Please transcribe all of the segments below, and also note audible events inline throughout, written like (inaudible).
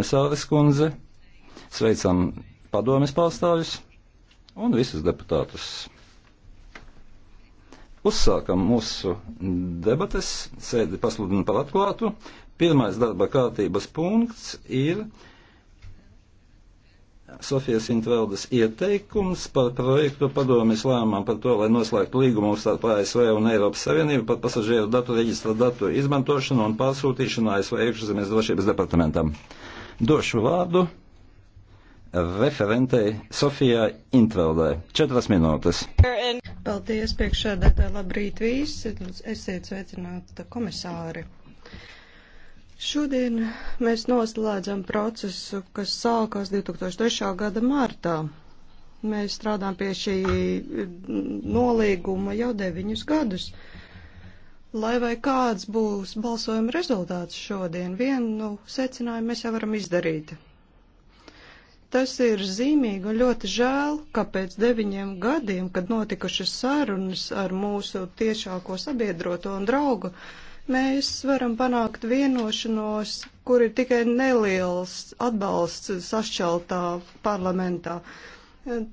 Mesāvis kundze, sveicam padomjas pārstāvis un visus deputātus. Uzsākam mūsu debates, sēdi pasludinu par atklātu. Pirmais darba kārtības punkts ir Sofijas Intveldes ieteikums par projektu padomjas lēmumam par to, lai noslēgtu līgumu starp ASV un Eiropas Savienību par pasažieru datu reģistra datu izmantošanu un pārsūtīšanu ASV iekšzemes drošības departamentam. Došu vārdu referentei Sofijai Intveldai. Četras minūtes. Paldies, priekšsēdētāji, labrīt visi. Esiet sveicināti komisāri. Šodien mēs noslēdzam procesu, kas sākās 2003. gada martā. Mēs strādājam pie šī nolīguma jau deviņus gadus. Uh, Lai vai kāds būs balsojuma rezultāts šodien, vienu nu, secinājumu mēs jau varam izdarīt. Tas ir zīmīgi un ļoti žēl, ka pēc deviņiem gadiem, kad notikušas sarunas ar mūsu tiešāko sabiedroto un draugu, mēs varam panākt vienošanos, kur ir tikai neliels atbalsts sašķeltā parlamentā.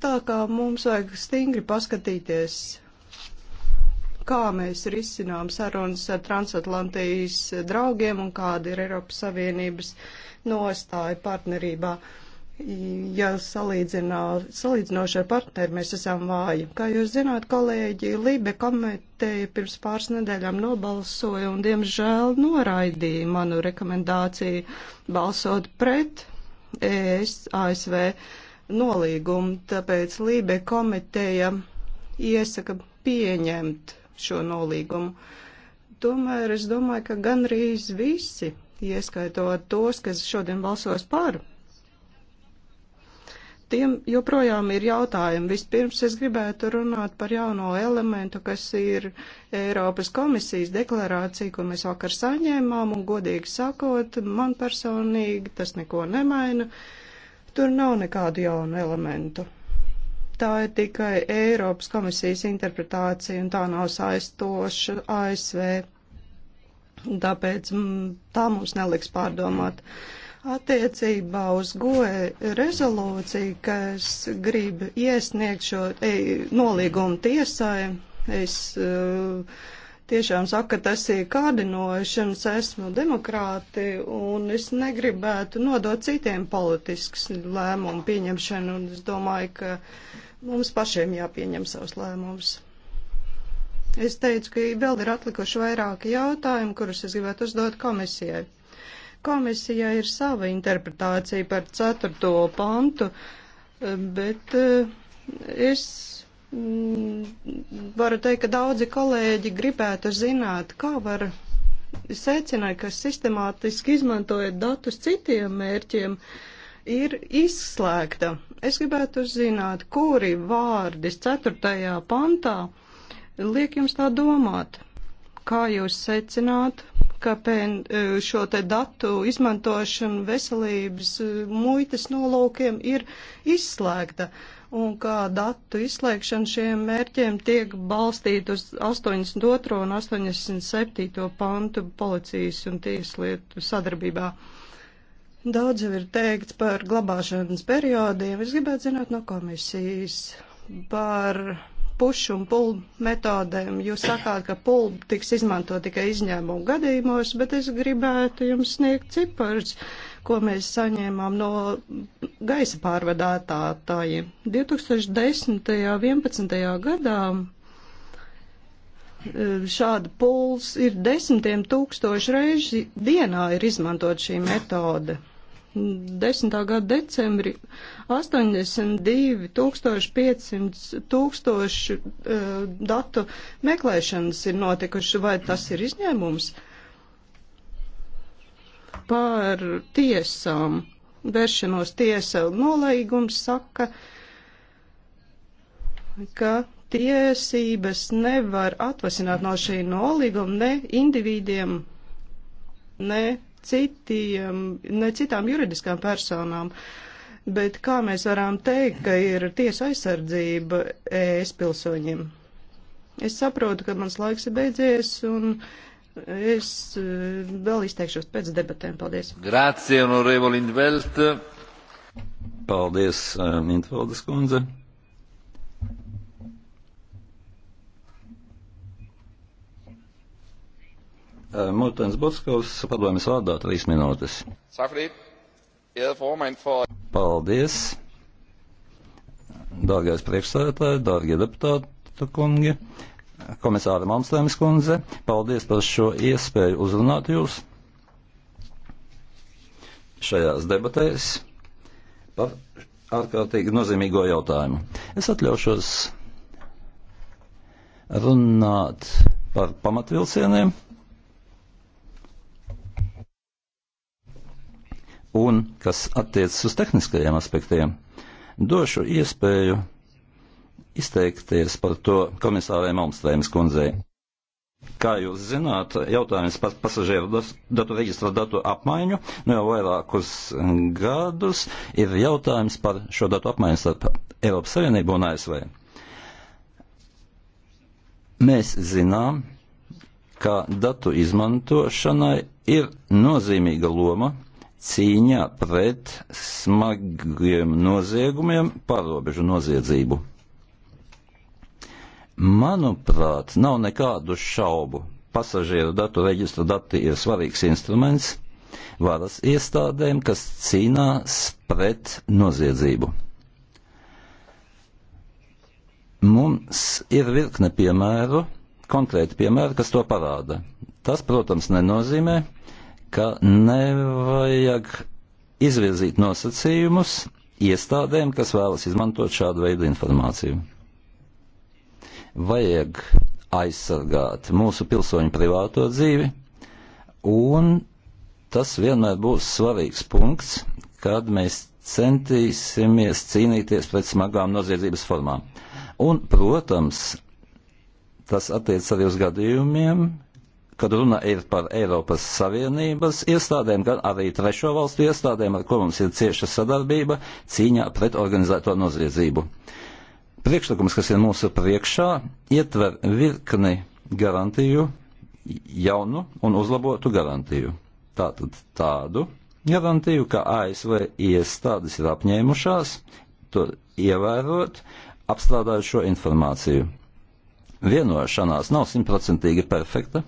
Tā kā mums vajag stingri paskatīties, kā mēs risinām sarunas ar transatlantijas draugiem un kāda ir Eiropas Savienības nostāja partnerībā. Ja salīdzinoši ar partneri mēs esam vāji. Kā jūs zināt, kolēģi, Lībe komiteja pirms pāris nedēļām nobalsoja un, diemžēl, noraidīja manu rekomendāciju balsot pret ES, ASV nolīgumu, tāpēc Lībe komiteja iesaka pieņemt šo nolīgumu. Tomēr es domāju, ka gandrīz visi, ieskaitot tos, kas šodien balsos par, tiem joprojām ir jautājumi. Vispirms es gribētu runāt par jauno elementu, kas ir Eiropas komisijas deklarācija, ko mēs vakar saņēmām, un godīgi sakot, man personīgi tas neko nemaina. Tur nav nekādu jaunu elementu tā ir tikai Eiropas komisijas interpretācija un tā nav saistoša ASV. Tāpēc m, mm, tā mums neliks pārdomāt. Attiecībā uz goe rezolūciju, kas grib iesniegt šo ei, nolīgumu tiesai, es uh, tiešām saku, ka tas ir kārdinoši un es esmu demokrāti un es negribētu nodot citiem politisks lēmumu pieņemšanu un es domāju, ka uh, Mums pašiem jāpieņem savus lēmumus. Es teicu, ka vēl ir atlikuši vairāki jautājumi, kurus es gribētu uzdot komisijai. Komisijai ir sava interpretācija par ceturto pantu, bet eh, es mm, varu teikt, ka daudzi kolēģi gribētu zināt, kā var secināt, ka sistemātiski izmantojot datus citiem mērķiem, uh, ir izslēgta. Es gribētu zināt, kuri vārdi 4. pantā liek jums tā domāt. Kā jūs secināt, ka e, šo te datu izmantošana veselības e, muitas nolūkiem ir izslēgta? un kā datu izslēgšana šiem mērķiem tiek balstīta uz 82. un 87. pantu policijas un tieslietu sadarbībā. Daudz jau ir teikts par glabāšanas periodiem. Es gribētu zināt no komisijas par pušu un pulbu metodēm. Jūs sakāt, ka pulbu tiks izmanto tikai izņēmumu gadījumos, bet es gribētu jums sniegt cipars, ko mēs saņēmām no gaisa pārvadātājiem. 2010. un 2011. gadā Eh, šāda puls ir desmitiem tūkstoši reizi dienā ir izmantot šī metode. 10. gada decembrī 82 500 tūkstoši uh, datu meklēšanas ir notikuši, vai tas ir izņēmums par tiesām, vēršanos tiesa nolaigums saka, ka tiesības nevar atvasināt no šī nolīguma ne individiem, ne, citiem, ne citām juridiskām personām. Bet kā mēs varam teikt, ka ir tiesa aizsardzība ES pilsoņiem? Es saprotu, ka mans laiks ir beidzies un es eh, vēl izteikšos pēc debatēm. Paldies. Grācija, honorevoli Indvelt. Paldies, eh, Intvaldes kundze. Eh, Mortens Botskovs, padomjas vārdā, trīs minūtes. Paldies! Dārgais priekšsēdētāji, dārgie deputāti kungi, komisāra Malmstrēmas kundze, paldies par šo iespēju uzrunāt jūs šajās debatēs par ārkārtīgi nozīmīgo jautājumu. Es atļaušos runāt par pamatvilcieniem. un kas attiecas uz tehniskajiem aspektiem, došu iespēju izteikties par to komisārai Malmstrēmas kundzei. Kā jūs zināt, jautājums par pasažieru datu reģistra datu apmaiņu nu jau vairākus gadus ir jautājums par šo datu apmaiņu starp Eiropas Savienību un ASV. Mēs zinām, ka datu izmantošanai ir nozīmīga loma cīņā pret smagiem noziegumiem, pārobežu noziedzību. Manuprāt, nav nekādu šaubu. Pasažieru datu reģistra dati ir svarīgs instruments varas iestādēm, kas cīnās pret noziedzību. Mums ir virkne piemēru, konkrēti piemēri, kas to parāda. Tas, protams, nenozīmē, ka nevajag izvirzīt nosacījumus iestādēm, kas vēlas izmantot šādu veidu informāciju. Vajag aizsargāt mūsu pilsoņu privāto dzīvi, un tas vienmēr būs svarīgs punkts, kad mēs centīsimies cīnīties pret smagām noziedzības formām. Un, protams, tas attiec arī uz gadījumiem, kad runa ir par Eiropas Savienības iestādēm, gan arī trešo valstu iestādēm, ar ko mums ir cieša sadarbība cīņā pret organizēto noziedzību. Priekšlikums, kas ir mūsu priekšā, ietver virkni garantiju, jaunu un uzlabotu garantiju. Tātad tādu garantiju, ka ASV iestādes ir apņēmušās to ievērot, apstrādājot šo informāciju. Vienošanās nav simtprocentīgi perfekta,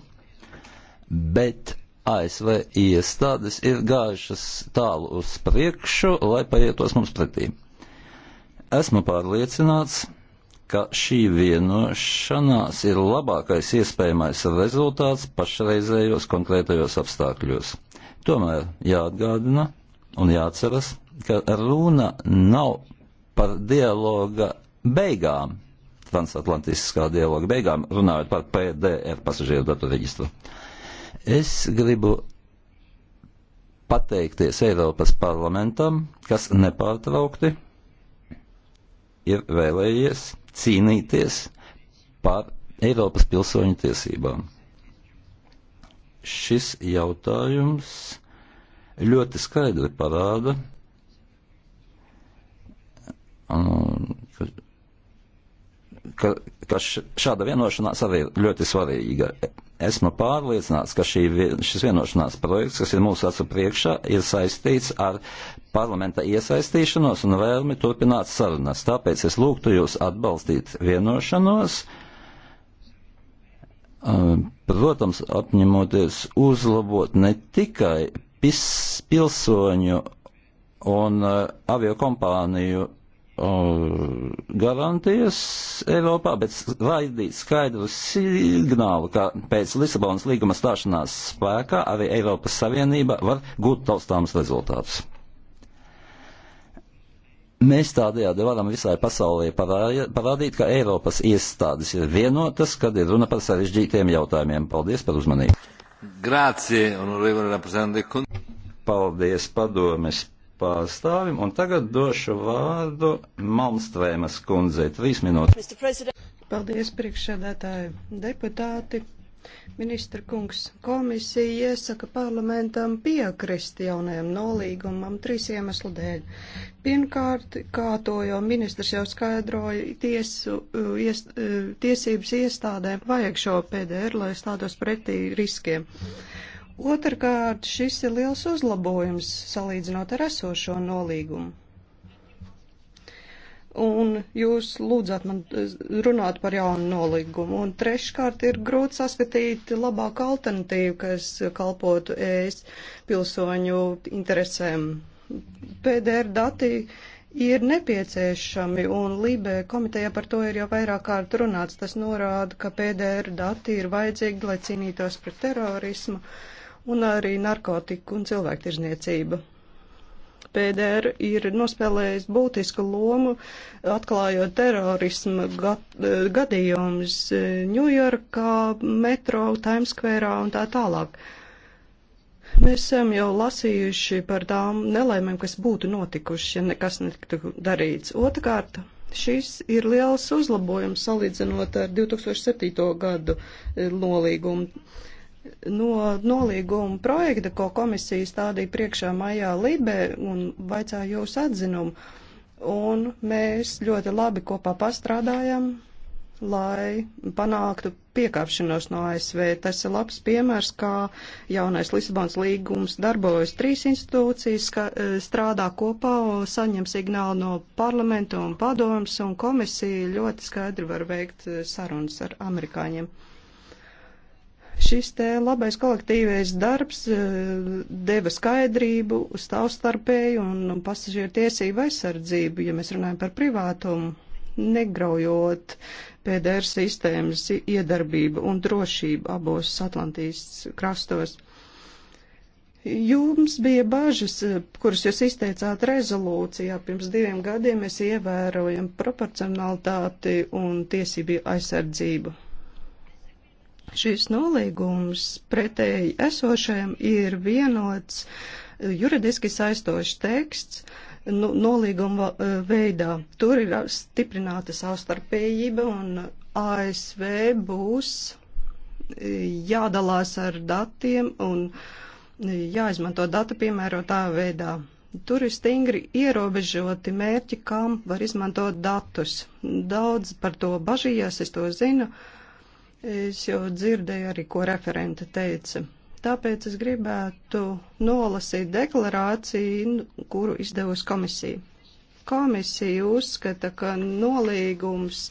bet ASV iestādes ir gājušas tālu uz priekšu, lai paietos mums pretī. Esmu pārliecināts, ka šī vienošanās ir labākais iespējamais rezultāts pašreizējos konkrētajos apstākļos. Tomēr jāatgādina un jāatceras, ka runa nav par dialoga beigām, transatlantiskā dialoga beigām, runājot par PDR pasažieru datu reģistru. Uh, Es gribu pateikties Eiropas parlamentam, kas nepārtraukti ir vēlējies cīnīties par Eiropas pilsoņu tiesībām. Šis jautājums ļoti skaidri parāda, ka, ka šāda vienošanās arī ir ļoti svarīga Esmu pārliecināts, ka šī, šis vienošanās projekts, kas ir mūsu acu priekšā, ir saistīts ar parlamenta iesaistīšanos un vēlmi turpināt sarunas. Tāpēc es lūgtu jūs atbalstīt vienošanos, um, protams, apņemoties uzlabot ne tikai pis, pilsoņu un uh, aviokompāniju garantijas Eiropā, bet raidīt skaidru signālu, ka pēc Lisabonas līguma stāšanās spēkā arī Eiropas Savienība var gūt taustāms rezultātus. Mēs tādējādi varam visai pasaulē parādīt, ka Eiropas iestādes ir vienotas, kad ir runa par sarežģītiem jautājumiem. Paldies par uzmanību. Grācie, un, un, un, un, un, un, un, un, Paldies padomes pārstāvim, un tagad došu vārdu Malmstrēmas kundzei. Trīs minūtes. Paldies, priekšsēdētāji deputāti. Ministra kungs, komisija iesaka parlamentam piekrist jaunajam nolīgumam trīs iemeslu dēļ. Pirmkārt, kā to jau ministrs jau skaidroja, tiesu, uh, ies, uh, tiesības iestādēm vajag šo PDR, lai stātos pretī riskiem. Mm. Otrkārt, šis ir liels uzlabojums salīdzinot ar esošo nolīgumu. Un jūs lūdzat man eh, runāt par jaunu nolīgumu. Un treškārt ir grūti saskatīt labāku alternatīvu, kas kalpotu ēst pilsoņu interesēm. PDR dati ir nepieciešami, un Lībē komiteja par to ir jau vairāk kārt runāts. Tas norāda, ka PDR dati ir vajadzīgi, lai cīnītos pret terorismu. Uh, un arī narkotiku un cilvēktirzniecība. PDR ir nospēlējis būtisku lomu, atklājot terorismu gad, eh, gadījumus Ņujorkā, eh, metro, Times Square un tā tālāk. Mēs esam jau lasījuši par tām nelaimēm, kas būtu notikušas, ja nekas netiktu darīts. Otrakārt, šis ir liels uzlabojums salīdzinot ar 2007. gadu eh, nolīgumu no nolīguma projekta, ko komisija stādīja priekšā maijā Libē un vaicāja jūsu atzinumu. Un mēs ļoti labi kopā pastrādājam, lai panāktu piekāpšanos no ASV. Tas ir labs piemērs, kā jaunais Lisabons līgums darbojas. Trīs institūcijas ka, eh, strādā kopā, saņem signālu no parlamenta un padomas, un komisija ļoti skaidri var veikt eh, sarunas ar amerikāņiem. Šis te labais kolektīvais darbs eh, deva skaidrību, savstarpēju un pasažieru tiesību aizsardzību, ja mēs runājam par privātumu, negraujot PDR sistēmas iedarbību un drošību abos Atlantijas krastos. Jums bija bažas, kuras jūs izteicāt rezolūcijā pirms diviem gadiem, mēs ievērojam proporcionalitāti un tiesību aizsardzību. Šis nolīgums pretēji esošajam ir vienots eh, juridiski saistošs teksts nu, nolīguma eh, veidā. Tur ir stiprināta savstarpējība un ASV būs eh, jādalās ar datiem un jāizmanto datu piemērotā veidā. Tur ir stingri ierobežoti mērķi, kam var izmantot datus. Daudz par to bažījās, es to zinu. Uh, Es jau dzirdēju arī, ko referente teica. Tāpēc es gribētu nolasīt deklarāciju, kuru izdevusi komisija. Komisija uzskata, ka nolīgums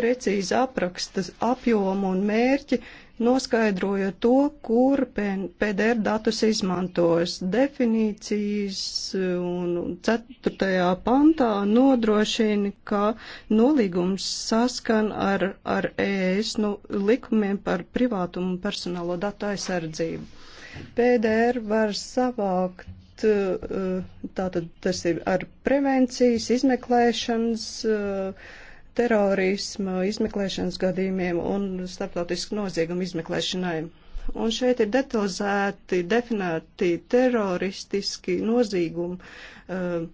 precīzi apraksta apjomu un mērķi, noskaidroja to, kur PDR datus izmantos. Definīcijas e, un 4. pantā nodrošina, ka nolīgums saskan ar, ar ES nu, likumiem par privātumu un personālo datu aizsardzību. PDR var savākt e, tātad tas ir ar prevencijas, izmeklēšanas uh, terorisma izmeklēšanas gadījumiem un starptautisku noziegumu izmeklēšanai. Un šeit ir detalizēti definēti teroristiski noziegumi. Uh,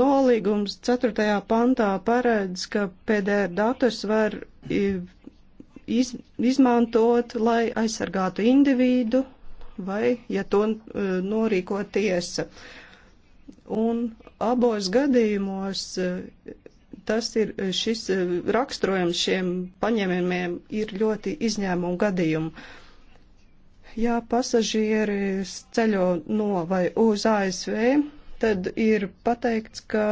nolīgums 4. pantā paredz, ka PDR datus var iz, izmantot, lai aizsargātu individu vai, ja to uh, norīko tiesa. Un abos gadījumos uh, tas ir eh, šis eh, raksturojums šiem paņēmumiem ir ļoti izņēmumu gadījumu. Ja pasažieri ceļo no vai uz ASV, tad ir pateikts, ka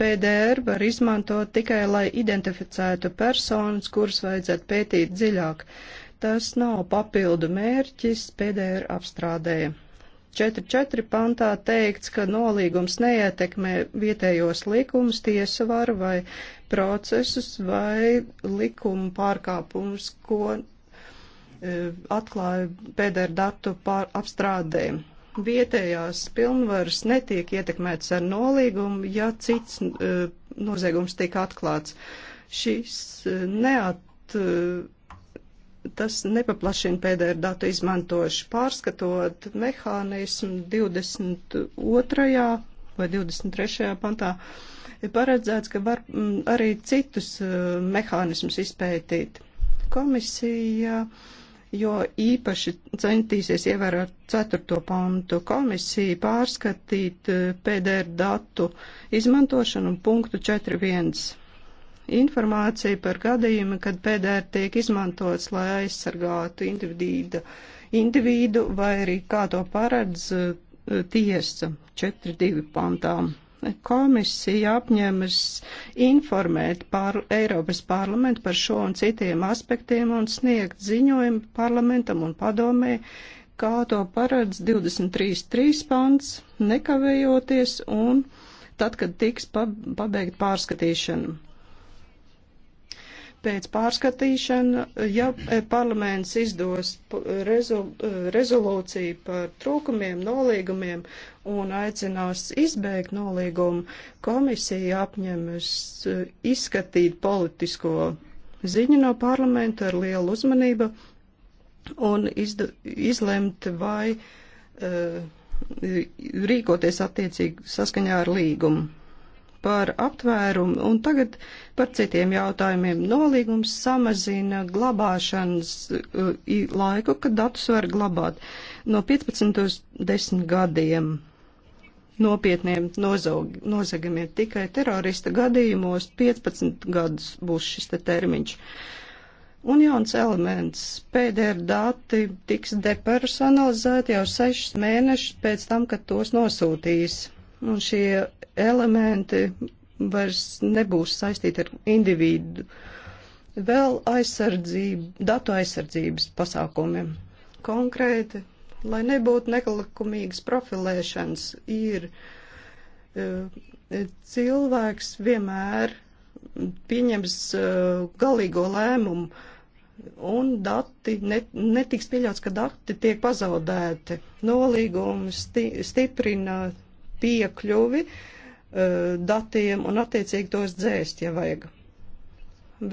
PDR var izmantot tikai, lai identificētu personas, kuras vajadzētu pētīt dziļāk. Tas nav papildu mērķis PDR apstrādēja. 4.4. pantā teikts, ka nolīgums neietekmē vietējos likumus, tiesu varu vai procesus vai likumu pārkāpumus, ko e, atklāja PDR datu pār apstrādēm vietējās pilnvaras netiek ietekmētas ar nolīgumu, ja cits e, noziegums tiek atklāts. Šis e, neat, tas nepaplašina PDR datu izmantošu. Pārskatot mehānismu 22. vai 23. pantā, ir paredzēts, ka var mm, arī citus eh, mehānismus izpētīt. Komisija, jo īpaši centīsies ievērot 4. pantu, komisija pārskatīt eh, PDR datu izmantošanu un punktu 4.1 informāciju par gadījumu, kad PDR tiek izmantots, lai aizsargātu individu, individu vai arī kā to paredz eh, tiesa 4.2. pantā. Komisija apņemas informēt pār, Eiropas parlamentu par šo un citiem aspektiem un sniegt ziņojumu parlamentam un padomē, kā to paredz 23.3 pants, nekavējoties un tad, kad tiks pabeigt pārskatīšanu pēc pārskatīšana, ja eh, parlaments izdos eh, rezolūciju par trūkumiem, nolīgumiem un aicinās izbēgt nolīgumu, komisija apņemas eh, izskatīt politisko ziņu no parlamenta ar lielu uzmanību un izd, izlemt, vai uh, rīkoties attiecīgi saskaņā ar līgumu par aptvērumu un tagad par citiem jautājumiem. Nolīgums samazina glabāšanas uh, laiku, kad datus var glabāt no 15 uz 10 gadiem. Nopietniem nozagumiem tikai terorista gadījumos 15 gadus būs šis te termiņš. Un jauns elements - PDR dati tiks depersonalizēti jau sešas mēnešus pēc tam, kad tos nosūtīs. Un šie elementi vairs nebūs saistīti ar individu. Vēl aizsardzību, datu aizsardzības pasākumiem. Konkrēti, lai nebūtu nekalikumīgas profilēšanas, ir eh, cilvēks vienmēr pieņems eh, galīgo lēmumu un dati, net, netiks pieļauts, ka dati tiek pazaudēti. Nolīgums sti, stiprina piekļuvi uh, E, datiem un attiecīgi tos dzēst, ja vajag.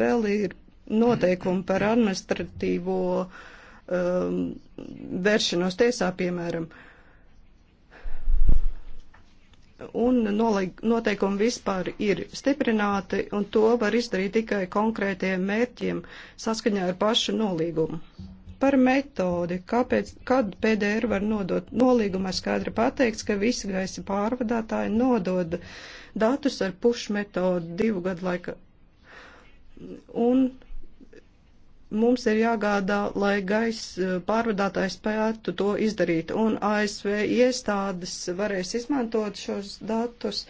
Vēl ir noteikumi par administratīvo um, vēršanos tiesā, piemēram, un noteikumi vispār ir stiprināti, un to var izdarīt tikai konkrētiem mērķiem saskaņā ar pašu nolīgumu. Par metodi, kāpēc, kad PDR var nodot nolīgumā skaidri pateikts, ka visi gaisa pārvadātāji nodod datus ar pušu metodu divu gadu laika. Un mums ir jāgādā, lai gaisa pārvadātājs spētu to izdarīt, un ASV iestādes varēs izmantot šos datus,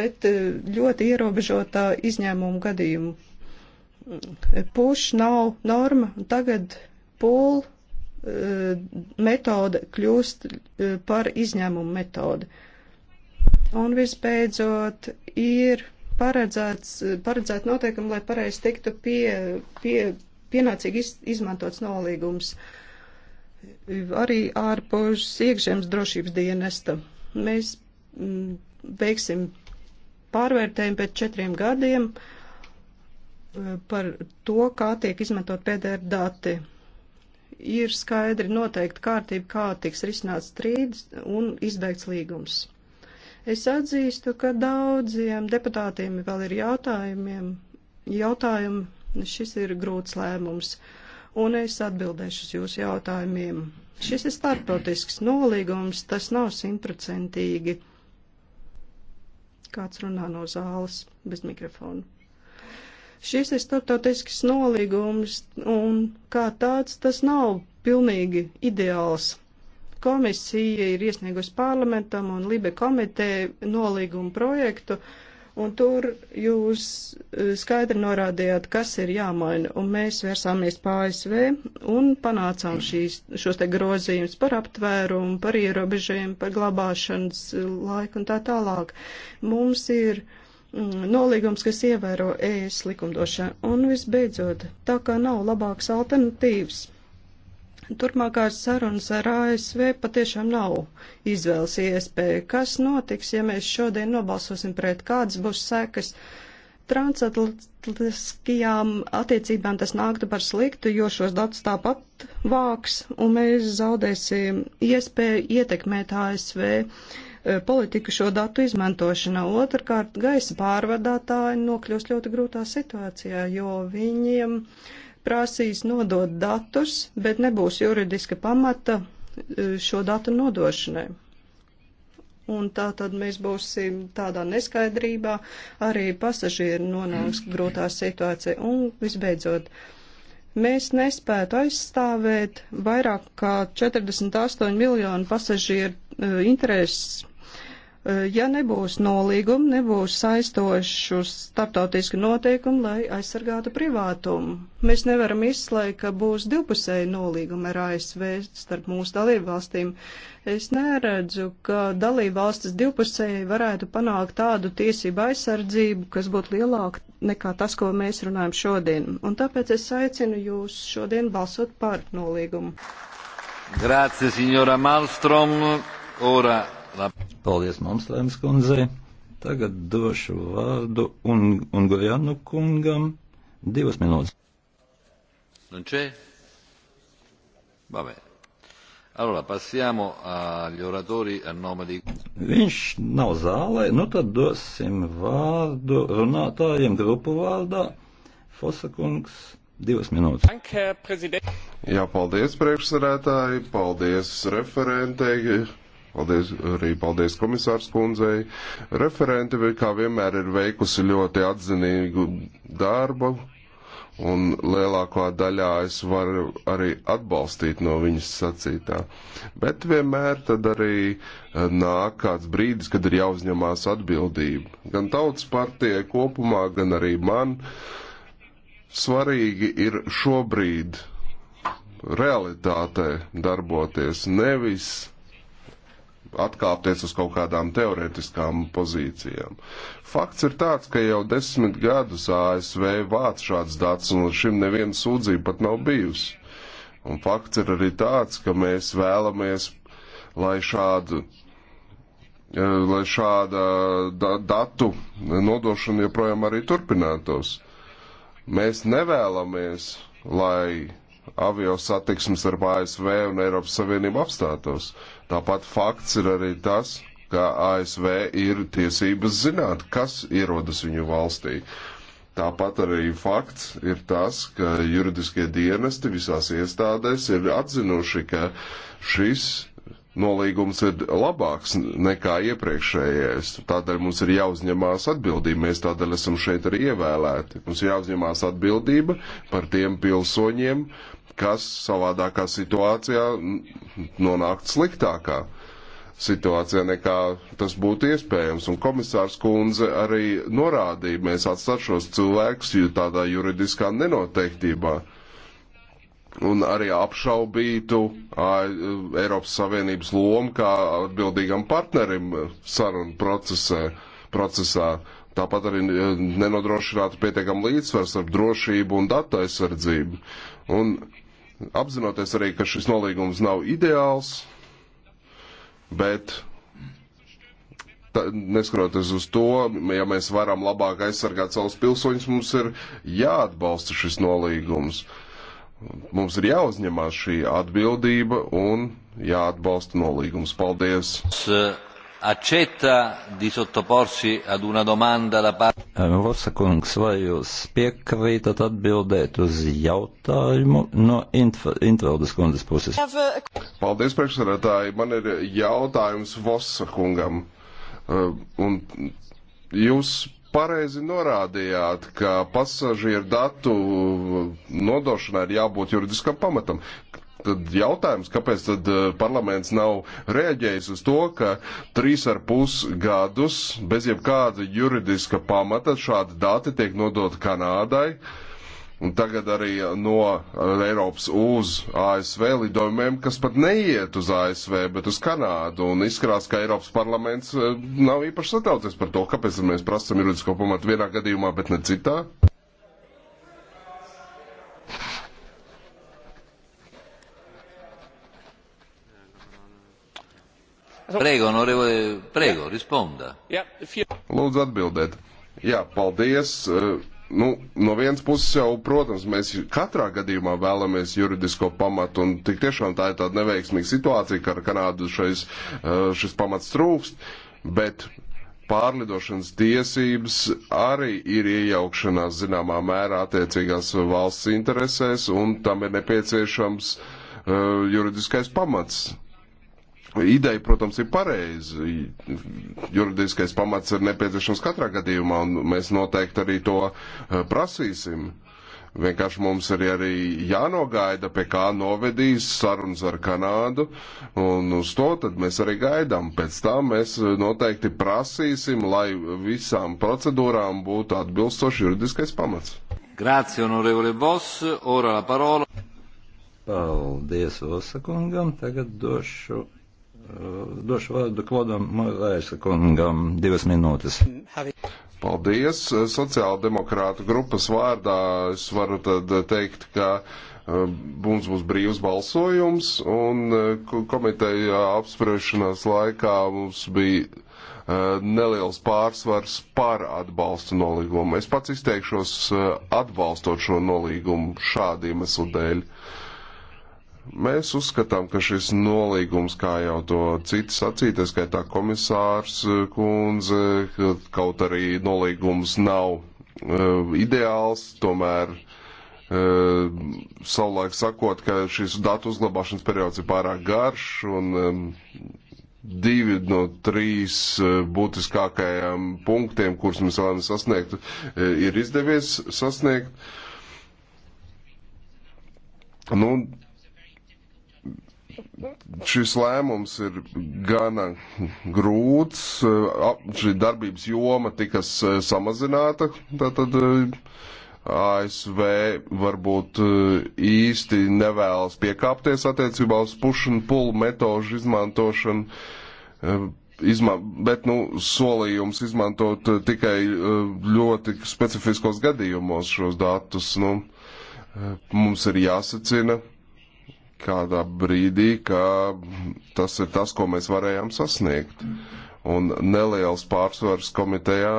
bet eh, ļoti ierobežotā izņēmuma gadījumu. Puš nav norma, tagad pull eh, metode kļūst eh, par izņēmumu metodi. Un visbeidzot ir paredzēts, eh, paredzēt noteikumi, lai pareizi tiktu pie, pie, pienācīgi iz, izmantots nolīgums arī ārpus iekšzemes drošības dienesta. Mēs m, mm, veiksim pārvērtējumu pēc četriem gadiem par to, kā tiek izmantot PDR dati ir skaidri noteikta kārtība, kā tiks risināts strīds un izbeigts līgums. Es atzīstu, ka daudziem deputātiem vēl ir jautājumiem, jautājumi, šis ir grūts lēmums, un es atbildēšu uz jūsu jautājumiem. Šis ir starptautisks nolīgums, tas nav simtprocentīgi. Kāds runā no zāles bez mikrofona. Šis ir startautisks nolīgums, un kā tāds tas nav pilnīgi ideāls. Komisija ir iesniegusi parlamentam un Libe komiteja nolīgumu projektu, un tur jūs eh, skaidri norādījāt, kas ir jāmaina, un mēs vērsāmies PSV un panācām šīs, šos te grozījumus par aptvērumu, par ierobežojumu, par glabāšanas laiku un tā tālāk. Mums ir uh, Mm, nolīgums, kas ievēro ES likumdošanu. Un visbeidzot, tā kā nav labāks alternatīvs, turpmākās sarunas ar ASV patiešām nav izvēles iespēja. Kas notiks, ja mēs šodien nobalsosim pret, kādas būs sekas? Transatlantiskajām attiecībām tas nāktu par sliktu, jo šos datus tāpat vāks, un mēs zaudēsim iespēju ietekmēt ASV uh, Eh, politiku šo datu izmantošanā. Otrkārt, gaisa pārvadātāji nokļūs ļoti grūtā situācijā, jo viņiem prasīs nodot datus, bet nebūs juridiska pamata eh, šo datu nodošanai. Un tā tad mēs būsim tādā neskaidrībā, arī pasažieri nonāks grūtā situācija. Un visbeidzot, mēs nespētu aizstāvēt vairāk kā 48 miljonu pasažieru eh, intereses Eh, ja nebūs nolīguma, nebūs saistošu starptautisku noteikumu, lai aizsargātu privātumu. Mēs nevaram izslēgt, ka būs divpusēji nolīgumi ar ASV starp mūsu dalību valstīm. Es neredzu, ka dalību valstis divpusēji varētu panākt tādu tiesību aizsardzību, kas būtu lielāka nekā tas, ko mēs runājam šodien. Un tāpēc es aicinu jūs šodien balsot par nolīgumu. Grazie, signora Malmstrom. Ora Labi. Paldies Mamslēmas kundzei. Tagad došu vārdu un, un Gojanu kungam divas minūtes. Nu če? Vabbè. Allora, passiamo agli oratori a nome di... Viņš nav zālē, nu tad dosim vārdu runātājiem grupu vārdā. Fosakungs, divas minūtes. Danke, prezident. Jā, paldies priekšsarētāji, paldies referentei Paldies, arī paldies komisārs kundzei. Referenti, kā vienmēr, ir veikusi ļoti atzinīgu darbu, un lielākā daļā es varu arī atbalstīt no viņas sacītā. Bet vienmēr tad arī eh, nāk kāds brīdis, kad ir jāuzņemās atbildība. Gan tautas partijai kopumā, gan arī man svarīgi ir šobrīd realitātē darboties, nevis atkāpties uz kaut kādām teoretiskām pozīcijām. Fakts ir tāds, ka jau desmit gadus ASV vāc šāds dats un līdz šim neviena sūdzība pat nav bijusi. Un fakts ir arī tāds, ka mēs vēlamies, lai šādu eh, lai šāda datu nodošana joprojām arī turpinātos. Mēs nevēlamies, lai avio satiksmes ar ASV un Eiropas Savienību apstātos. Tāpat fakts ir arī tas, ka ASV ir tiesības zināt, kas ierodas viņu valstī. Tāpat arī fakts ir tas, ka juridiskie dienesti visās iestādēs ir atzinuši, ka šis nolīgums ir labāks nekā iepriekšējais. Tādēļ mums ir jāuzņemās atbildība. Mēs tādēļ esam šeit arī ievēlēti. Mums ir jāuzņemās atbildība par tiem pilsoņiem, kas savādākā situācijā nonākt sliktākā situācijā nekā tas būtu iespējams. Un komisārs Kunze arī norādīja, mēs atstāt šos cilvēkus tādā juridiskā nenoteiktībā un arī apšaubītu Eiropas Savienības lomu kā atbildīgam partnerim sarunu procesē, procesā. Tāpat arī e, nenodrošinātu pietiekam līdzsvars ar drošību un datu aizsardzību. Un apzinoties arī, ka šis nolīgums nav ideāls, bet ta, neskatoties uz to, ja mēs varam labāk aizsargāt savus pilsoņus, mums ir jāatbalsta šis nolīgums. Uh, Mums ir jāuzņemās šī atbildība un jāatbalsta nolīgums. Paldies! Accetta di sottoporsi ad una domanda da parte. Eh, Vorsakungs, vai jūs piekrītat atbildēt uz jautājumu no Intveldes kundzes puses? Paldies, priekšsarētāji. Man ir jautājums Vorsakungam. Eh, un jūs pareizi norādījāt, ka pasažieru datu nodošanai ir jābūt juridiskam pamatam. Tad jautājums, kāpēc tad eh, parlaments nav rēģējis uz to, ka trīs ar pus gadus bez jebkāda juridiska pamata šādi dati tiek nodoti Kanādai, uh, un tagad arī no eh, Eiropas uz ASV lidojumiem, kas pat neiet uz ASV, bet uz Kanādu. Un izskatās, ka Eiropas parlaments eh, nav īpaši satraucies par to, kāpēc mēs prasam juridisko pamatu vienā gadījumā, bet ne citā. Prego, onorevole, prego, risponda. Lūdzu atbildēt. Jā, paldies. Uh, nu, no vienas puses jau, protams, mēs katrā gadījumā vēlamies juridisko pamatu, un tik tiešām tā ir tāda neveiksmīga situācija, ka ar Kanādu šais, eh, šis pamats trūkst, bet pārlidošanas tiesības arī ir iejaukšanās zināmā mērā attiecīgās valsts interesēs, un tam ir nepieciešams uh, juridiskais pamats. Ideja, protams, ir pareiza. Juridiskais pamats ir nepieciešams katrā gadījumā, un mēs noteikti arī to eh, prasīsim. Vienkārši mums ir arī jānogaida, pie kā novedīs sarunas ar Kanādu, un uz to tad mēs arī gaidām. Pēc tam mēs noteikti prasīsim, lai visām procedūrām būtu atbilstoši juridiskais pamats. Grācija, honorevole Vos, ora la parola. Paldies Vosakungam, tagad došu Došu vārdu Klodam Moraisa kungam divas minūtes. Paldies. Sociāldemokrātu grupas vārdā es varu tad teikt, ka eh, mums būs brīvs balsojums un eh, komiteja apspriešanās laikā mums bija eh, neliels pārsvars par atbalstu nolīgumu. Es pats izteikšos atbalstot šo nolīgumu šādu iemeslu dēļ. Uh, Mēs uzskatām, ka šis nolīgums, kā jau to citi sacīties, ka tā komisārs eh, kundze, kaut arī nolīgums nav uh, ideāls, tomēr uh, savulaik sakot, ka šis datu uzglabāšanas periods ir pārāk garš un um, divi no trīs uh, būtiskākajiem punktiem, kurus mēs vēlamies sasniegt, uh, ir izdevies sasniegt. Nu, šis lēmums ir gana grūts. Šī darbības joma tika samazināta. Tātad ASV varbūt īsti nevēlas piekāpties attiecībā uz pušu un pulu metožu izmantošanu. Izma, bet nu, solījums izmantot tikai ļoti specifiskos gadījumos šos datus. Nu, mums ir jāsacina kādā brīdī, ka tas ir tas, ko mēs varējām sasniegt. Un neliels pārsvars komitejā,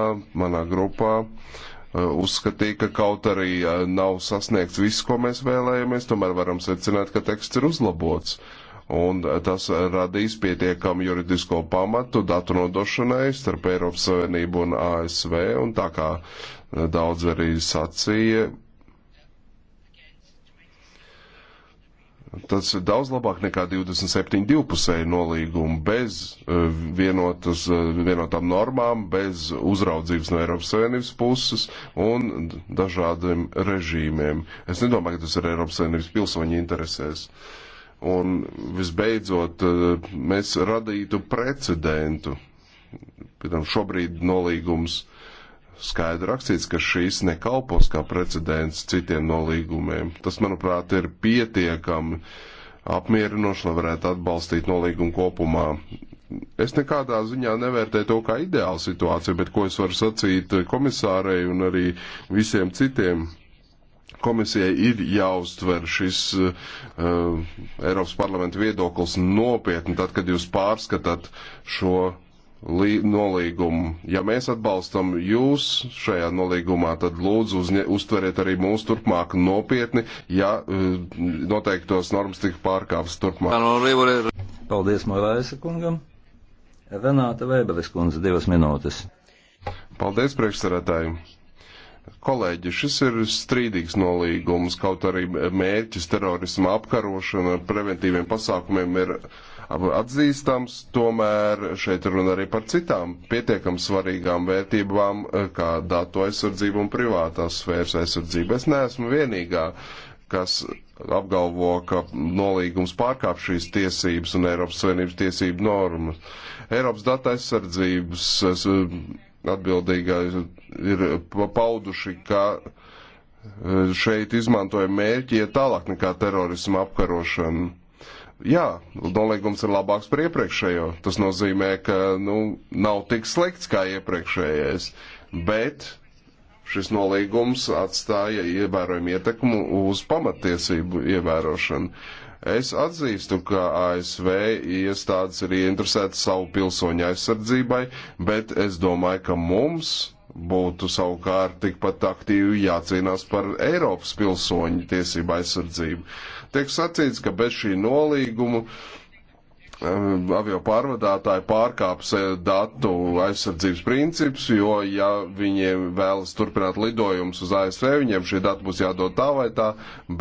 manā grupā, uh, uzskatīja, ka kaut arī uh, nav sasniegts viss, ko mēs vēlējāmies, tomēr varam secināt, ka teksts ir uzlabots. Un uh, tas radīs pietiekamu juridisko pamatu datu nodošanai starp Eiropas Savienību un ASV, un tā kā daudz arī sacīja, Tas ir daudz labāk nekā 27 divpusēji nolīgumi bez eh, vienotas, eh, vienotām normām, bez uzraudzības no Eiropas Savienības puses un dažādiem režīmiem. Es nedomāju, ka tas ir Eiropas Savienības pilsoņu interesēs. Un visbeidzot, eh, mēs radītu precedentu. Piemēram, šobrīd nolīgums skaidri rakstīts, ka šīs nekalpos kā precedents citiem nolīgumiem. Tas, manuprāt, ir pietiekami apmierinoši, lai varētu atbalstīt nolīgumu kopumā. Es nekādā ziņā nevērtēju to kā ideālu situāciju, bet ko es varu sacīt komisārei un arī visiem citiem. Komisijai ir jāuztver šis uh, Eiropas parlamenta viedoklis nopietni, tad, kad jūs pārskatāt šo nolīgumu. Ja mēs atbalstam jūs šajā nolīgumā, tad lūdzu uzņē, uztveriet arī mūsu turpmāk nopietni, ja e, noteiktos normas tika pārkāptas turpmāk. Paldies Moraisa kungam. Renāta Vēberis kundze, divas minūtes. Paldies priekšsarētājiem. Kolēģi, šis ir strīdīgs nolīgums, kaut arī mērķis terorisma apkarošana ar preventīviem pasākumiem ir atzīstams, tomēr šeit runa arī par citām pietiekam svarīgām vērtībām, eh, kā datu aizsardzība un privātās sfēras aizsardzība. Es neesmu vienīgā, kas apgalvo, ka nolīgums pārkāp šīs tiesības un Eiropas Savienības tiesību normas. Eiropas data aizsardzības eh, atbildīgā ir pauduši, ka eh, šeit izmantoja mērķi iet ja tālāk nekā terorismu apkarošanu jā, nolīgums ir labāks par iepriekšējo. Tas nozīmē, ka nu, nav tik slikts kā iepriekšējais, bet šis nolīgums atstāja ievērojumu ietekmu uz pamatiesību ievērošanu. Es atzīstu, ka ASV iestādes ir ieinteresētas savu pilsoņu aizsardzībai, bet es domāju, ka mums būtu savukārt tikpat aktīvi jācīnās par Eiropas pilsoņu tiesību aizsardzību. Tiek sacīts, ka bez šī nolīguma um, avio pārvadātāji pārkāps eh, datu aizsardzības princips, jo ja viņiem vēlas turpināt lidojumus uz ASV, viņiem šie dati būs jādod tā vai tā,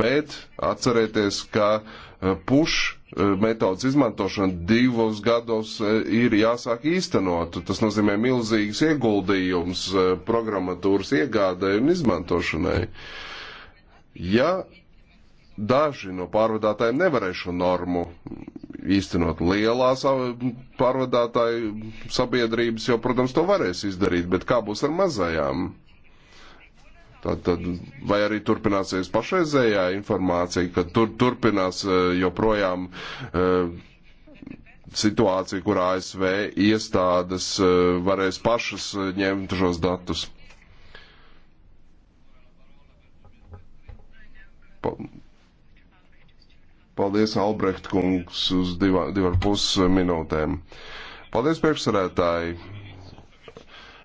bet atcerieties, ka eh, puš eh, metodas izmantošana divos gados ir jāsāk īstenot. Tas nozīmē milzīgas ieguldījums programmatūras iegādai un izmantošanai. Ja daži no pārvadātājiem nevarēja šo normu īstenot. Lielās pārvadātāju sabiedrības jau, protams, to varēs izdarīt, bet kā būs ar mazajām? Tad, tad, vai arī turpināsies pašreizējā informācija, ka tur turpinās e, joprojām e, situācija, kurā ASV iestādes e, varēs pašas ņemt šos datus. Pa Paldies, Albrecht kungs, uz divā, divar pus minūtēm. Paldies, priekšsarētāji.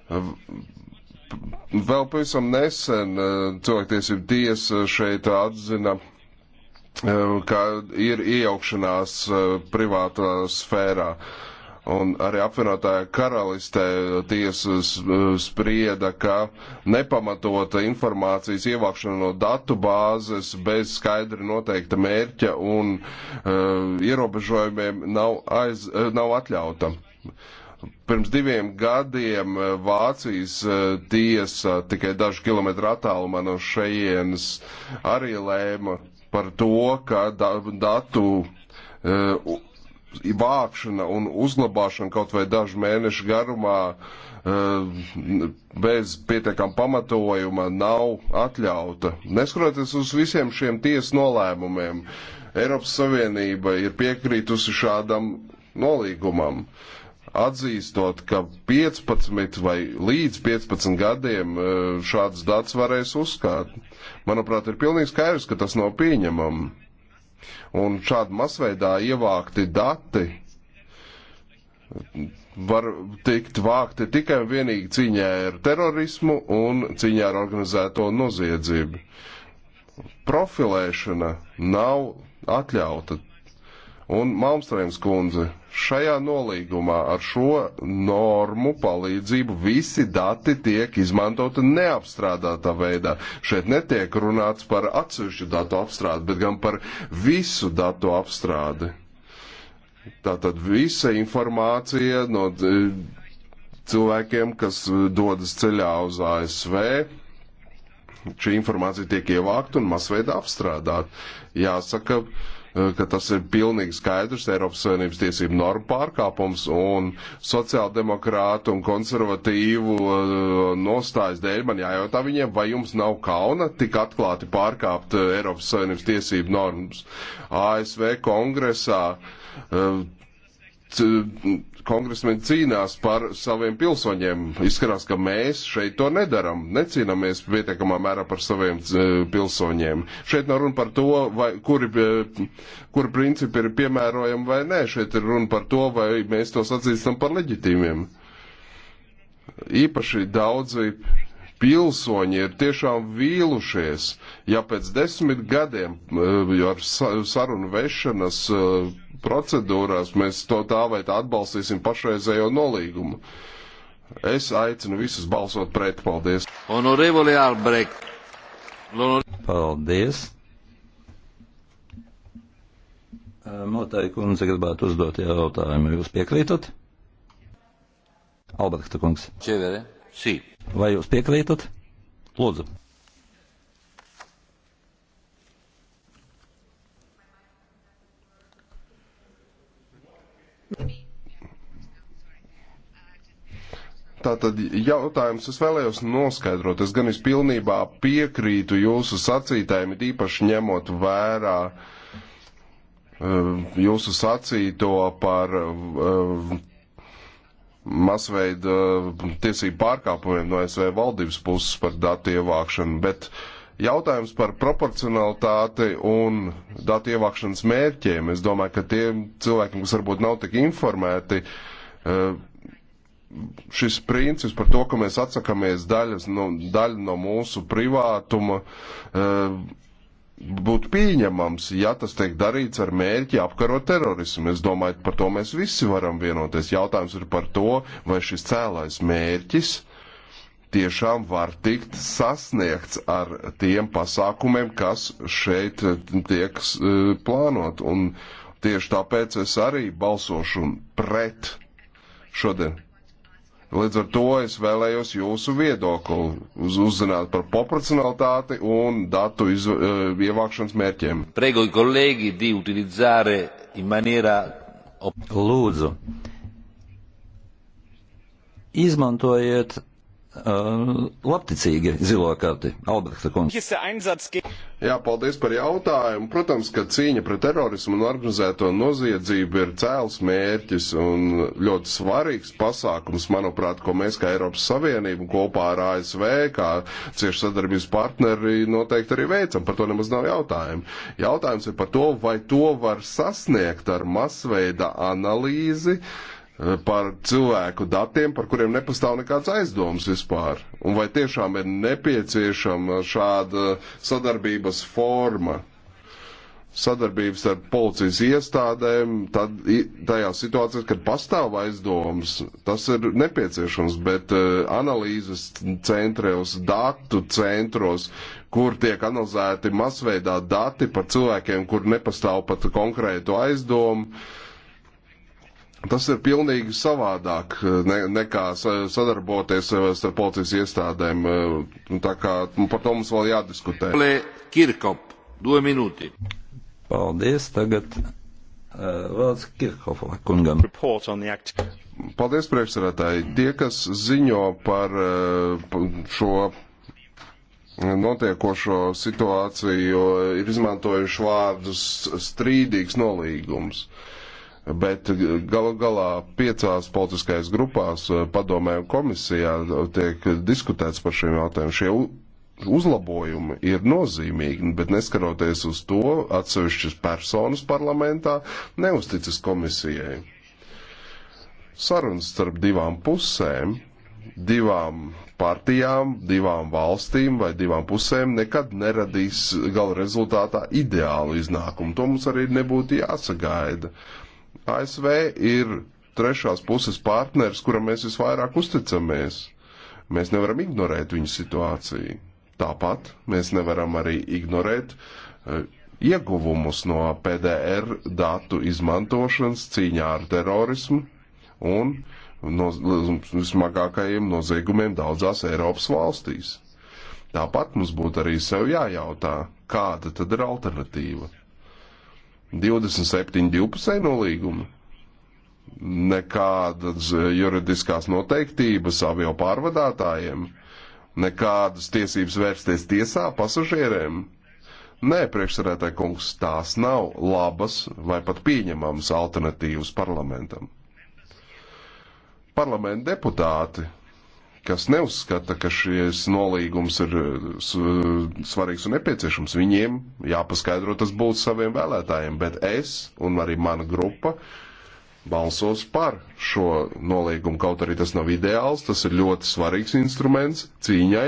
Vēl pavisam nesen eh, cilvēktiesība tiesa šeit atzina eh, ka ir iejaukšanās eh, privātā sfērā. Un arī apvienotāja karalistē tiesas uh, sprieda, ka nepamatota informācijas ievākšana no datu bāzes bez skaidri noteikta mērķa un uh, ierobežojumiem nav, aiz, uh, nav atļauta. Pirms diviem gadiem uh, Vācijas uh, tiesa tikai dažu kilometru attālumā no šejienes arī lēma par to, ka da datu uh, vākšana un uzglabāšana kaut vai dažu mēnešu garumā eh, bez pietiekama pamatojuma nav atļauta. Neskatoties uz visiem šiem tiesas nolēmumiem, Eiropas Savienība ir piekrītusi šādam nolīgumam, atzīstot, ka 15 vai līdz 15 gadiem eh, šāds dats varēs uzskāt. Manuprāt, ir pilnīgi skaidrs, ka tas nav pieņemams Un šādi masveidā ievākti dati var tikt vākti tikai un vienīgi cīņā ar terorismu un cīņā ar organizēto noziedzību. Profilēšana nav atļauta. Un Malmstrēms kundze, Šajā nolīgumā ar šo normu palīdzību visi dati tiek izmantoti neapstrādātā veidā. Šeit netiek runāts par atsevišķu datu apstrādi, bet gan par visu datu apstrādi. Tātad visa informācija no e, cilvēkiem, kas dodas ceļā uz ASV, šī informācija tiek ievākta un masveidā apstrādāta. Jāsaka, uh, Eh, ka tas ir pilnīgi skaidrs Eiropas Savienības tiesību normu pārkāpums un sociāldemokrātu un konservatīvu eh, nostājas dēļ man jājautā viņiem, vai jums nav kauna tik atklāti pārkāpt eh, Eiropas Savienības tiesību normas. ASV kongresā kongresmeni cīnās par saviem pilsoņiem. Izskatās, ka mēs šeit to nedaram, necīnāmies pietiekamā mērā par saviem e, pilsoņiem. Šeit nav runa par to, vai, kuri, e, kuri principi ir piemērojami vai nē. Šeit ir runa par to, vai mēs tos atzīstam par leģitīmiem. Īpaši daudzi pilsoņi ir tiešām vīlušies, ja pēc desmit gadiem e, ar sarunu vešanas procedūrās mēs to tā vai tā atbalstīsim pašreizējo nolīgumu. Es aicinu visus balsot pret. Paldies! Honorevoli Albrecht! Honor... Paldies! Motai kundze gribētu uzdot jautājumu. Jūs piekrītat? Alberta kungs. Čevere. Sī. Vai jūs piekrītat? Lūdzu. Tātad jautājums es vēlējos noskaidrot. Es gan es pilnībā piekrītu jūsu sacītājiem, it īpaši ņemot vērā eh, jūsu sacīto par eh, masveida eh, tiesību pārkāpumiem no SV valdības puses par datu ievākšanu, bet uh, Jautājums par proporcionalitāti un datu ievākšanas mērķiem. Es domāju, ka tiem cilvēkiem, kas varbūt nav tik informēti, e, šis princips par to, ka mēs atsakamies daļas, no, daļu no mūsu privātuma, e, būtu pieņemams, ja tas tiek darīts ar mērķi apkarot terorismu. Es domāju, par to mēs visi varam vienoties. Jautājums ir par to, vai šis cēlais mērķis tiešām var tikt sasniegts ar tiem pasākumiem, kas šeit tiek eh, plānot. Un tieši tāpēc es arī balsošu pret šodien. Līdz ar to es vēlējos jūsu viedokli uz, uzzināt par proporcionalitāti un datu iz, uh, eh, ievākšanas mērķiem. Prego, kolēģi, di utilizzare in maniera... Lūdzu, izmantojiet Uh, labticīgi zilo karti. Alberta kungs. Jā, paldies par jautājumu. Protams, ka cīņa pret terorismu un organizēto noziedzību ir cēls mērķis un ļoti svarīgs pasākums, manuprāt, ko mēs kā Eiropas Savienība kopā ar ASV, kā cieši sadarbības partneri, noteikti arī veicam. Par to nemaz nav jautājumu. Jautājums ir par to, vai to var sasniegt ar masveida analīzi. Uh, Eh, par cilvēku datiem, par kuriem nepastāv nekāds aizdoms vispār. Un vai tiešām ir nepieciešama šāda sadarbības forma? Sadarbības ar policijas iestādēm, tad tajā situācijā, kad pastāv aizdoms, tas ir nepieciešams, bet eh, analīzes centros, datu centros, kur tiek analizēti masveidā dati par cilvēkiem, kur nepastāv pat konkrētu aizdomu, uh, Tas ir pilnīgi savādāk eh, ne, nekā sadarboties eh, ar policijas iestādēm. Eh, tā kā par to mums vēl jādiskutē. Kirkop, divi minūti. Paldies, tagad uh, vārds Kirkopa kungam. Paldies, priekšsarētāji. Tie, kas ziņo par uh, šo notiekošo situāciju, ir izmantojuši vārdus strīdīgs nolīgums. Uh, Bet galu galā piecās politiskajās grupās eh, padomē un komisijā tiek diskutēts par šiem jautājumiem. Šie uzlabojumi ir nozīmīgi, bet neskaroties uz to, atsevišķas personas parlamentā neusticas komisijai. Sarunas starp divām pusēm divām partijām, divām valstīm vai divām pusēm nekad neradīs gala rezultātā ideālu iznākumu. To mums arī nebūtu jāsagaida. ASV ir trešās puses partners, kuram mēs visvairāk uzticamies. Mēs nevaram ignorēt viņu situāciju. Tāpat mēs nevaram arī ignorēt uh, ieguvumus no PDR datu izmantošanas cīņā ar terorismu un no vismagākajiem noziegumiem daudzās Eiropas valstīs. Tāpat mums būtu arī sev jājautā, kāda tad ir alternatīva. 27 divpusēji nolīgumi. Nekādas eh, juridiskās noteiktības avio pārvadātājiem, nekādas tiesības vērsties tiesā pasažieriem. Nē, priekšsarētāji kungs, tās nav labas vai pat pieņemamas alternatīvas parlamentam. Parlamenta deputāti kas neuzskata, ka šis nolīgums ir svarīgs un nepieciešams. Viņiem jāpaskaidro tas būtu saviem vēlētājiem, bet es un arī mana grupa balsos par šo nolīgumu. Kaut arī tas nav ideāls, tas ir ļoti svarīgs instruments cīņai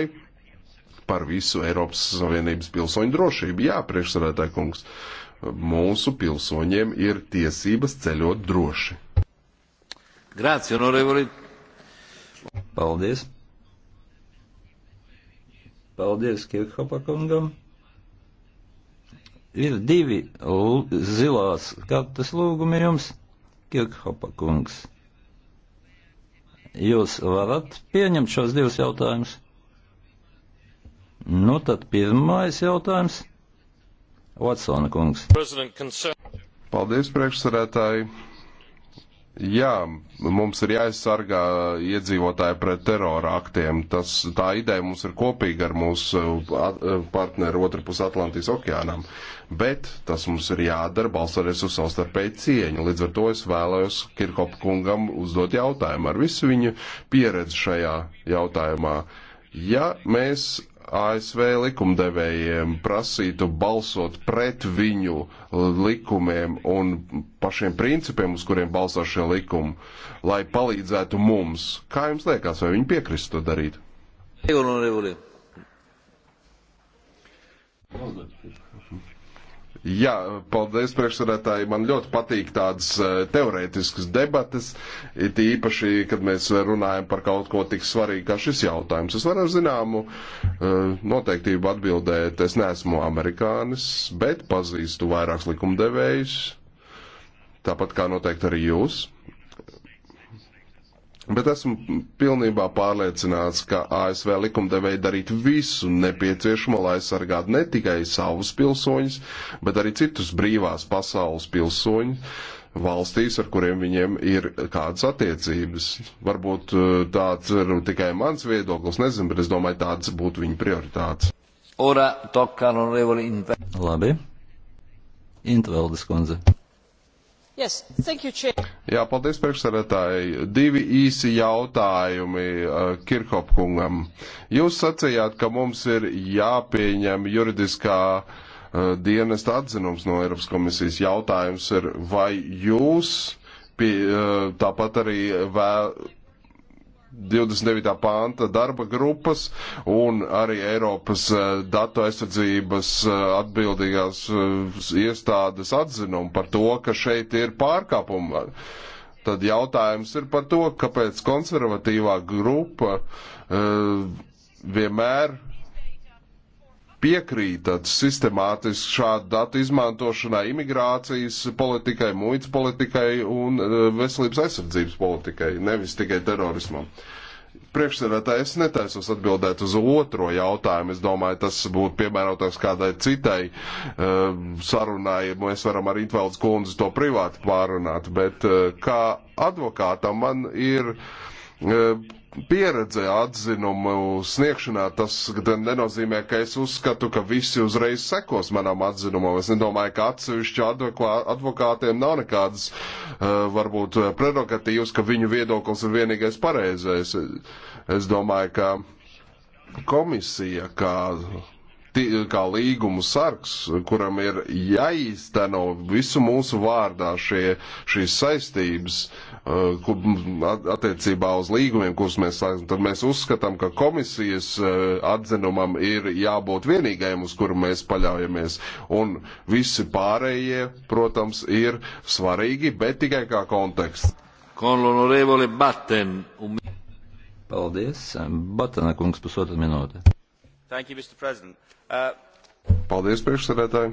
par visu Eiropas Savienības pilsoņu drošību. Jā, priekšsēdētāj kungs, mūsu pilsoņiem ir tiesības ceļot droši. Grazie, onorevoli Paldies! Paldies Kirkhopa kungam! Ir divi zilās kartas lūgumi jums, Kirkhopa kungs. Jūs varat pieņemt šos divus jautājumus? Nu tad pirmais jautājums. Vatsona kungs. Paldies, priekšsarētāji. Jā, mums ir jāaizsargā iedzīvotāji pret terora aktiem. Tas, tā ideja mums ir kopīga ar mūsu at, partneru otru pusi Atlantijas okeānam. Bet tas mums ir jādara balsoties uz savstarpēju cieņu. Līdz ar to es vēlējos Kirkop kungam uzdot jautājumu ar visu viņu pieredzi šajā jautājumā. Ja mēs ASV likumdevējiem prasītu balsot pret viņu likumiem un pašiem principiem, uz kuriem balsā šie likumi, lai palīdzētu mums. Kā jums liekas, vai viņi piekristu to darīt? Regulārī, regulārī. Jā, paldies priekšsarētāji. Man ļoti patīk tādas e, teorētiskas debates, it īpaši, kad mēs runājam par kaut ko tik svarīgu kā šis jautājums. Es varu zināmu e, noteiktību atbildēt, es neesmu amerikānis, bet pazīstu vairākus likumdevējus, tāpat kā noteikti arī jūs. Bet esmu pilnībā pārliecināts, ka ASV likumdevēji darīt visu nepieciešamo, lai aizsargātu ne tikai savus pilsoņus, bet arī citus brīvās pasaules pilsoņus valstīs, ar kuriem viņiem ir kādas attiecības. Varbūt uh, tāds ir tikai mans viedoklis, nezinu, bet es domāju, tāds būtu viņa prioritāts. Ora, tokā, no Labi. Intveldes kundze. Yes, thank you, Chair. Jā, paldies priekšsarētāji. Divi īsi jautājumi uh, Kirkhopkungam. Jūs sacījāt, ka mums ir jāpieņem juridiskā uh, dienesta atzinums no Eiropas komisijas. Jautājums ir, vai jūs pie, uh, tāpat arī vēl 29. pānta darba grupas un arī Eiropas eh, datu aizsardzības eh, atbildīgās eh, iestādes atzinumu par to, ka šeit ir pārkāpuma. Tad jautājums ir par to, kāpēc konservatīvā grupa vienmēr piekrītat sistemātiski šādu datu izmantošanai imigrācijas politikai, muitas politikai un e, veselības aizsardzības politikai, nevis tikai terorismam. Priekšsēdētāji, es netaisos atbildēt uz otro jautājumu. Es domāju, tas būtu piemērotāks kādai citai uh, sarunai. Mēs varam ar Intvaldes kundzi to privāti pārunāt, bet uh, kā advokātam man ir uh, pieredze atzinumu sniegšanā, tas nenozīmē, ka es uzskatu, ka visi uzreiz sekos manam atzinumam. Es nedomāju, ka atsevišķi advokātiem nav nekādas eh, varbūt prerogatīvas, ka viņu viedoklis ir vienīgais pareizais. Es domāju, ka komisija, kā kā līgumu sargs, kuram ir jāīsteno visu mūsu vārdā šie, šīs saistības eh, attiecībā uz līgumiem, kurus mēs slēdzam, tad mēs uzskatām, ka komisijas eh, atzinumam ir jābūt vienīgajam, uz kuru mēs paļaujamies. Un visi pārējie, protams, ir svarīgi, bet tikai kā konteksts. Con l'onorevole Batten. Paldies. Batena kungs, pusotra minūte. Thank you, Mr. President. Uh... Paldies, priekšsēdētāji.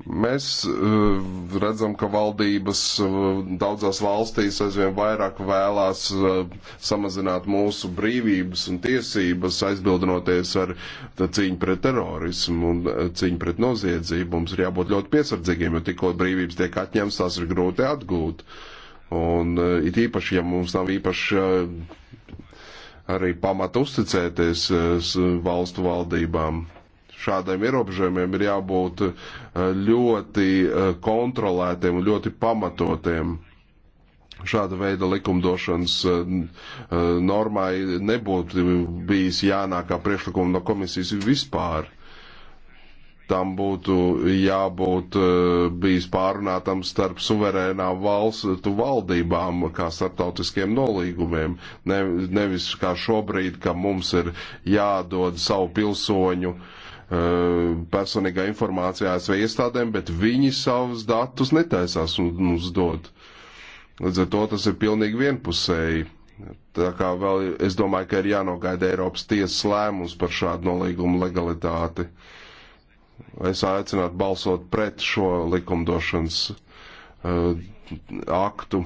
Mēs uh, redzam, ka valdības uh, daudzās valstīs aizvien vairāk vēlās uh, samazināt mūsu brīvības un tiesības, aizbildinoties ar cīņu pret terorismu un cīņu pret noziedzību. Mums ir jābūt ļoti piesardzīgiem, jo tikko brīvības tiek atņemts, tās ir grūti atgūt. Un it īpaši, ja mums nav īpaši arī pamatu uzticēties eh, valstu valdībām. Šādiem ierobežojumiem ir jābūt eh, ļoti eh, kontrolētiem un ļoti pamatotiem. Šāda veida likumdošanas normai nebūtu bijis jānāk kā priekšlikumu no komisijas vispār tam būtu jābūt eh, bijis pārunātam starp suverēnām valstu valdībām, kā starptautiskiem nolīgumiem, ne, nevis kā šobrīd, ka mums ir jādod savu pilsoņu eh, personīgā informācijā ASV iestādēm, bet viņi savus datus netaisās un mums dod. Līdz ar to tas ir pilnīgi vienpusēji. Tā kā vēl es domāju, ka ir jānogaida Eiropas tiesas lēmums par šādu nolīgumu legalitāti. Uh, es aicinātu balsot pret šo likumdošanas uh, aktu.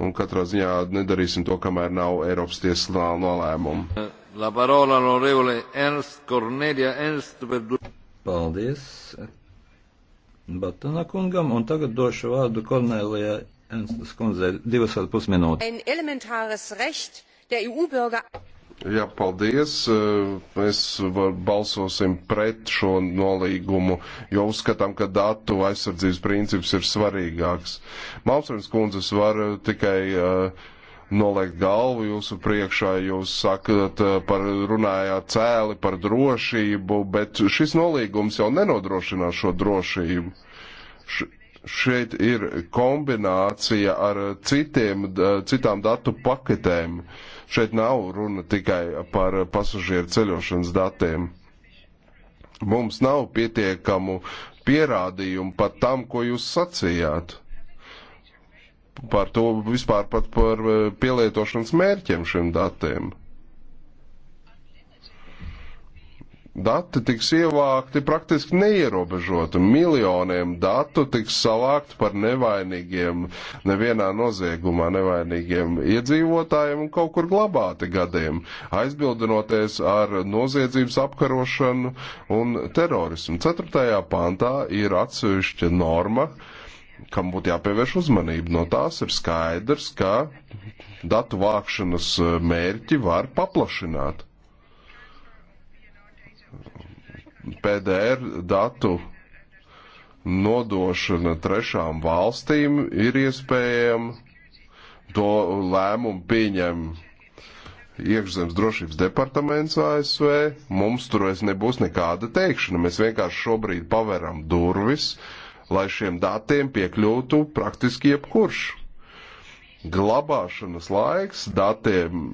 Un katrā ziņā nedarīsim to, kamēr nav Eiropas tiesas nolēmumu. La parola onorevole Ernst Cornelia Ernst per du... Paldies Batana kungam, un tagad došu vārdu Kornelijai Ernstas kundzei divas ar pus minūtes. Jā, paldies. Mēs balsosim pret šo nolīgumu, jo uzskatām, ka datu aizsardzības princips ir svarīgāks. Malmstrāns kundzes var tikai eh, noliekt galvu jūsu priekšā, jūs sakat eh, par runājāt cēli par drošību, bet šis nolīgums jau nenodrošinās šo drošību. Š šeit ir kombinācija ar citiem, eh, citām datu paketēm. Uh, Šeit nav runa tikai par pasažieru ceļošanas datiem. Mums nav pietiekamu pierādījumu pat tam, ko jūs sacījāt. Par to vispār pat par eh, pielietošanas mērķiem šiem datiem. dati tiks ievākti praktiski neierobežoti. Miljoniem datu tiks savākt par nevainīgiem, nevienā noziegumā nevainīgiem iedzīvotājiem un kaut kur glabāti gadiem, aizbildinoties ar noziedzības apkarošanu un terorismu. Ceturtajā pantā ir atsevišķa norma, kam būtu jāpievērš uzmanība. No tās ir skaidrs, ka datu vākšanas mērķi var paplašināt PDR datu nodošana trešām valstīm ir iespējama. To lēmumu pieņem iekšzemes drošības departaments ASV. Mums tur vairs nebūs nekāda teikšana. Mēs vienkārši šobrīd paveram durvis, lai šiem datiem piekļūtu praktiski jebkurš. Glabāšanas laiks datiem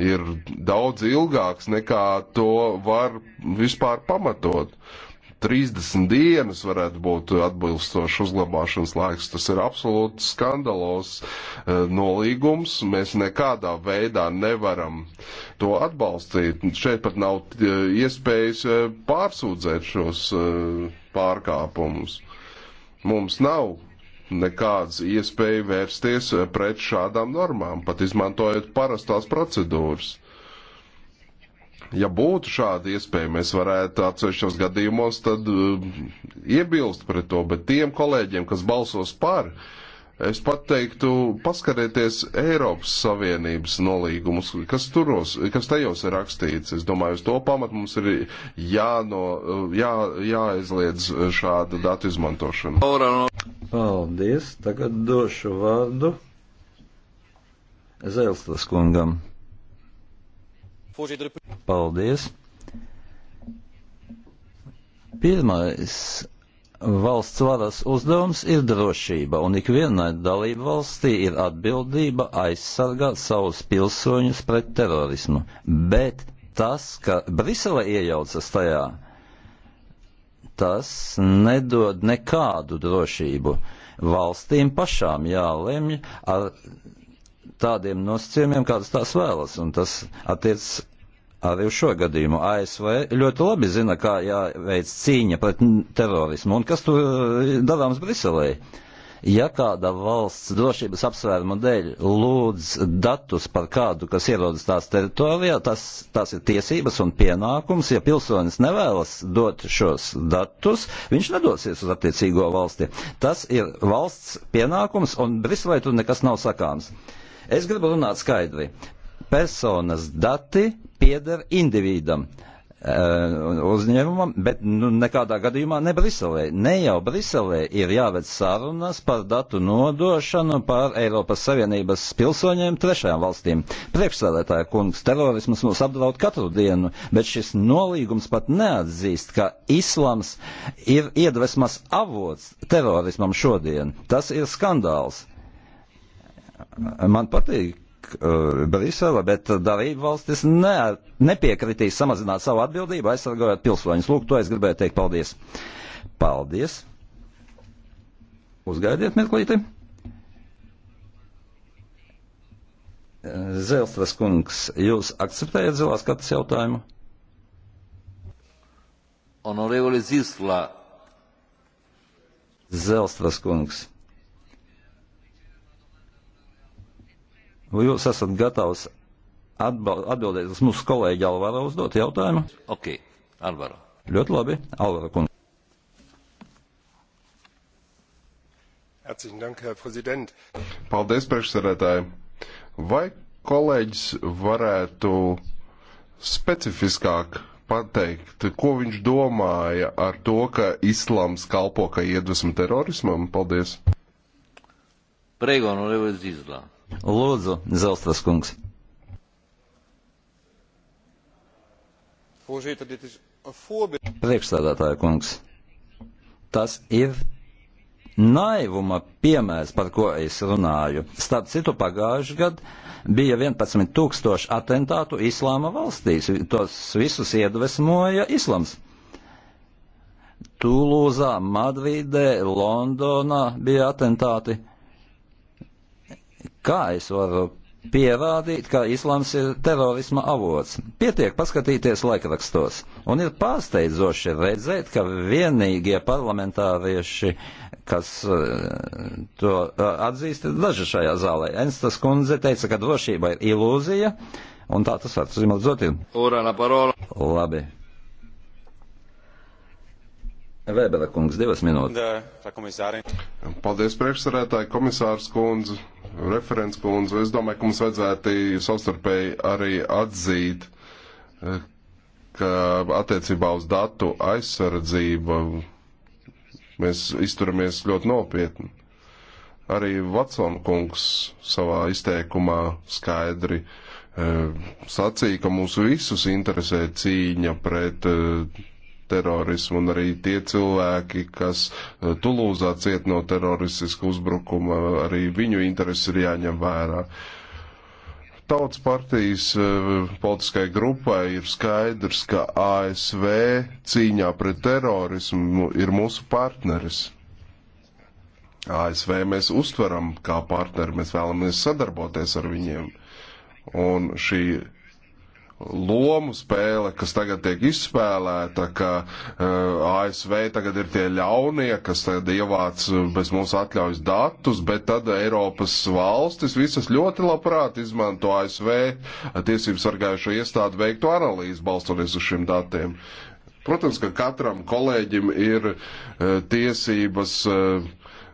ir daudz ilgāks nekā to var vispār pamatot. 30 dienas varētu būt atbilstoši uzglabāšanas laiks. Tas ir absolūti skandalos e, nolīgums. Mēs nekādā veidā nevaram to atbalstīt. Šeit pat nav e, iespējas e, pārsūdzēt šos pārkāpumus. Mums nav nekādas iespēja vērsties eh, pret šādām normām, pat izmantojot parastās procedūras. Ja būtu šāda iespēja, mēs varētu atsevišķos gadījumos tad uh, iebilst pret to, bet tiem kolēģiem, kas balsos par, uh, Es pat teiktu, paskarieties Eiropas Savienības nolīgumus, kas, turos, kas tajos ir rakstīts. Es domāju, uz to pamatu mums ir jāno, jā, jāaizliedz šāda datu izmantošana. Paldies. Tagad došu vārdu Zelstas kungam. Paldies. Pirmais valsts varas uzdevums ir drošība, un ikvienai dalību valstī ir atbildība aizsargāt savus pilsoņus pret terorismu. Bet tas, ka Brisele iejaucas tajā, tas nedod nekādu drošību. Valstīm pašām jālemj ar tādiem nosacījumiem, kādas tās vēlas, un tas attiec Arī uz šo gadījumu ASV ļoti labi zina, kā jāveic cīņa pret terorismu un kas tur e, darāms Briselē. Ja kāda valsts drošības apsvērumu dēļ lūdz datus par kādu, kas ierodas tās teritorijā, tas, tas ir tiesības un pienākums. Ja pilsonis nevēlas dot šos datus, viņš nedosies uz attiecīgo valsti. Tas ir valsts pienākums un Briselē tur nekas nav sakāms. Es gribu runāt skaidri. Personas dati pieder individam eh, uzņēmumam, bet nu, nekādā gadījumā ne Briselē. Ne jau Briselē ir jāved sarunas par datu nodošanu par Eiropas Savienības pilsoņiem trešajām valstīm. Priekšsēdētāja kungs, terorisms mūs apdraud katru dienu, bet šis nolīgums pat neatzīst, ka islams ir iedvesmas avots terorismam šodien. Tas ir skandāls. Man patīk, notiek uh, Brisele, bet dalību valstis ne, nepiekritīs samazināt savu atbildību, aizsargājot pilsoņus. Lūk, to es gribēju teikt paldies. Paldies. Uzgaidiet mirklīti. Zelstres kungs, jūs akceptējat zilās kartas jautājumu? Honorevoli Zisla. Zelstres kungs. Vai nu, jūs esat gatavs atbildēt uz mūsu kolēģi Alvaro uzdot jautājumu? Ok, Alvaro. Ļoti labi, Alvaro kundze. Paldies, priekšsarētāji. Vai kolēģis varētu specifiskāk pateikt, ko viņš domāja ar to, ka islāms kalpo kā ka iedvesma terorismam? Paldies. Prego, no levas islāms. Lūdzu, Zelstas kungs. Priekšstādātāja kungs, tas ir naivuma piemērs, par ko es runāju. Starp citu, pagājuši gadu bija 11 tūkstoši atentātu islāma valstīs. Tos visus iedvesmoja islams. Tulūzā, Madridē, Londonā bija atentāti. Kā es varu pierādīt, ka islāms ir terorisma avots? Pietiek paskatīties laikrakstos. Un ir pārsteidzoši redzēt, ka vienīgie parlamentārieši, kas eh, to eh, atzīst, ir daži šajā zālē. Enstas kundze teica, ka drošība ir ilūzija, un tā tas atzīmot zotību. Labi. Vēbera kungs, divas minūtes. Paldies, priekšsarētāji, komisārs kundze referents kundze. Es domāju, ka mums vajadzētu savstarpēji arī atzīt, eh, ka attiecībā uz datu aizsardzību mēs izturamies ļoti nopietni. Arī Vatsona kungs savā izteikumā skaidri e, sacīja, ka mūs visus interesē cīņa pret e, terorismu, un arī tie cilvēki, kas eh, Tulūzā ciet no teroristiska uzbrukuma, arī viņu interesi ir jāņem vērā. Tautas partijas eh, politiskai grupai ir skaidrs, ka ASV cīņā pret terorismu ir mūsu partneris. ASV mēs uztveram kā partneri, mēs vēlamies sadarboties ar viņiem. Un šī lomu spēle, kas tagad tiek izspēlēta, ka uh, eh, ASV tagad ir tie ļaunie, kas tagad ievāc eh, bez mūsu atļaujas datus, bet tad Eiropas valstis visas ļoti labprāt izmanto ASV tiesību sargājušo iestādu veiktu analīzi balstoties uz šiem datiem. Protams, ka katram kolēģim ir uh, tiesības uh,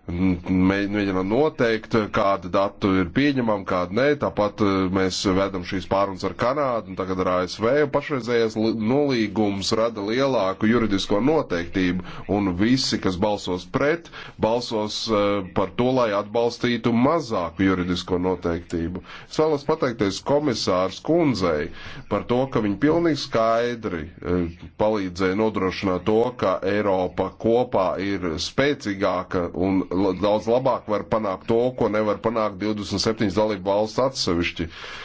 mēģinām noteikt, kāda datu ir pieņemama, kāda nē. Tāpat eh, mēs vedam šīs pārunas ar Kanādu un tagad ar ASV. Pašreizējais nolīgums rada lielāku juridisko noteiktību, un visi, kas balsos pret, balsos eh, par to, lai atbalstītu mazāku juridisko noteiktību. Es vēlos pateikties komisārs Kunzei par to, ka viņi pilnīgi skaidri eh, palīdzēja nodrošināt to, ka Eiropa kopā ir spēcīgāka un daudz labāk var panākt to, ko nevar panākt 27 dalību valsts atsevišķi. Uh,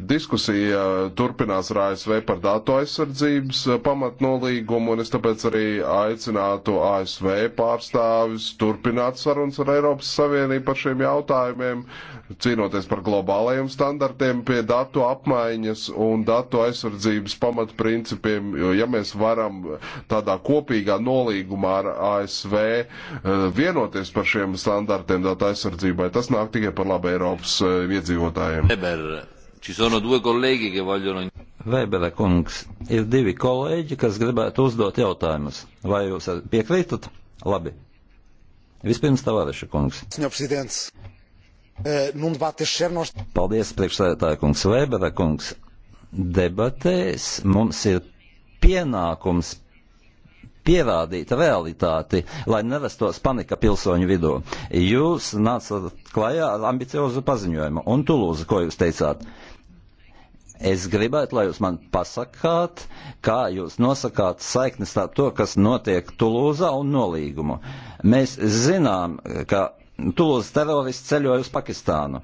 Diskusija turpinās ar ASV par datu aizsardzības eh, pamatnolīgumu, un es tāpēc arī aicinātu ASV pārstāvis turpināt sarunas ar Eiropas Savienību par šiem jautājumiem, cīnoties par globālajiem standartiem pie datu apmaiņas un datu aizsardzības pamatprincipiem, jo ja mēs varam tādā kopīgā nolīgumā ar ASV eh, vienoties par šiem standartiem datu aizsardzībai, tas nāk tikai par labu Eiropas eh, iedzīvotājiem. Eber. Ci sono due colleghi che vogliono. Vēbele kungs, ir divi kolēģi, kas gribētu uzdot jautājumus. Vai jūs piekrītat? Labi. Vispirms tavareša kungs. Eh, Paldies, priekšsēdētāja kungs. Vēbele kungs, debatēs mums ir pienākums pierādīt realitāti, lai nerastos panika pilsoņu vidū. Jūs nācat klajā ar ambiciozu paziņojumu, un Tulūza, ko jūs teicāt? Uh, Es gribētu, lai jūs man pasakāt, kā jūs nosakāt saikni starp to, kas notiek Tulūzā un nolīgumu. Mēs zinām, ka Tulūzas terorists ceļoja uz Pakistānu.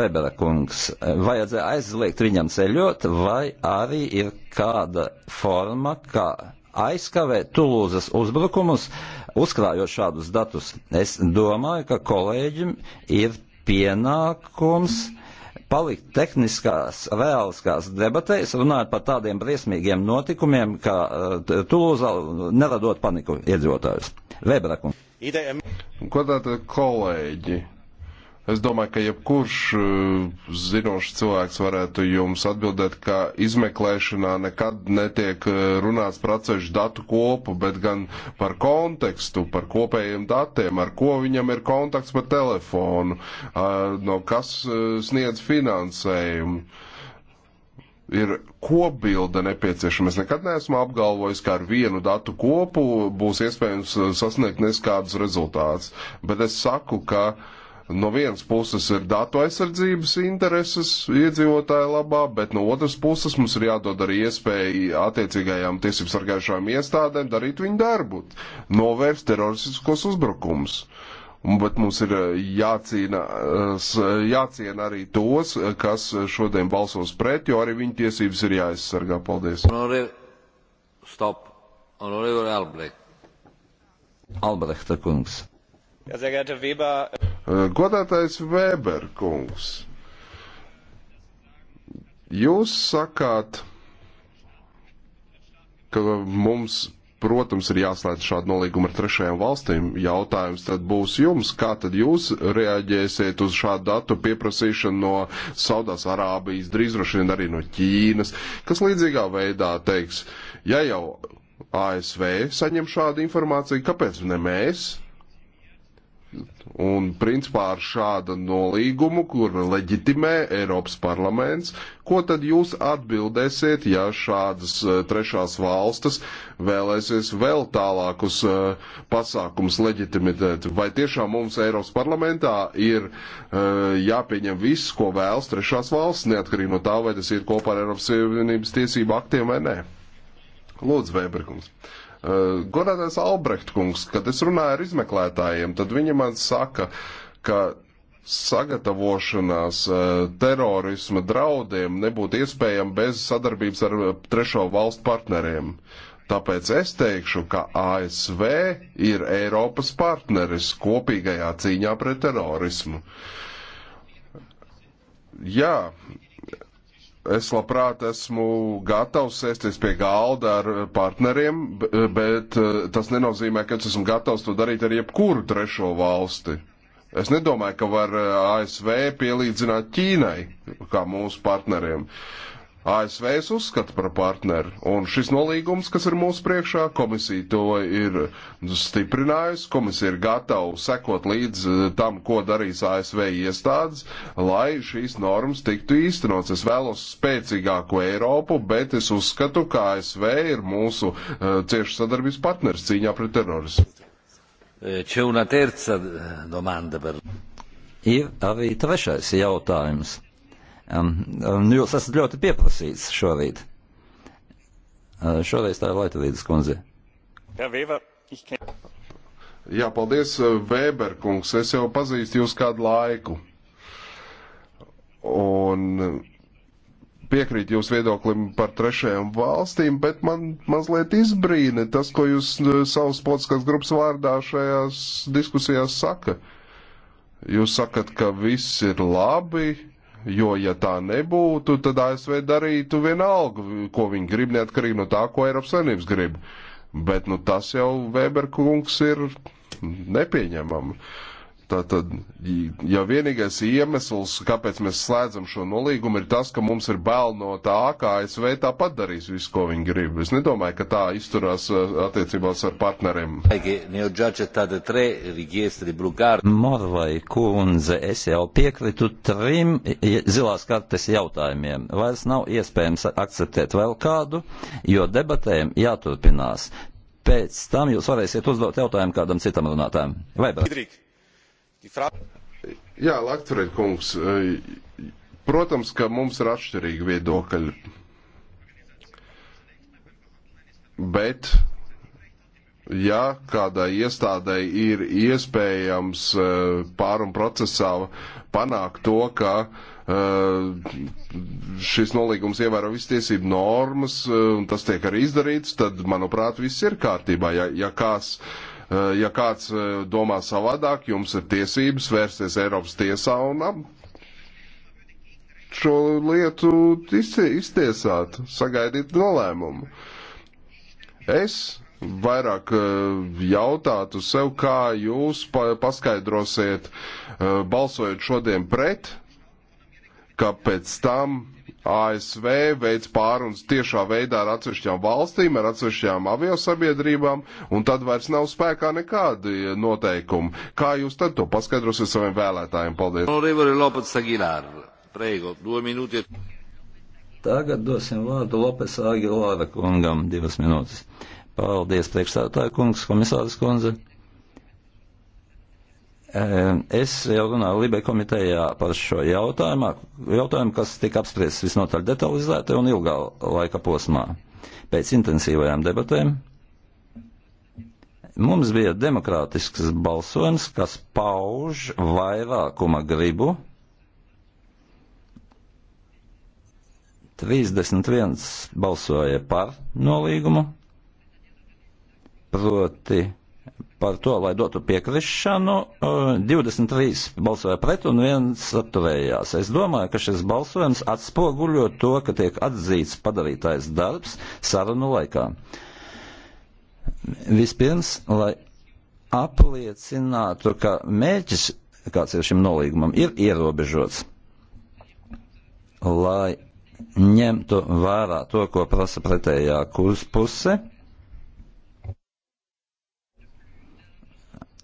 Webera kungs, vajadzēja aizliegt viņam ceļot, vai arī ir kāda forma, kā aizkavēt Tulūzas uzbrukumus, uzkrājot šādus datus. Es domāju, ka kolēģim ir pienākums. Mm palikt tehniskās, reāliskās debatēs, runājot par tādiem briesmīgiem notikumiem, kā uh, eh, Tulūza, neradot paniku iedzīvotājus. Vēberakum. Ko tātad kolēģi? Es domāju, ka jebkurš eh, zinošs cilvēks varētu jums atbildēt, ka izmeklēšanā nekad netiek eh, runāts par atsevišķu datu kopu, bet gan par kontekstu, par kopējiem datiem, ar ko viņam ir kontakts pa telefonu, no kas eh, sniedz finansējumu. Ir kopbilde nepieciešama. Es nekad neesmu apgalvojis, ka ar vienu datu kopu būs iespējams sasniegt neskādus rezultātus, bet es saku, ka uh, No vienas puses ir datu aizsardzības intereses iedzīvotāja labā, bet no otras puses mums ir jādod arī iespēja attiecīgajām tiesību sargājušām iestādēm darīt viņu darbu, novērst teroristiskos uzbrukumus. Bet mums ir eh, jācīna, eh, eh, jāciena arī tos, kas šodien balsos pret, jo arī viņu tiesības ir jāaizsargā. Paldies! Stop! Honorevole Albrecht. Albrehta kungs. Äh, äh, godātais Weber kungs, jūs sakāt, ka mums, protams, ir jāslēdz šādu nolīgumu ar trešajām valstīm. Jautājums tad būs jums, kā tad jūs reaģēsiet uz šādu datu pieprasīšanu no Saudās Arābijas, drīzroši vien arī no Ķīnas, kas līdzīgā veidā teiks, ja jau ASV saņem šādu informāciju, kāpēc ne mēs? Un principā ar šādu nolīgumu, kur leģitimē Eiropas parlaments, ko tad jūs atbildēsiet, ja šādas eh, trešās valstas vēlēsies vēl tālākus eh, pasākums leģitimitēt? Vai tiešām mums Eiropas parlamentā ir eh, jāpieņem viss, ko vēlas trešās valsts, neatkarīgi no tā, vai tas ir kopā ar Eiropas Savienības tiesību aktiem vai nē? Lūdzu, Vēberkungs. Uh, Eh, godātais Albrecht kungs, kad es runāju ar izmeklētājiem, tad viņi man saka, ka sagatavošanās eh, terorisma draudiem nebūtu iespējama bez sadarbības ar eh, trešo valstu partneriem. Tāpēc es teikšu, ka ASV ir Eiropas partneris kopīgajā cīņā pret terorismu. Jā, Es labprāt esmu gatavs sēsties pie galda ar partneriem, bet eh, tas nenozīmē, ka es esmu gatavs to darīt ar jebkuru trešo valsti. Es nedomāju, ka var eh, ASV pielīdzināt Ķīnai kā mūsu partneriem. Uh, ASV es uzskatu par partneri, un šis nolīgums, kas ir mūsu priekšā, komisija to ir stiprinājusi, komisija ir gatava sekot līdz eh, tam, ko darīs ASV iestādes, lai šīs normas tiktu īstenots. Es vēlos spēcīgāku Eiropu, bet es uzskatu, ka ASV ir mūsu uh, eh, cieši sadarbības partners cīņā pret terorismu. Eh, C'è una terza domanda per. Ir arī trešais jautājums Um, jūs esat ļoti pieprasīts šorīt. Uh, šoreiz tā ir Laitavīdas kundze. Jā, Vēva, can... Jā, paldies, Vēberkungs. Es jau pazīstu jūs kādu laiku. Un piekrīt jūsu viedoklim par trešajām valstīm, bet man mazliet izbrīna tas, ko jūs savas politiskās grupas vārdā šajās diskusijās saka. Jūs sakat, ka viss ir labi, Jo, ja tā nebūtu, tad ASV darītu vienalga, ko viņi grib, neatkarīgi no tā, ko Eiropas Savienības grib. Bet nu, tas jau Weberkungs ir nepieņemami. Uh, Tātad, ja vienīgais iemesls, kāpēc mēs slēdzam šo nolīgumu, ir tas, ka mums ir bail no tā, ka ASV tāpat darīs visu, ko viņi grib. Es nedomāju, ka tā izturās eh, attiecībās ar partneriem. Morvai kundze, es jau piekritu trim zilās kartes jautājumiem. Vairs nav iespējams akceptēt vēl kādu, jo debatēm jāturpinās. Pēc tam jūs varēsiet uzdot jautājumu kādam citam runātājam. Vai, Brīdrīgi? Jā, Lakturēļ kungs, protams, ka mums ir atšķirīgi viedokļi. Bet, ja kādai iestādai ir iespējams pārum procesā panākt to, ka šis nolīgums ievēro visu tiesību normas, un tas tiek arī izdarīts, tad, manuprāt, viss ir kārtībā. Ja, ja kāds uh, Eh, ja kāds eh, domā savādāk, jums ir tiesības vērsties Eiropas tiesā un šo lietu iztiesāt, sagaidīt nolēmumu. Es vairāk eh, jautātu sev, kā jūs paskaidrosiet, balsojot šodien pret, ka pēc tam ASV veids pārunas tiešā veidā ar atsevišķām valstīm, ar atsevišķām aviosabiedrībām, un tad vairs nav spēkā nekādi noteikumi. Kā jūs tad to paskaidrosiet saviem vēlētājiem? Paldies! Tagad dosim vārdu Lopes Agilāra kungam divas minūtes. Paldies, priekšstādātāja kungs, komisārs kundze. Es jau runāju Libē komitejā par šo jautājumu, jautājumu kas tika apspriests visnotaļ detalizēti un ilgā laika posmā. Pēc intensīvajām debatēm mums bija demokrātisks balsojums, kas pauž vairākuma gribu. 31 balsoja par nolīgumu, proti par to, lai dotu piekrišanu. 23 eh, balsoja pret un viens atturējās. Es domāju, ka šis balsojums atspoguļo to, ka tiek atzīts padarītais darbs sarunu laikā. Vispirms, lai apliecinātu, ka mērķis, kāds ir šim nolīgumam, ir ierobežots, lai ņemtu vērā to, ko prasa pretējā kurspuse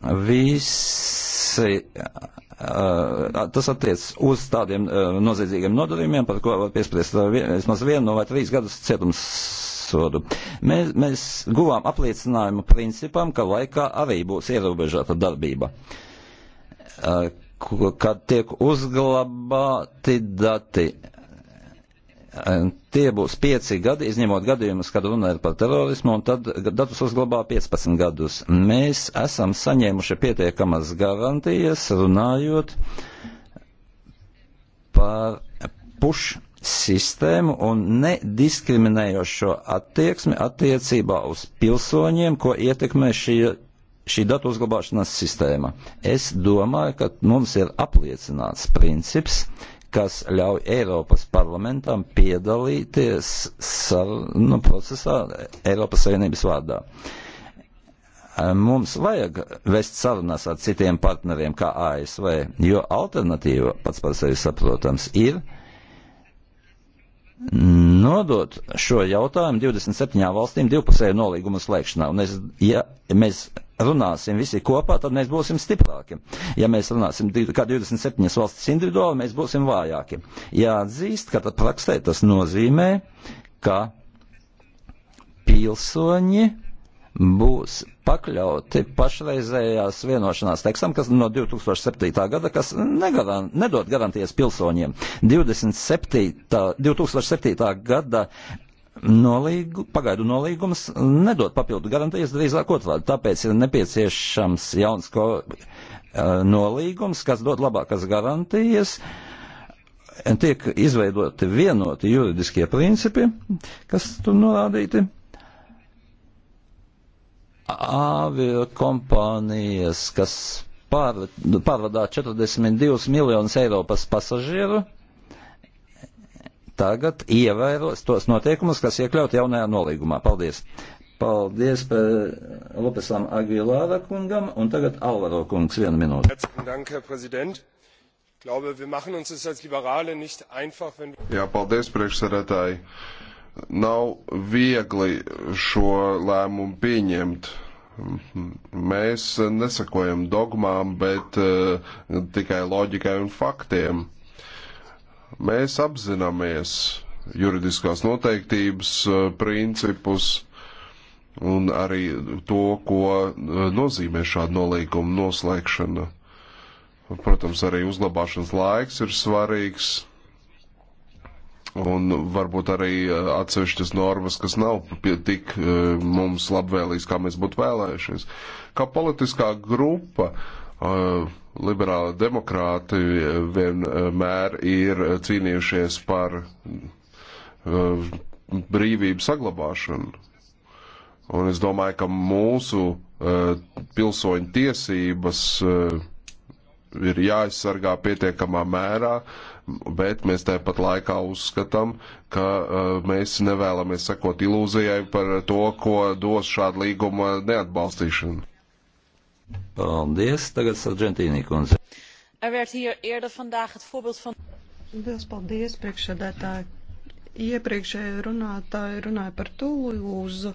Visi, tas attiec uz tādiem noziedzīgiem nodarījumiem, par ko var piespriest vismaz vienu no vai trīs gadus cietums sodu. Mēs, mēs guvām apliecinājumu principam, ka laikā arī būs ierobežota darbība, kad tiek uzglabāti dati Tie būs pieci gadi, izņemot gadījumus, kad runa ir par terorismu, un tad datus uzglabā 15 gadus. Mēs esam saņēmuši pietiekamas garantijas runājot par puš sistēmu un nediskriminējošo attieksmi attiecībā uz pilsoņiem, ko ietekmē šī, šī datu uzglabāšanas sistēma. Es domāju, ka mums ir apliecināts princips, kas ļauj Eiropas parlamentam piedalīties sarunu procesā Eiropas Savienības vārdā. Mums vajag vest sarunas ar citiem partneriem, kā ASV, jo alternatīva, pats par sevi saprotams, ir nodot šo jautājumu 27 valstīm divpusēju nolīgumu slēgšanā. Un es, ja mēs runāsim visi kopā, tad mēs būsim stiprāki. Ja mēs runāsim kā 27 valstis individuāli, mēs būsim vājāki. Jāatzīst, ka tad praksē tas nozīmē, ka pilsoņi būs pakļauti pašreizējās vienošanās tekstam, kas no 2007. gada, kas negaran, nedod garantijas pilsoņiem. 27, 2007. gada Nolīgu, pagaidu nolīgums nedod papildu garantijas, drīzāk otrādi. Tāpēc ir nepieciešams jauns ko, eh, nolīgums, kas dod labākas garantijas. Tiek izveidoti vienoti juridiskie principi, kas tur norādīti. Avio kompānijas, kas pārvadā 42 miljonus Eiropas pasažieru tagad ievēros tos noteikumus, kas iekļaut jaunajā nolīgumā. Paldies! Paldies par eh, Lopesam Aguilāra kungam un tagad Alvaro kungs vienu minūti. Jā, paldies, priekšsarētāji. Nav viegli šo lēmumu pieņemt. Mēs nesakojam dogmām, bet uh, tikai loģikai un faktiem Mēs apzināmies juridiskās noteiktības eh, principus un arī to, ko eh, nozīmē šāda nolīguma noslēgšana. Protams, arī uzglabāšanas laiks ir svarīgs un varbūt arī eh, atsevišķas normas, kas nav tik mums labvēlīgas, kā mēs būtu vēlējušies. Kā politiskā grupa liberāli demokrāti vienmēr ir cīnījušies par eh, brīvību saglabāšanu. Un es domāju, ka mūsu eh, pilsoņu tiesības eh, ir jāaizsargā pietiekamā mērā, bet mēs tāpat laikā uzskatām, ka uh, mēs nevēlamies sekot ilūzijai par to, ko dos šāda līguma neatbalstīšana. Paldies, tagad Sargentīnī kundze. Er Liels paldies, priekšsēdētāji. Iepriekšēja runātāja runāja par Tulūzu,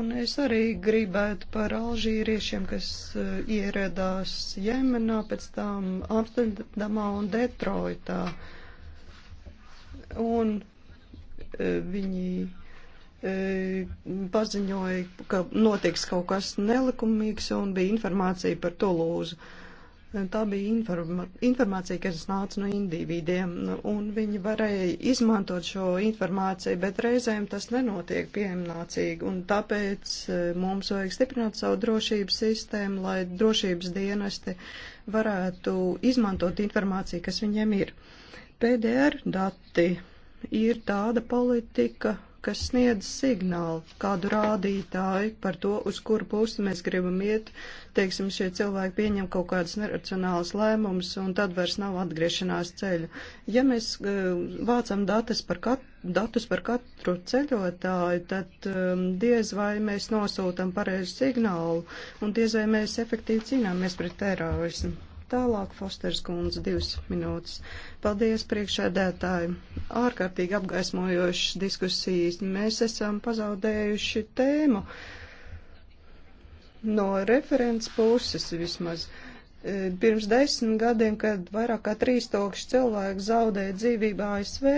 un es arī gribētu par alžīriešiem, kas eh, ieradās Jemenā, pēc tam Amsterdamā un Detroitā. Un eh, viņi E, paziņoja, ka notiks kaut kas nelikumīgs un bija informācija par Tulūzu. E, tā bija informa informācija, kas nāca no indivīdiem, un viņi varēja izmantot šo informāciju, bet reizēm tas nenotiek piemnācīgi, un tāpēc e, mums vajag stiprināt savu drošības sistēmu, lai drošības dienesti varētu izmantot informāciju, kas viņiem ir. PDR dati ir tāda politika, kas sniedz signālu, kādu rādītāju par to, uz kuru pusi mēs gribam iet. Teiksim, šie cilvēki pieņem kaut kādus neracionālus lēmumus, un tad vairs nav atgriešanās ceļu. Ja mēs uh, vācam datus par, kat, datus par katru ceļotāju, tad um, diez vai mēs nosūtam pareizu signālu, un diez vai mēs efektīvi cīnāmies pret terorismu. Tālāk Fosters kundze divas minūtes. Paldies priekšēdētāji. Ārkārtīgi apgaismojošas diskusijas. Mēs esam pazaudējuši tēmu no referents puses vismaz. E, pirms desmit gadiem, kad vairāk kā trīs tūkstoši cilvēku zaudēja dzīvību ASV,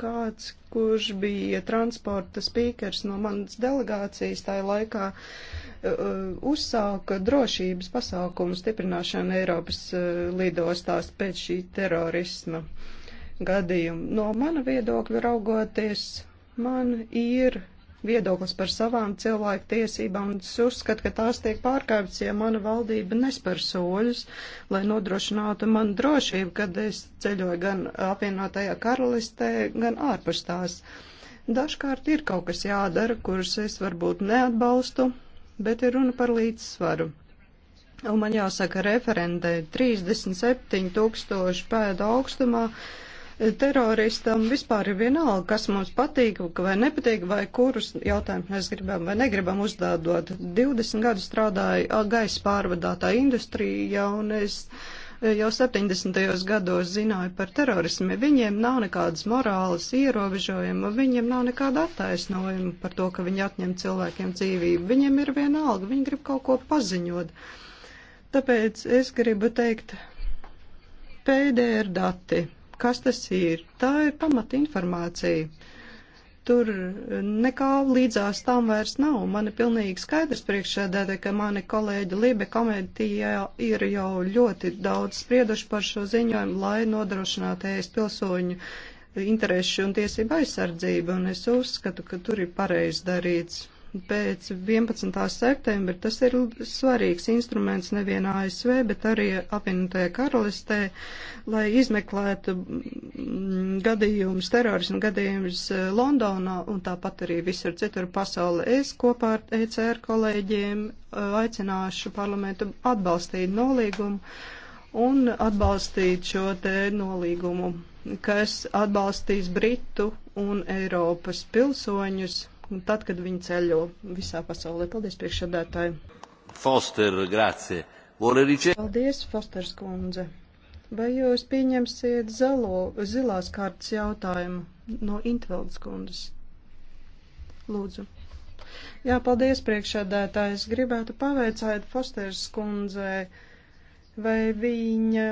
kāds, kurš bija transporta spīkers no manas delegācijas tajā laikā, uh, uzsāka drošības pasākumu stiprināšanu Eiropas uh, lidostās pēc šī terorisma gadījuma. No mana viedokļa raugoties, man ir viedoklis par savām cilvēku tiesībām, un es uzskatu, ka tās tiek pārkāptas, ja mana valdība nespēr soļus, lai nodrošinātu manu drošību, kad es ceļoju gan apvienotajā karalistē, gan ārpus tās. Dažkārt ir kaut kas jādara, kurus es varbūt neatbalstu, bet ir runa par līdzsvaru. Un man jāsaka, referendē 37 tūkstoši pēda augstumā Teroristam vispār ir vienalga, kas mums patīk vai nepatīk, vai kurus jautājumus mēs gribam vai negribam uzdādot. 20 gadu strādāju gaisa pārvadātā industrijā un es e, jau 70. gados zināju par terorismu, viņiem nav nekādas morāles ierobežojuma, viņiem nav nekāda attaisnojuma par to, ka viņi atņem cilvēkiem dzīvību. Viņiem ir vienalga, viņi grib kaut ko paziņot. Tāpēc es gribu teikt, PDR dati kas tas ir. Tā ir pamata informācija. Tur nekā līdzās tam vairs nav. Man ir pilnīgi skaidrs priekšsēdētāji, ka mani kolēģi Libe komitijā ir jau ļoti daudz sprieduši par šo ziņojumu, lai nodrošinātu ēst pilsoņu interešu un tiesību aizsardzību, un es uzskatu, ka tur ir pareizi darīts pēc 11. septembra. Tas ir svarīgs instruments nevien ASV, bet arī apvienotajā karalistē, lai izmeklētu mm, gadījumus, terorismu gadījumus eh, Londonā un tāpat arī visur citur pasaulē. Es kopā ar ECR kolēģiem eh, aicināšu parlamentu atbalstīt nolīgumu un atbalstīt šo te nolīgumu, kas atbalstīs Britu un Eiropas pilsoņus tad, kad viņi ceļo visā pasaulē. Paldies, priekšsēdētāji! Foster, grazie! Rice... Paldies, Fosters kundze! Vai jūs pieņemsiet zelo, zilās kārtas jautājumu no Intveldes kundzes? Lūdzu. Jā, paldies, priekšsēdētāji! Es gribētu paveicāt Fosters kundzei, vai viņa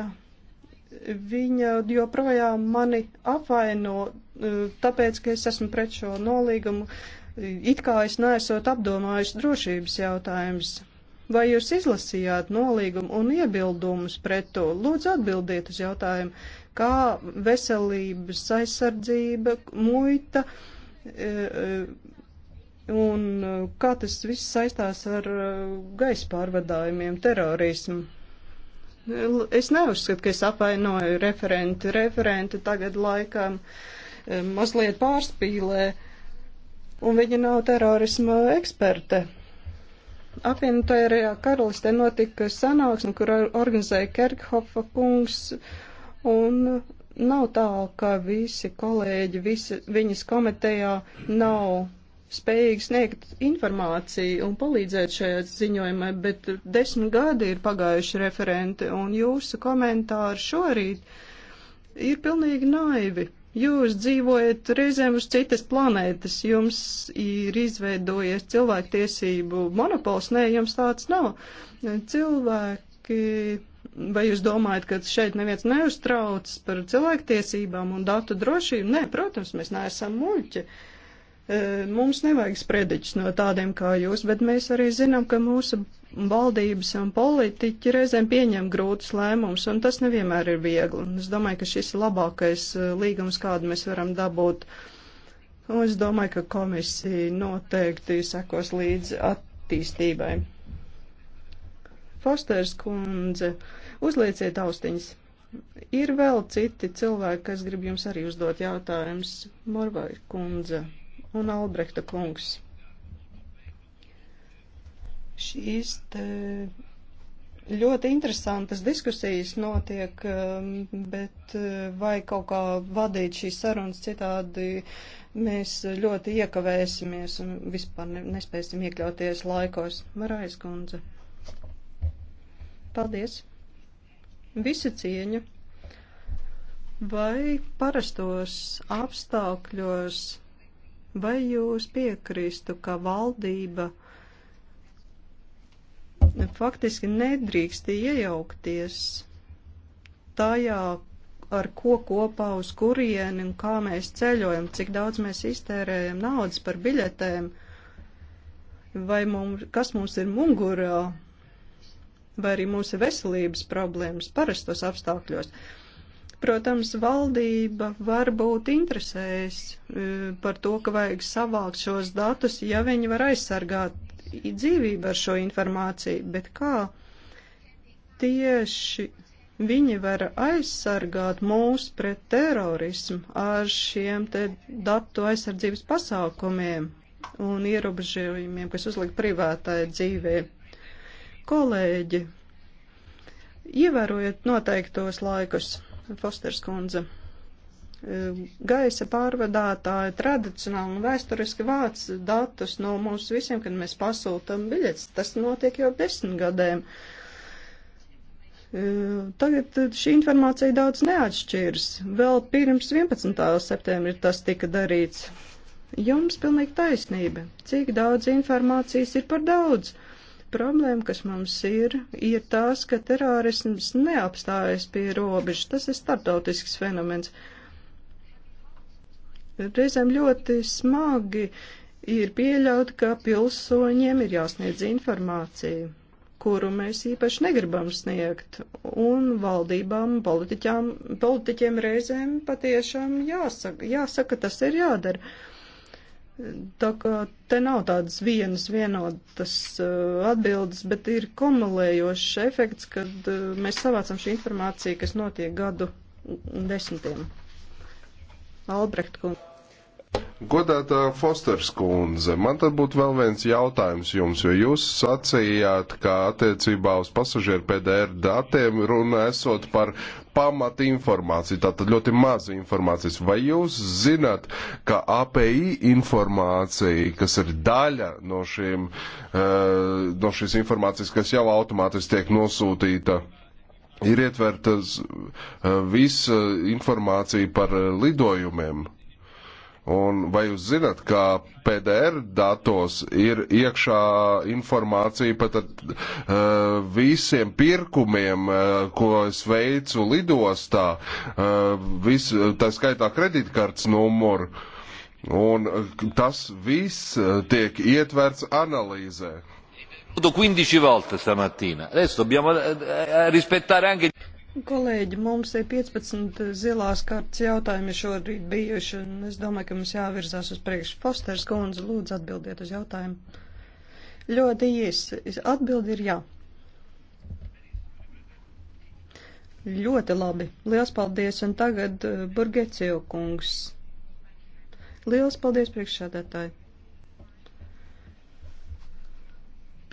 viņa joprojām mani apvaino, eh, tāpēc, ka es esmu pret šo nolīgumu, It kā es neesot apdomājis drošības jautājums. Vai jūs izlasījāt nolīgumu un iebildumus pret to? Lūdzu atbildiet uz jautājumu, kā veselības aizsardzība, muita e, e, un e, kā tas viss saistās ar gaisa pārvadājumiem, terorismu. Es neuzskatu, ka es apvainoju referenti. Referenti tagad laikam mazliet pārspīlē. Uh, un viņa nav terorisma eksperte. Apvienotajā karalistē notika sanāksme, kur organizēja Kerkhofa kungs, un nav tā, ka visi kolēģi visi, viņas komitejā nav spējīgi sniegt informāciju un palīdzēt šajā ziņojumā, bet desmit gadi ir pagājuši referenti, un jūsu komentāri šorīt ir pilnīgi naivi. Jūs dzīvojat reizēm uz citas planētas, jums ir izveidojies cilvēktiesību monopols, nē, jums tāds nav. Cilvēki, vai jūs domājat, ka šeit neviens neuztrauc par cilvēktiesībām un datu drošību? Nē, protams, mēs neesam muļķi. Uh, E, mums nevajag sprediķis no tādiem kā jūs, bet mēs arī zinām, ka mūsu valdības un politiķi reizēm pieņem grūtus lēmumus, un tas nevienmēr ir viegli. Un es domāju, ka šis ir labākais e, līgums, kādu mēs varam dabūt. Un es domāju, ka komisija noteikti sekos līdz attīstībai. Fosters kundze, uzlieciet austiņas. Ir vēl citi cilvēki, kas grib jums arī uzdot jautājumus. Morvai kundze un Albrehta kungs. Šīs te ļoti interesantas diskusijas notiek, um, bet uh, vai kaut kā vadīt šīs sarunas citādi, mēs ļoti iekavēsimies un vispār nespēsim iekļauties laikos. Marais kundze. Paldies. Visa cieņa. Vai parastos apstākļos Vai jūs piekristu, ka valdība faktiski nedrīkst iejaukties tajā, ar ko kopā uz kurieni un kā mēs ceļojam, cik daudz mēs iztērējam naudas par biļetēm, vai mums, kas mums ir mugurā, vai arī mums ir veselības problēmas parastos apstākļos. Uh, Protams, valdība var būt interesējas e, par to, ka vajag savākt šos datus, ja viņi var aizsargāt dzīvību ar šo informāciju, bet kā tieši viņi var aizsargāt mūs pret terorismu ar šiem te datu aizsardzības pasākumiem un ierobežojumiem, kas uzliek privātai dzīvē. Kolēģi, ievērojiet noteiktos laikus. Fosters kundze. E, gaisa pārvadātāji tradicionāli un vēsturiski vāc datus no mums visiem, kad mēs pasūtam biļetes. Tas notiek jau desmit gadiem. E, tagad šī informācija daudz neatšķiras. Vēl pirms 11. septembra tas tika darīts. Jums pilnīgi taisnība. Cik daudz informācijas ir par daudz? Uh, Problēma, kas mums ir, ir tās, ka terorisms neapstājas pie robežas. Tas ir startautisks fenomens. Reizēm ļoti smagi ir pieļaut, ka pilsoņiem ir jāsniedz informācija, kuru mēs īpaši negribam sniegt, un valdībām, politiķiem reizēm patiešām jāsaka, jāsaka tas ir jādara Tā kā te nav tādas vienas vienotas uh, atbildes, bet ir kumulējošs efekts, kad uh, mēs savācam šī informācija, kas notiek gadu desmitiem. Albrecht kungs. Godātā Fosters kundze, man tad būtu vēl viens jautājums jums, jo jūs sacījāt, ka attiecībā uz pasažieru PDR datiem runa esot par pamata informāciju, tātad ļoti maz informācijas. Vai jūs zināt, ka API informācija, kas ir daļa no, šiem, eh, no šīs informācijas, kas jau automātiski tiek nosūtīta ir ietvertas eh, visa eh, informācija par lidojumiem. Un vai jūs zināt, ka PDR datos ir iekšā informācija pat ar uh, visiem pirkumiem, uh, ko es veicu lidostā, uh, vis, tā skaitā kredītkartes numuru? Un tas viss tiek ietverts analīzē. 15 volte stamattina. Adesso dobbiamo rispettare anche Kolēģi, mums ir 15 zilās kartas jautājumi šorīt bijuši, un es domāju, ka mums jāvirzās uz priekšu. Fosters kundze, lūdzu atbildiet uz jautājumu. Ļoti īsi. Atbildi ir jā. Ļoti labi. Liels paldies, un tagad eh, Burgecio kungs. Liels paldies priekšsēdētāji.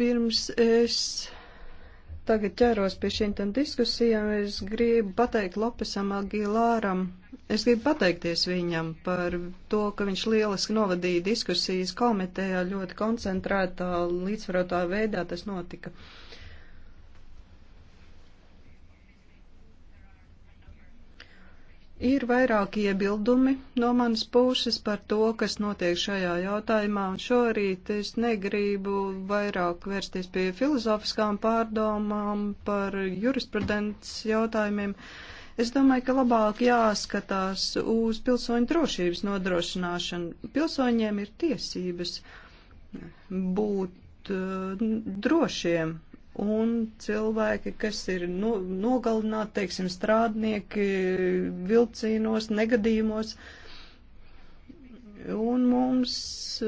Pirms es tagad ķēros pie šīm tam diskusijām, es gribu pateikt Lopesam Agilāram. Es gribu pateikties viņam par to, ka viņš lieliski novadīja diskusijas komitejā ļoti koncentrētā, līdzsvarotā veidā tas notika. Uh, Ir vairāki iebildumi no manas puses par to, kas notiek šajā jautājumā, un šorīt es negribu vairāk vērsties pie filozofiskām pārdomām par jurisprudences jautājumiem. Es domāju, ka labāk jāskatās uz pilsoņu drošības nodrošināšanu. Pilsoņiem ir tiesības būt uh, drošiem un cilvēki, kas ir no, nogalināti, teiksim, strādnieki vilcīnos, negadījumos. Un mums e,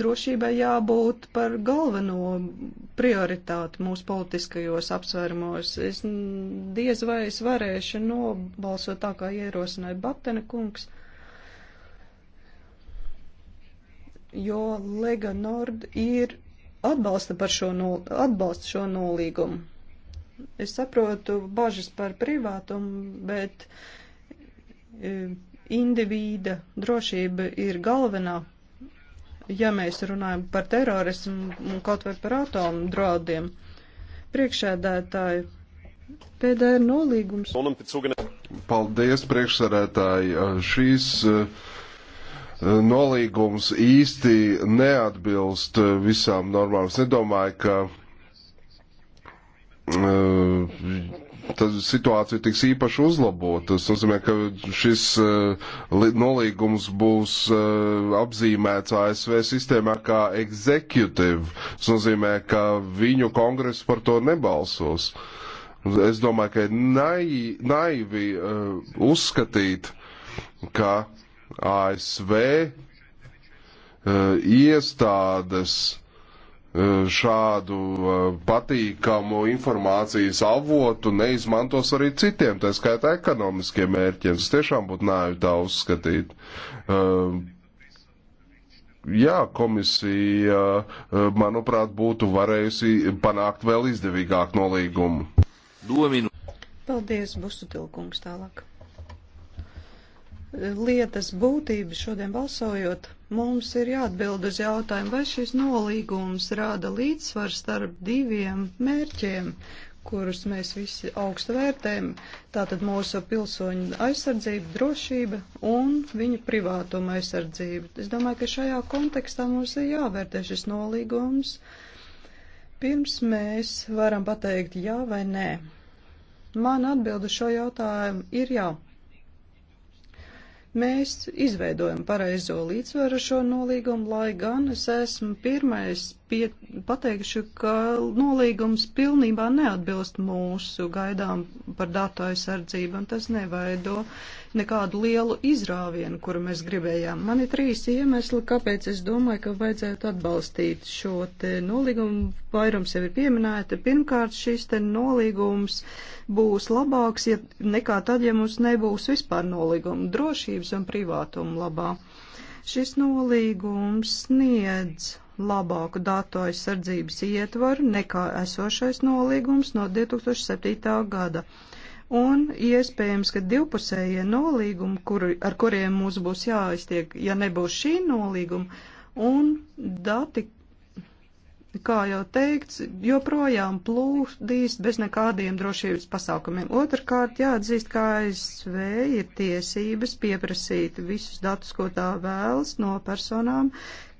drošībai jābūt par galveno prioritāti mūsu politiskajos apsvērumos. Es diez vai es varēšu nobalsot tā, kā ierosināja Batena kungs, jo Lega Nord ir atbalsta, par šo, nul, atbalsta šo nolīgumu. Es saprotu bažas par privātumu, bet e, indivīda drošība ir galvenā. Ja mēs runājam par terorismu un kaut vai par atomu draudiem, priekšēdētāji, pēdējā nolīgums. Paldies, priekšsēdētāji. Šīs uh, nolīgums īsti neatbilst eh, visām normām. Es nedomāju, ka eh, tad situācija tiks īpaši uzlabota. Tas nozīmē, ka šis uh, nolīgums būs uh, apzīmēts ASV sistēmā kā executive. Tas nozīmē, ka viņu kongress par to nebalsos. Es domāju, ka ir naivi uh, uzskatīt, ka uh, ASV eh, iestādes eh, šādu eh, patīkamu informācijas avotu neizmantos arī citiem, tā skaitā ekonomiskiem mērķiem. Tas tiešām būtu naivi tā uzskatīt. Jā, komisija, manuprāt, būtu varējusi panākt vēl izdevīgāku nolīgumu. Dominu. Paldies, Busutilkungs, tālāk lietas būtību šodien balsojot, mums ir jāatbild uz jautājumu, vai šis nolīgums rāda līdzsvaru starp diviem mērķiem, kurus mēs visi augstu vērtējam. Tātad mūsu pilsoņu aizsardzība, drošība un viņu privātuma aizsardzība. Es domāju, ka šajā kontekstā mums ir jāvērtē šis nolīgums, pirms mēs varam pateikt jā vai nē. Man atbildu šo jautājumu ir jā. Mēs izveidojam pareizo līdzsvaru šo nolīgumu, lai gan es esmu pirmais pie, pateikšu, ka nolīgums pilnībā neatbilst mūsu gaidām par datu aizsardzību, un tas neveido nekādu lielu izrāvienu, kuru mēs gribējām. Man ir trīs iemesli, kāpēc es domāju, ka vajadzētu atbalstīt šo te nolīgumu. Vairums jau ir pieminēta. Pirmkārt, šis te nolīgums būs labāks ja nekā tad, ja mums nebūs vispār nolīguma drošības un privātuma labā. Šis nolīgums sniedz labāku datu aizsardzības ietvaru nekā esošais nolīgums no 2007. gada un iespējams, ka divpusējie nolīgumi, kur, ar kuriem mums būs jāiztiek, ja nebūs šī nolīguma, un dati, kā jau teikts, joprojām plūdīs bez nekādiem drošības pasākumiem. Otrakārt, jāatzīst, ka ASV ir tiesības pieprasīt visus datus, ko tā vēlas no personām,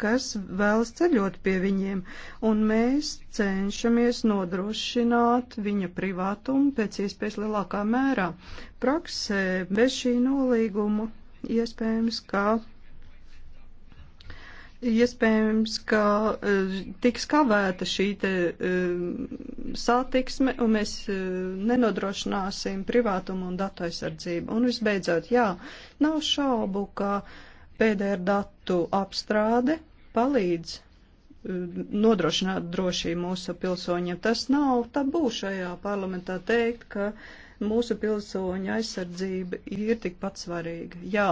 kas vēlas ceļot pie viņiem, un mēs cenšamies nodrošināt viņa privātumu pēc iespējas lielākā mērā. Praksē bez šī nolīguma iespējams, ka iespējams, ka e, tiks kavēta šī te e, satiksme un mēs e, nenodrošināsim privātumu un datu aizsardzību. Un visbeidzot, jā, nav šaubu, ka PDR datu apstrāde palīdz nodrošināt drošību mūsu pilsoņiem. Tas nav tabū šajā parlamentā teikt, ka mūsu pilsoņa aizsardzība ir tikpat svarīga. Jā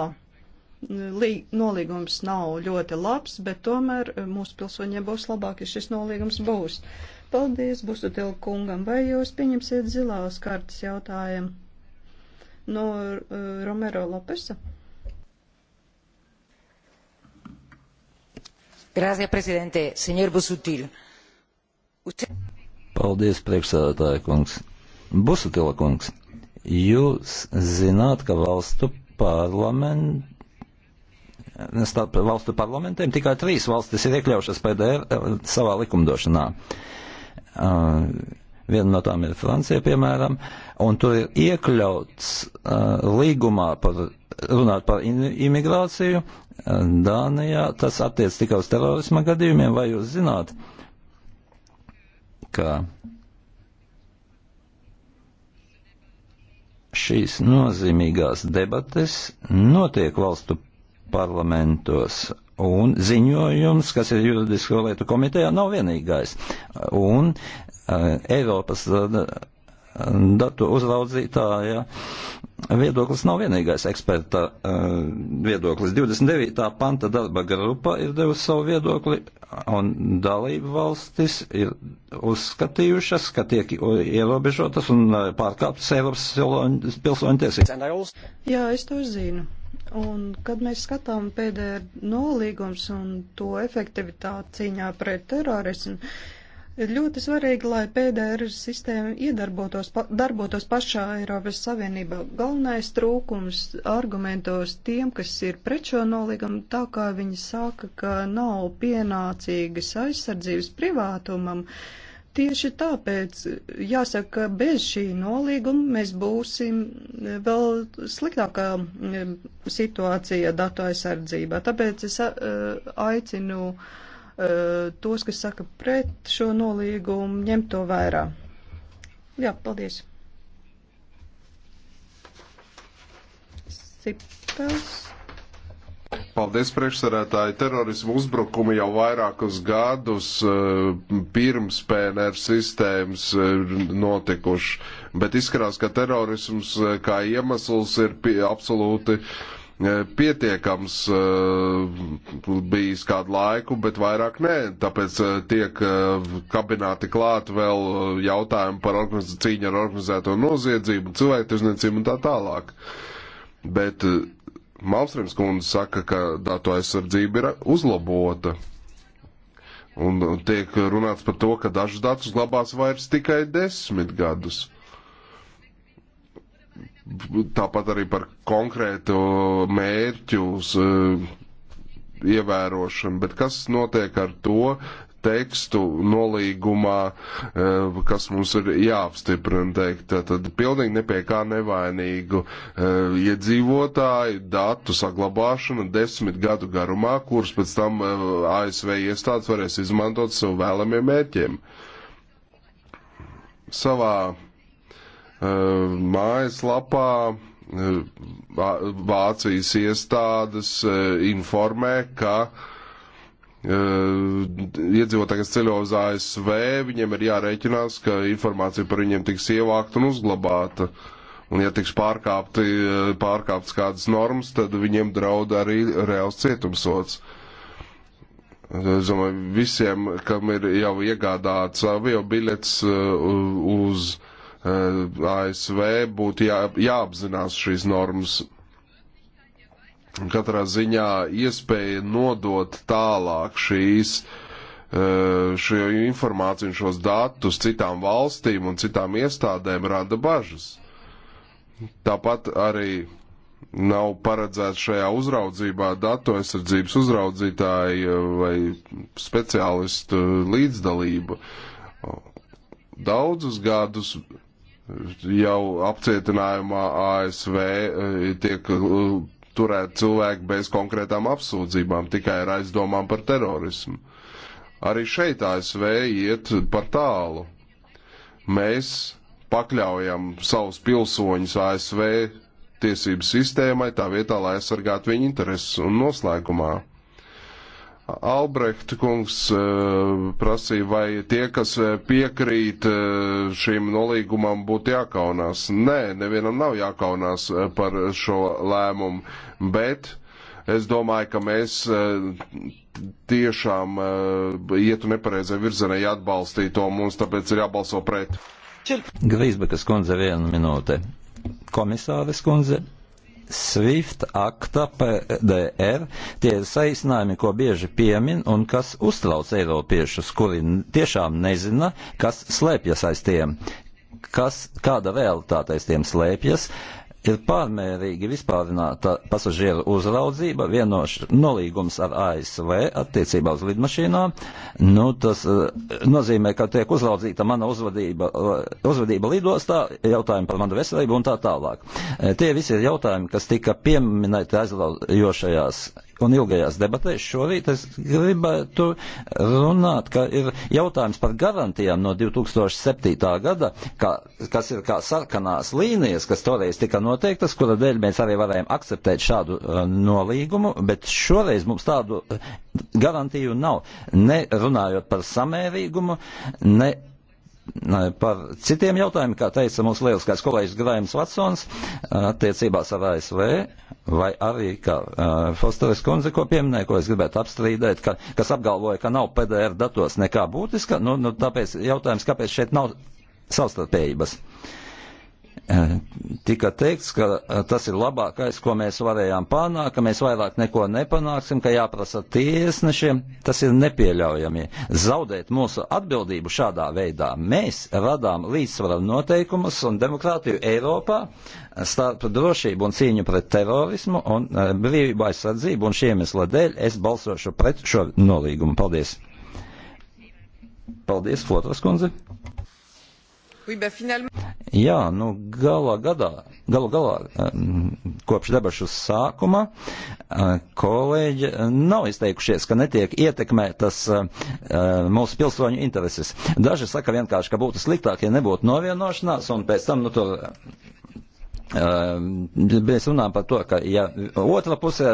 nolīgums nav ļoti labs, bet tomēr eh, mūsu pilsoņiem būs labāk, ja šis nolīgums būs. Paldies, Busutil kungam, vai jūs pieņemsiet zilās kartas jautājumu no eh, Romero Lopesa? Gracias, presidente. Señor Busutil. Usted... Paldies, priekšsēdētāja kungs. Busutila kungs, jūs zināt, ka valstu parlament starp valstu parlamentiem, tikai trīs valstis ir iekļaušas PDR eh, savā likumdošanā. Uh, Viena no tām ir Francija, piemēram, un tur ir iekļauts uh, līgumā par, runāt par in, imigrāciju. Uh, Dānijā tas attiec tikai uz terorisma gadījumiem, vai jūs zināt, ka šīs nozīmīgās debates notiek valstu parlamentos. Un ziņojums, kas ir juridisko lietu komitejā, nav vienīgais. Un uh, Eiropas uh, datu uzraudzītāja viedoklis nav vienīgais eksperta uh, viedoklis. 29. panta darba grupa ir devusi savu viedokli, un dalību valstis ir uzskatījušas, ka tiek ierobežotas un pārkāptas Eiropas pilsoņu tiesības. Jā, es to zinu. Un, kad mēs skatām pēdējā nolīgums un to efektivitāti cīņā pret terorismu, ir ļoti svarīgi, lai PDR sistēma iedarbotos, pa, darbotos pašā Eiropas Savienībā. Galvenais trūkums argumentos tiem, kas ir pret šo nolīgumu, tā kā viņi saka, ka nav pienācīgas aizsardzības privātumam. Uh, Tieši tāpēc eh, jāsaka, ka bez šī nolīguma mēs būsim eh, vēl sliktākā mm, situācija datu aizsardzībā. Tāpēc es eh, aicinu tos, kas saka pret šo nolīgumu, ņemt to vērā. Jā, paldies. Sipels Paldies, priekšsarētāji. Terorismu uzbrukumi jau vairākus gadus eh, pirms PNR sistēmas eh, notikuši, bet izskatās, ka terorisms eh, kā iemesls ir absolūti pietiekams bijis kādu laiku, bet vairāk nē. Tāpēc tiek kabināti klāt vēl jautājumi par cīņu ar organizēto noziedzību, cilvēktiesniecību un tā tālāk. Bet Malmstrēms kundze saka, ka datu aizsardzība ir uzlabota. Un tiek runāts par to, ka dažus datus glabās vairs tikai desmit gadus. Tāpat arī par konkrētu mērķu eh, ievērošanu, bet kas notiek ar to tekstu nolīgumā, eh, kas mums ir jāapstiprina teikt. Tad pilnīgi nepie kā nevainīgu eh, iedzīvotāju datu saglabāšana desmit gadu garumā, kurus pēc tam eh, ASV iestādes varēs izmantot sev vēlamiem mērķiem. Savā mājaslapā Vācijas iestādes informē, ka uh, Eh, iedzīvotājs ceļo uz ASV, viņiem ir jārēķinās, ka informācija par viņiem tiks ievākta un uzglabāta. Un ja tiks pārkāpti, eh, pārkāptas kādas normas, tad viņiem draud arī reāls cietumsots. Es domāju, visiem, kam ir jau iegādāts avio biļets eh, uz ASV, būtu jā, jāapzinās šīs normas katrā ziņā iespēja nodot tālāk šīs e, šo informāciju un šos datus citām valstīm un citām iestādēm rada bažas. Tāpat arī nav paredzēts šajā uzraudzībā datu aizsardzības uzraudzītāji e, vai speciālistu līdzdalība. Daudzus gadus jau apcietinājumā ASV e, tiek turēt cilvēku bez konkrētām apsūdzībām, tikai ar aizdomām par terorismu. Arī šeit ASV iet par tālu. Mēs pakļaujam savus pilsoņus ASV tiesību sistēmai tā vietā, lai aizsargātu viņu intereses un noslēgumā Albrecht kungs eh, prasīja, vai tie, kas eh, piekrīt eh, šīm nolīgumam, būtu jākaunās. Nē, nevienam nav jākaunās par šo lēmumu, bet es domāju, ka mēs tiešām ietu nepareizai virzienai atbalstīt to mums, tāpēc ir jābalso pret. Grīzbekas kundze viena minūte. Komisāres kundze SWIFT, ACTA, PDR, tie ir saīsinājumi, ko bieži piemin un kas uztrauc Eiropiešus, kuri tiešām nezina, kas slēpjas aiz tiem, kas, kāda vēl tātais tiem slēpjas, ir pārmērīgi vispārināta pasažieru uzraudzība, vienošs nolīgums ar ASV attiecībā uz lidmašīnām. Nu, tas uh, nozīmē, ka tiek uzraudzīta mana uzvadība, uh, uzvadība lidostā, jautājumi par manu veselību un tā tālāk. Uh, tie visi ir jautājumi, kas tika pieminēti aizraujošajās un ilgajās debatēs šorīt es gribētu runāt, ka ir jautājums par garantijām no 2007. gada, ka, kas ir kā sarkanās līnijas, kas toreiz tika noteiktas, kura dēļ mēs arī varējām akceptēt šādu uh, nolīgumu, bet šoreiz mums tādu uh, garantiju nav, ne runājot par samērīgumu, ne par citiem jautājumiem, kā teica mūsu lieliskais kolēģis Graims Vatsons, attiecībās ar ASV, vai arī, kā Fosteris kundze, ko pieminēja, ko es gribētu apstrīdēt, ka, kas apgalvoja, ka nav PDR datos nekā būtiska, nu, nu tāpēc jautājums, kāpēc šeit nav savstarpējības. Uh, Eh, tika teikts, ka eh, tas ir labākais, ko mēs varējām panākt, ka mēs vairāk neko nepanāksim, ka jāprasa tiesnešiem. Tas ir nepieļaujami. Zaudēt mūsu atbildību šādā veidā. Mēs radām līdzsvaru noteikumus un demokrātiju Eiropā starp drošību un cīņu pret terorismu un eh, brīvību aizsardzību. Un šī iemesla dēļ es balsošu pret šo nolīgumu. Paldies! Paldies, Flotas kundze! Jā, nu gala gadā, gala galā, eh, kopš debašu sākuma, eh, kolēģi nav izteikušies, ka netiek ietekmētas eh, mūsu pilsoņu intereses. Daži saka vienkārši, ka būtu sliktāk, ja nebūtu novienošanās, un pēc tam, nu, to mēs runājam par to, ka ja otra puse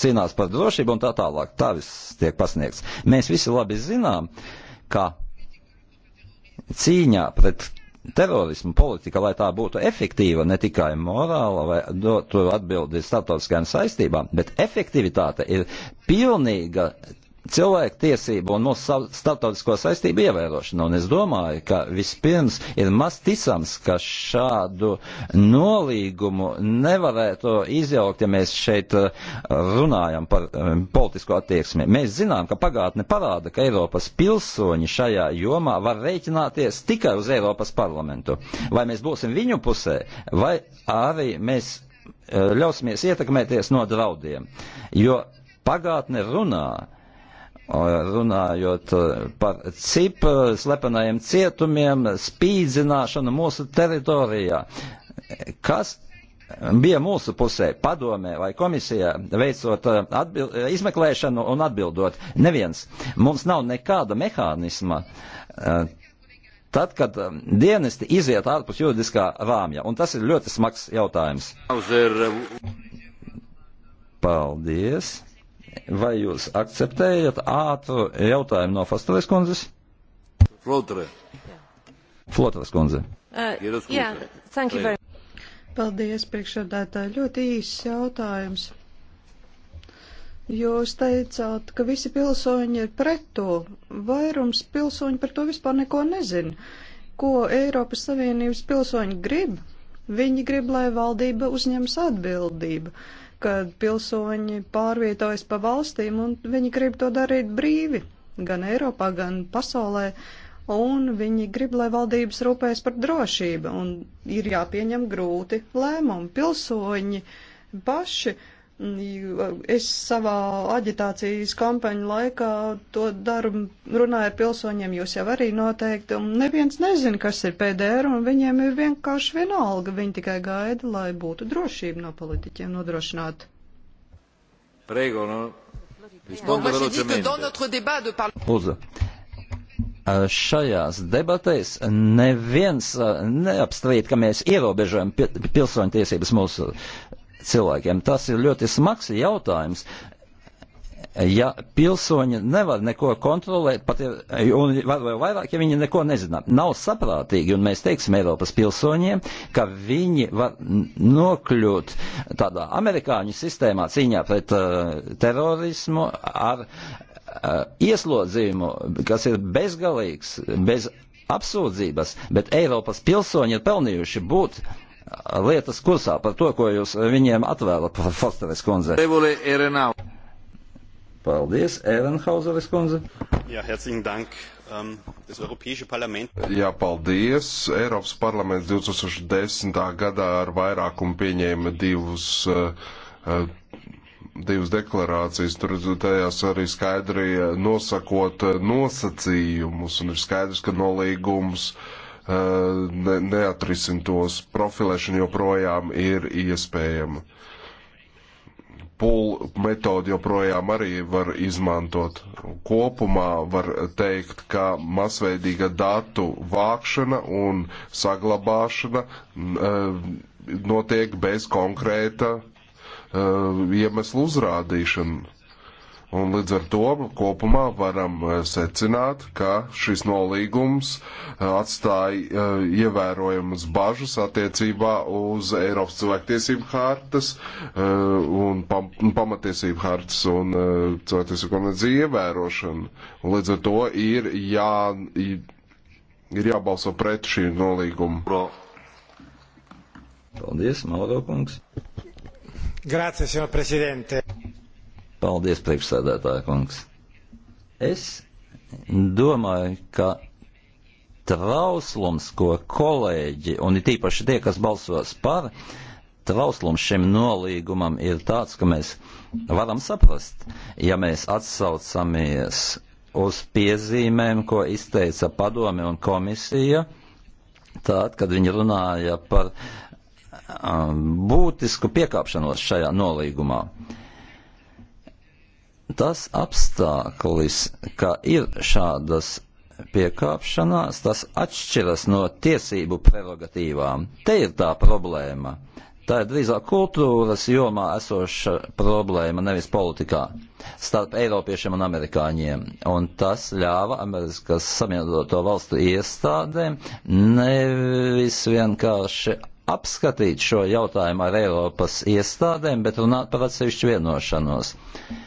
cīnās par drošību un tā tālāk, tā viss tiek pasniegts. Mēs visi labi zinām, ka cīņā pret terorismu politika, lai tā būtu efektīva, ne tikai morāla vai dotu atbildi starptautiskajām saistībām, bet efektivitāte ir pilnīga cilvēku tiesību un mūsu starptautisko saistību ievērošanu. Un es domāju, ka vispirms ir maz ticams, ka šādu nolīgumu nevarētu izjaukt, ja mēs šeit eh, runājam par eh, politisko attieksmi. Mēs zinām, ka pagātne parāda, ka Eiropas pilsoņi šajā jomā var rēķināties tikai uz Eiropas parlamentu. Vai mēs būsim viņu pusē, vai arī mēs eh, ļausimies ietekmēties no draudiem. Jo pagātne runā, runājot uh, par CIP uh, slepenajiem cietumiem, spīdzināšanu mūsu teritorijā. Kas bija mūsu pusē, padomē vai komisijā, veicot uh, atbild, izmeklēšanu un atbildot? Neviens. Mums nav nekāda mehānisma. Tad, kad um, dienesti iziet ārpus juridiskā rāmja, un tas ir ļoti smags jautājums. Paldies! Vai jūs akceptējat ātru jautājumu no Fasteles kundzes? Flotre. Flotras kundze. Uh, yeah, thank you very much. Paldies, priekšsādātāji. Ļoti īsts jautājums. Jūs teicāt, ka visi pilsoņi ir pret to. Vairums pilsoņi par to vispār neko nezina. Ko Eiropas Savienības pilsoņi grib? Viņi grib, lai valdība uzņems atbildību. Uh, kad pilsoņi pārvietojas pa valstīm un viņi grib to darīt brīvi, gan Eiropā, gan pasaulē, un viņi grib, lai valdības rūpējas par drošību, un ir jāpieņem grūti lēmumi. Pilsoņi paši uh, Es savā aģitācijas kampaņu laikā to daru, runāju ar pilsoņiem, jūs jau arī noteikti, un neviens nezina, kas ir PDR, un viņiem ir vienkārši vienalga, viņi tikai gaida, lai būtu drošība no politiķiem nodrošināta. Prego, no? Rispondo velocemente. Lūdzu šajās debatēs neviens neapstrīd, ka mēs ierobežojam pilsoņu tiesības mūsu cilvēkiem. Tas ir ļoti smags jautājums. Ja pilsoņi nevar neko kontrolēt, pat ir, un var vēl vairāk, ja viņi neko nezina, nav saprātīgi, un mēs teiksim Eiropas pilsoņiem, ka viņi var nokļūt tādā amerikāņu sistēmā cīņā pret uh, terorismu ar uh, ieslodzījumu, kas ir bezgalīgs, bez apsūdzības, bet Eiropas pilsoņi ir pelnījuši būt uh, lietas kursā par to, ko jūs viņiem atvēlat, Fosteris kundze. Paldies, Ehrenhauseris kundze. Jā, herzlichen dank. Um, das Europäische Parlament. Jā, paldies. Eiropas parlaments 2010. gadā ar vairākumu pieņēma divus. Uh, eh, eh, Divas deklarācijas, tur tajās arī skaidri eh, nosakot nosacījumus, un ir skaidrs, ka nolīgums uh, Eh, ne, neatrisin tos, profilēšana joprojām ir iespējama. Pūl metodi joprojām arī var izmantot. Kopumā var teikt, ka masveidīga datu vākšana un saglabāšana eh, notiek bez konkrēta eh, iemeslu uzrādīšana Un līdz ar to kopumā varam eh, secināt, ka šis nolīgums eh, atstāja eh, ievērojamas bažas attiecībā uz Eiropas cilvēktiesību hārtas un pamatiesību hārtas un cilvēktiesību konvenciju ievērošanu. Un līdz ar to ir, jā, ir jābalso pret šī nolīguma. Paldies, Maldo kungs. Grazie, signor Presidente. Paldies, priekšsēdētāja kungs. Es domāju, ka trauslums, ko kolēģi, un it īpaši tie, kas balsos par, trauslums šim nolīgumam ir tāds, ka mēs varam saprast, ja mēs atsaucamies uz piezīmēm, ko izteica padome un komisija, tad, kad viņi runāja par um, būtisku piekāpšanos šajā nolīgumā. Uh, Tas apstāklis, ka ir šādas piekāpšanās, tas atšķiras no tiesību prerogatīvām. Te ir tā problēma. Tā ir drīzāk kultūras jomā esoša problēma, nevis politikā, starp Eiropiešiem un Amerikāņiem. Un tas ļāva Amerikas Savienoto valstu iestādēm nevis vienkārši apskatīt šo jautājumu ar Eiropas iestādēm, bet runāt par atsevišķu vienošanos. Uh,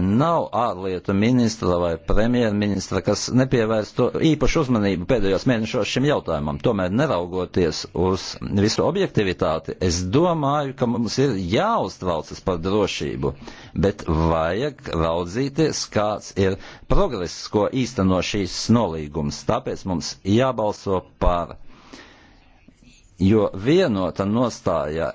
nav ārlietu ministra vai premjerministra, kas nepievērstu īpašu uzmanību pēdējos mēnešos šim jautājumam. Tomēr, neraugoties uz visu objektivitāti, es domāju, ka mums ir jāuztraucas par drošību, bet vajag raudzīties, kāds ir progress, ko īsteno šīs nolīgums. Tāpēc mums jābalso par. Jo vienota nostāja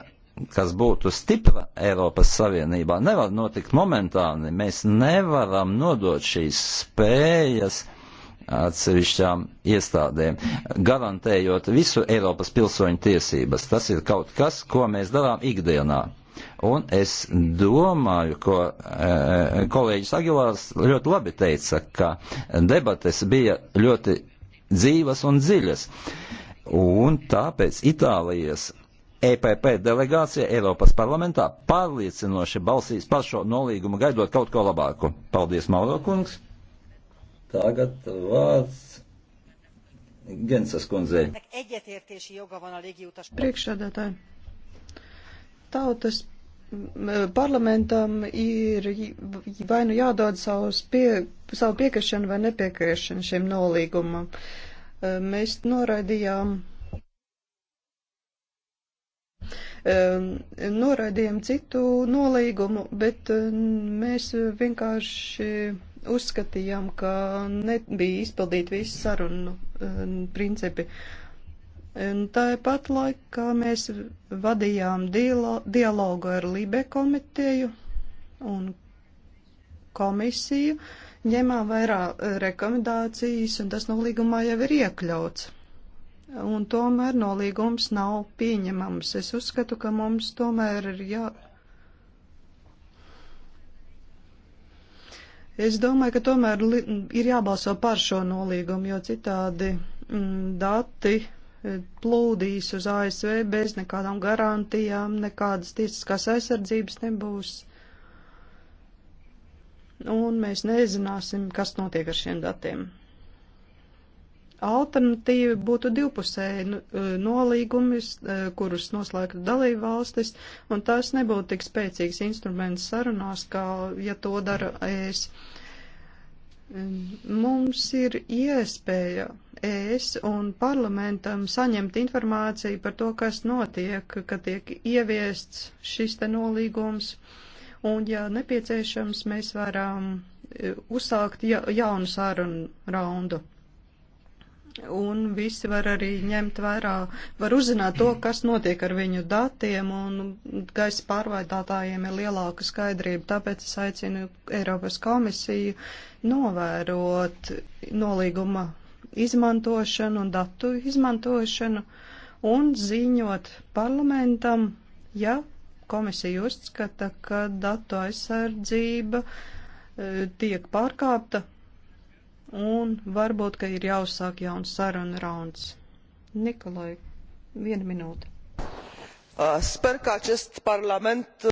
kas būtu stipra Eiropas Savienībā, nevar notikt momentāni. Mēs nevaram nodot šīs spējas atsevišķām iestādēm, garantējot visu Eiropas pilsoņu tiesības. Tas ir kaut kas, ko mēs darām ikdienā. Un es domāju, ko e, e kolēģis Agilārs ļoti labi teica, ka debates bija ļoti dzīvas un dziļas. Un tāpēc Itālijas EPP delegācija Eiropas parlamentā pārliecinoši balsīs par šo nolīgumu, gaidot kaut ko labāku. Paldies, Mauro kungs! Tagad vārds Gensas kundzei. Priekšsādātāji, tautas parlamentam ir vai nu jādod savus pie, savu piekrišanu vai nepiekrišanu šim nolīgumam. Mēs noraidījām Um, noraidījām citu nolīgumu, bet um, mēs vienkārši uzskatījām, ka nebija izpildīti visi sarunu um, principi. Tāpat laikā mēs vadījām dialogu ar Libe komiteju un komisiju, ņemām vairāk rekomendācijas, un tas no līgumā jau ir iekļauts un tomēr nolīgums nav pieņemams. Es uzskatu, ka mums tomēr ir jā. Es domāju, ka tomēr ir jābalso par šo nolīgumu, jo citādi mm, dati eh, plūdīs uz ASV bez nekādām garantijām, nekādas tiesiskās aizsardzības nebūs. Un mēs nezināsim, kas notiek ar šiem datiem. Alternatīva būtu divpusēji nu, e, nolīgumi, e, kurus noslēgtu dalību valstis, un tas nebūtu tik spēcīgs instruments sarunās, kā ja to dara ES. E, mums ir iespēja ES un parlamentam saņemt informāciju par to, kas notiek, ka tiek ieviests šis te nolīgums, un, ja nepieciešams, mēs varam uzsākt ja, jaunu sarunu raundu un visi var arī ņemt vērā, var uzzināt to, kas notiek ar viņu datiem, un gaisa pārvaidātājiem ir lielāka skaidrība, tāpēc es aicinu Eiropas komisiju novērot nolīguma izmantošanu un datu izmantošanu un ziņot parlamentam, ja komisija uzskata, ka datu aizsardzība e, tiek pārkāpta, un varbūt, ka ir jāuzsāk jauns saruna rauns. Nikolai, viena minūte. Sper, ka acest parlament.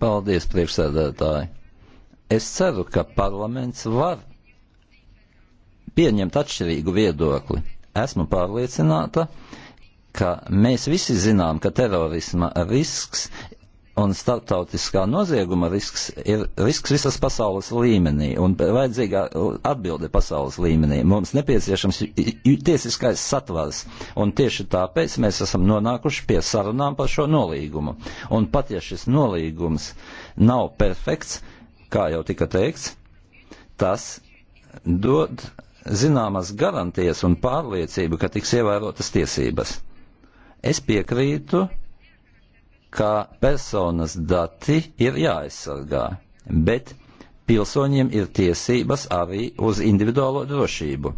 Paldies, priekšsēdētāji. Es ceru, ka parlaments var pieņemt atšķirīgu viedokli. Esmu pārliecināta, ka mēs visi zinām, ka terorisma risks un starptautiskā nozieguma risks ir risks visas pasaules līmenī un vajadzīgā atbilde pasaules līmenī. Mums nepieciešams tiesiskais satvars, un tieši tāpēc mēs esam nonākuši pie sarunām par šo nolīgumu. Un pat ja šis nolīgums nav perfekts, kā jau tika teikts, tas dod zināmas garantijas un pārliecību, ka tiks ievērotas tiesības. Es piekrītu ka personas dati ir jāaizsargā, bet pilsoņiem ir tiesības arī uz individuālo drošību.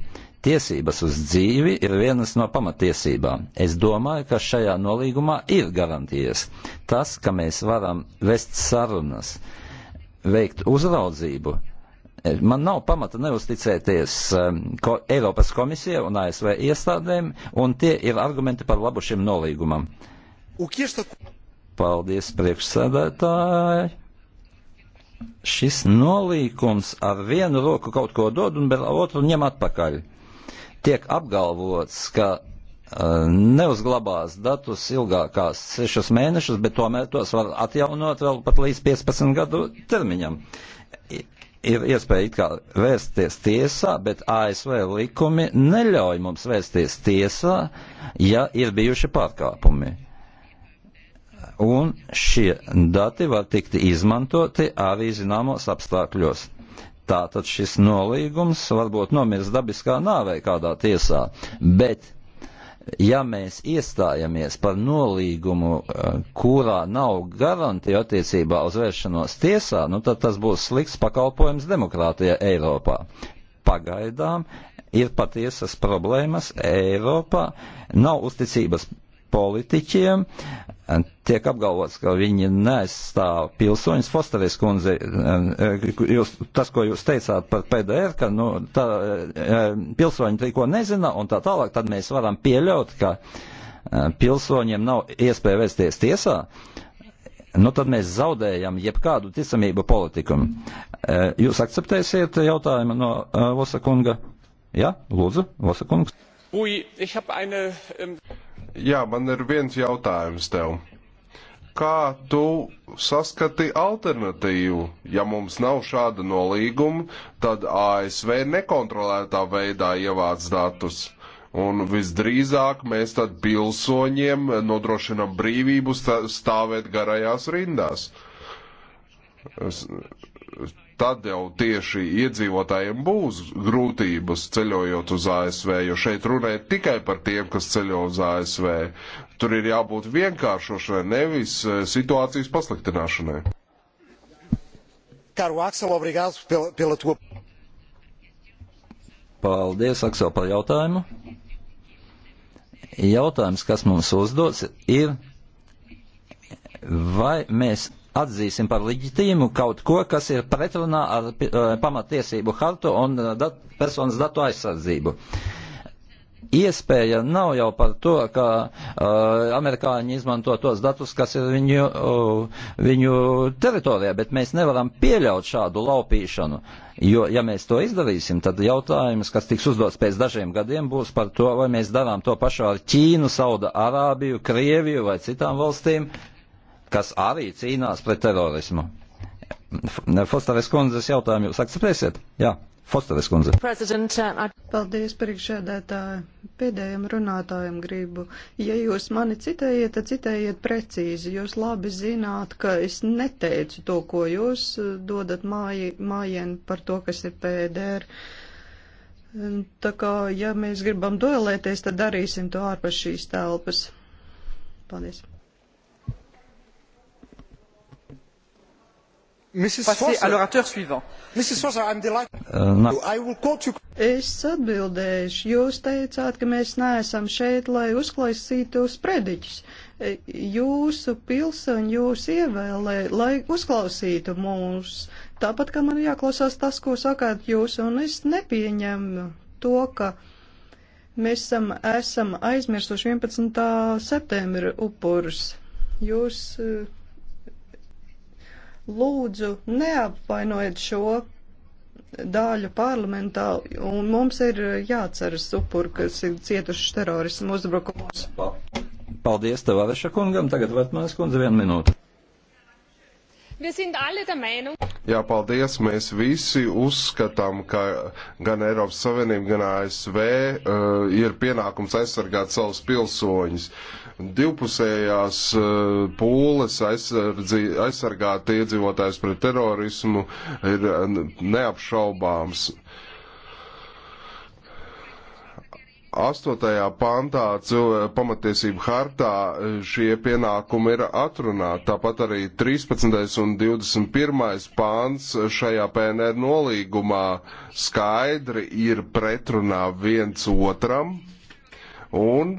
Tiesības uz dzīvi ir vienas no pamatiesībām. Es domāju, ka šajā nolīgumā ir garantijas tas, ka mēs varam vest sarunas, veikt uzraudzību. Man nav pamata neusticēties um, ko, Eiropas komisijai un ASV iestādēm, un tie ir argumenti par labu šim nolīgumam. U, Paldies, priekšsēdētāji! Šis nolīkums ar vienu roku kaut ko dod un ar otru ņem atpakaļ. Tiek apgalvots, ka uh, neuzglabās datus ilgākās sešus mēnešus, bet tomēr tos var atjaunot vēl pat līdz 15 gadu termiņam. Ir iespēja it kā vērsties tiesā, bet ASV likumi neļauj mums vērsties tiesā, ja ir bijuši pārkāpumi un šie dati var tikt izmantoti arī zināmos apstākļos. Tātad šis nolīgums varbūt nomirst dabiskā nāvei kādā tiesā, bet ja mēs iestājamies par nolīgumu, eh, kurā nav garantija attiecībā uz vēršanos tiesā, nu tad tas būs slikts pakalpojums demokrātijai Eiropā. Pagaidām ir patiesas problēmas Eiropā, nav uzticības politiķiem tiek apgalvots, ka viņi nestāv pilsoņus. Fosteris kundze, e, jūs, tas, ko jūs teicāt par PDR, ka nu, tā, e, pilsoņi tikko nezina un tā tālāk, tad mēs varam pieļaut, ka e, pilsoņiem nav iespēja vērsties tiesā. Nu, tad mēs zaudējam jebkādu ticamību politikam. Jūs akceptēsiet jautājumu no Vosakunga? Jā, ja? lūdzu, Vosakungs. Ui, ich habe eine. Um... Jā, man ir viens jautājums tev. Kā tu saskati alternatīvu? Ja mums nav šāda nolīguma, tad ASV nekontrolētā veidā ievāc datus. Un visdrīzāk mēs tad pilsoņiem nodrošinam brīvību stāvēt garajās rindās. Es, tad jau tieši iedzīvotājiem būs grūtības ceļojot uz ASV, jo šeit runē tikai par tiem, kas ceļo uz ASV. Tur ir jābūt vienkāršošanai, nevis eh, situācijas pasliktināšanai. Karu Akselu, obrigāts pela tua. Paldies, Aksel, par jautājumu. Jautājums, kas mums uzdots, ir, vai mēs atzīsim par leģitīmu kaut ko, kas ir pretrunā ar eh, pamatiesību hartu un eh, dat, personas datu aizsardzību. Iespēja nav jau par to, ka uh, amerikāņi izmanto tos datus, kas ir viņu, uh, viņu teritorijā, bet mēs nevaram pieļaut šādu laupīšanu. Jo, ja mēs to izdarīsim, tad jautājums, kas tiks uzdots pēc dažiem gadiem, būs par to, vai mēs darām to pašu ar Ķīnu, Sauda Arābiju, Krieviju vai citām valstīm, kas arī cīnās pret terorismu. Fosteres kundzes jautājumu jūs akceptēsiet? Jā. Fosteres kundze. Uh, Paldies, priekšēdētāji. Pēdējiem runātājiem gribu. Ja jūs mani citējiet, tad citējiet precīzi. Jūs labi zināt, ka es neteicu to, ko jūs uh, dodat māji, mājien par to, kas ir PDR. Tā kā, ja mēs gribam duelēties, tad darīsim to ārpus šīs telpas. Paldies. passer à l'orateur suivant. Uh, es atbildēšu. Jūs teicāt, ka mēs neesam šeit, lai uzklausītu sprediķus. E, jūsu pilsoņi jūs ievēlē, lai uzklausītu mūs. Tāpat, kā man jāklausās tas, ko sakāt jūs, un es nepieņemu to, ka mēs esam, esam aizmirsuši 11. septembra upurus. Jūs uh, Lūdzu, neapvainojiet šo dāļu parlamentā, un mums ir jāatceras upuri, kas ir cietuši terorismu uzbrukumos. Paldies tev, Aveša kungam. Tagad Vatmājas kundze vienu minūtu. Jā, paldies. Mēs visi uzskatām, ka gan Eiropas Savienība, gan ASV uh, eh, ir pienākums aizsargāt savus pilsoņus. Uh, divpusējās eh, pūles aizsargāt iedzīvotājs pret terorismu ir eh, neapšaubāms. Astotajā pantā pamatiesību hartā eh, šie pienākumi ir atrunāti. Tāpat arī 13. un 21. pāns šajā PNR nolīgumā skaidri ir pretrunā viens otram un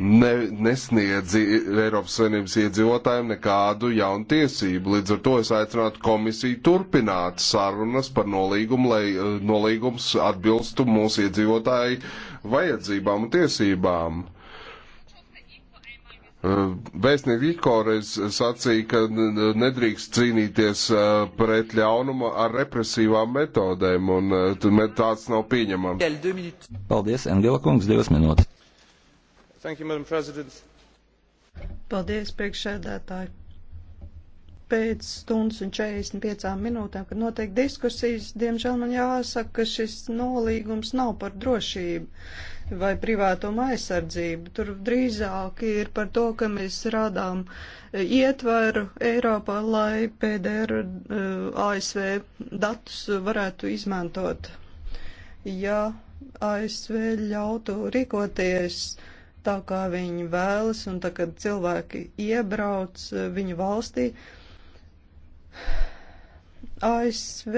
ne, nesniedz Eiropas Savienības iedzīvotājiem nekādu jaunu tiesību. Līdz ar to es aicinātu komisiju turpināt sarunas par nolīgumu, lai eh, nolīgums atbilstu mūsu iedzīvotāju vajadzībām un tiesībām. Eh, Vēstnieks Ikoreiz sacīja, ka nedrīkst cīnīties eh, pret ļaunumu ar represīvām metodēm, un tāds nav pieņemams. Paldies, Angela kungs, divas minūtes. You, Paldies, priekšsēdētāji. Pēc stundas un 45 minūtēm, kad notiek diskusijas, diemžēl man jāsaka, ka šis nolīgums nav par drošību vai privātumu aizsardzību. Tur drīzāk ir par to, ka mēs rādām ietvaru Eiropā, lai PDR eh, ASV datus varētu izmantot. Ja ASV ļautu rīkoties, uh, tā, kā viņi vēlas, un tā, kad cilvēki iebrauc eh, viņu valstī. ASV,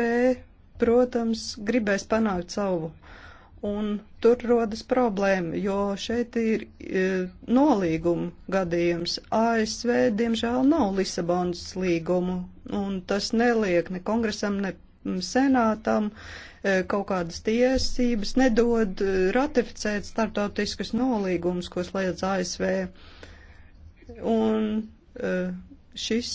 protams, gribēs panākt savu, un tur rodas problēma, jo šeit ir e, nolīguma gadījums. ASV, diemžēl, nav Lisabonas līgumu, un tas neliek ne kongresam, ne senātam E, kaut kādas tiesības, nedod e, ratificēt startautiskas nolīgumus, ko slēdz ASV. Un e, šis,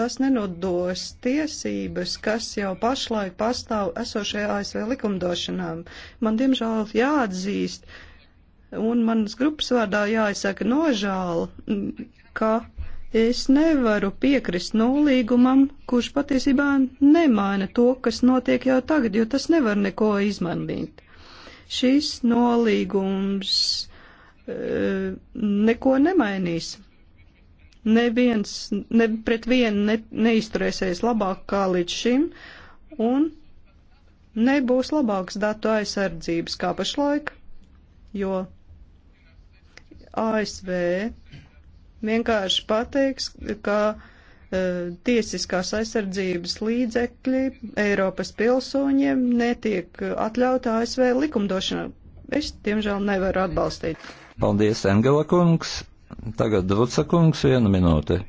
tas nenodos tiesības, kas jau pašlaik pastāv esošajā ASV likumdošanā. Man, diemžēl, jāatzīst, un manas grupas vārdā jāizsaka nožēla, ka Es nevaru piekrist nolīgumam, kurš patiesībā nemaina to, kas notiek jau tagad, jo tas nevar neko izmainīt. Šis nolīgums e, neko nemainīs. Neviens ne, pret vienu ne, neizturēsies labāk kā līdz šim, un nebūs labāks datu aizsardzības kā pašlaik, jo ASV vienkārši pateiks, ka e, tiesiskās aizsardzības līdzekļi Eiropas pilsoņiem netiek atļauta ASV likumdošanā. Es, diemžēl, nevaru atbalstīt. Paldies, Engela kungs. Tagad Druca kungs, viena minūte.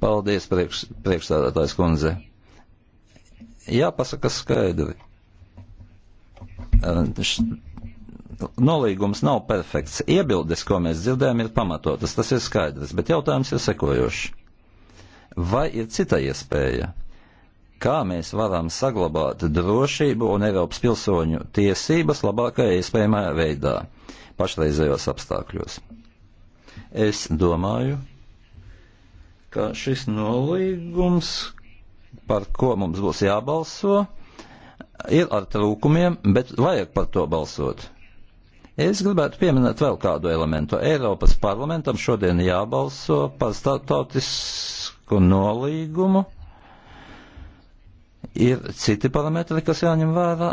Paldies, priekš, priekšstādātājs kundze. Jāpasaka skaidri. E, š nolīgums nav perfekts. Iebildes, ko mēs dzirdējam, ir pamatotas, tas ir skaidrs, bet jautājums ir sekojošs. Vai ir cita iespēja? Kā mēs varam saglabāt drošību un Eiropas pilsoņu tiesības labākajā iespējamajā veidā pašreizējos apstākļos? Es domāju, ka šis nolīgums, par ko mums būs jābalso, ir ar trūkumiem, bet vajag par to balsot Es gribētu pieminēt vēl kādu elementu. Eiropas parlamentam šodien jābalso par startautisku nolīgumu. Ir citi parametri, kas jāņem vērā.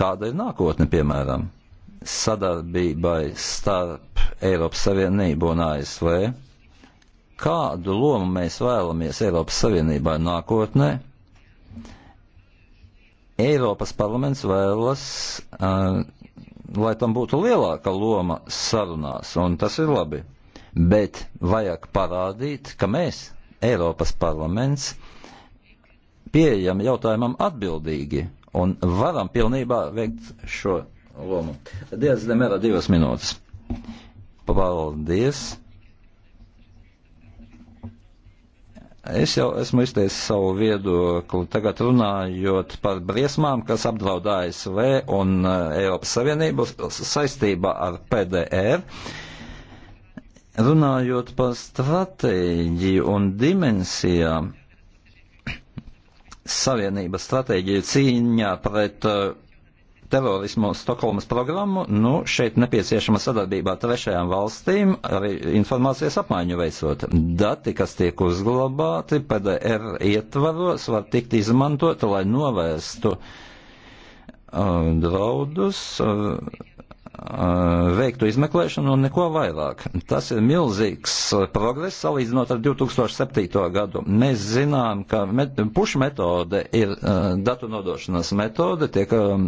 Kāda ir nākotne, piemēram, sadarbībai starp Eiropas Savienību un ASV? Kādu lomu mēs vēlamies Eiropas Savienībai nākotnē? Eiropas parlaments vēlas uh, lai tam būtu lielāka loma sarunās, un tas ir labi. Bet vajag parādīt, ka mēs, Eiropas parlaments, pieejam jautājumam atbildīgi un varam pilnībā veikt šo lomu. Dievs, demērā divas minūtes. Paldies! Es jau esmu izteicis savu viedokli tagad runājot par briesmām, kas apdraud ASV un uh, Eiropas Savienību saistībā ar PDR. Runājot par stratēģiju un dimensijām, Savienības stratēģija cīņā pret uh, terorismu Stokholmas programmu, nu, šeit nepieciešama sadarbībā trešajām valstīm, arī informācijas apmaiņu veicot. Dati, kas tiek uzglabāti PDR ietvaros, var tikt izmantot, lai novērstu uh, draudus. Uh, uh veiktu izmeklēšanu un neko vairāk. Tas ir milzīgs uh, progress salīdzinot ar 2007. gadu. Mēs zinām, ka met, push metode ir uh, datu nodošanas metode, tiek um,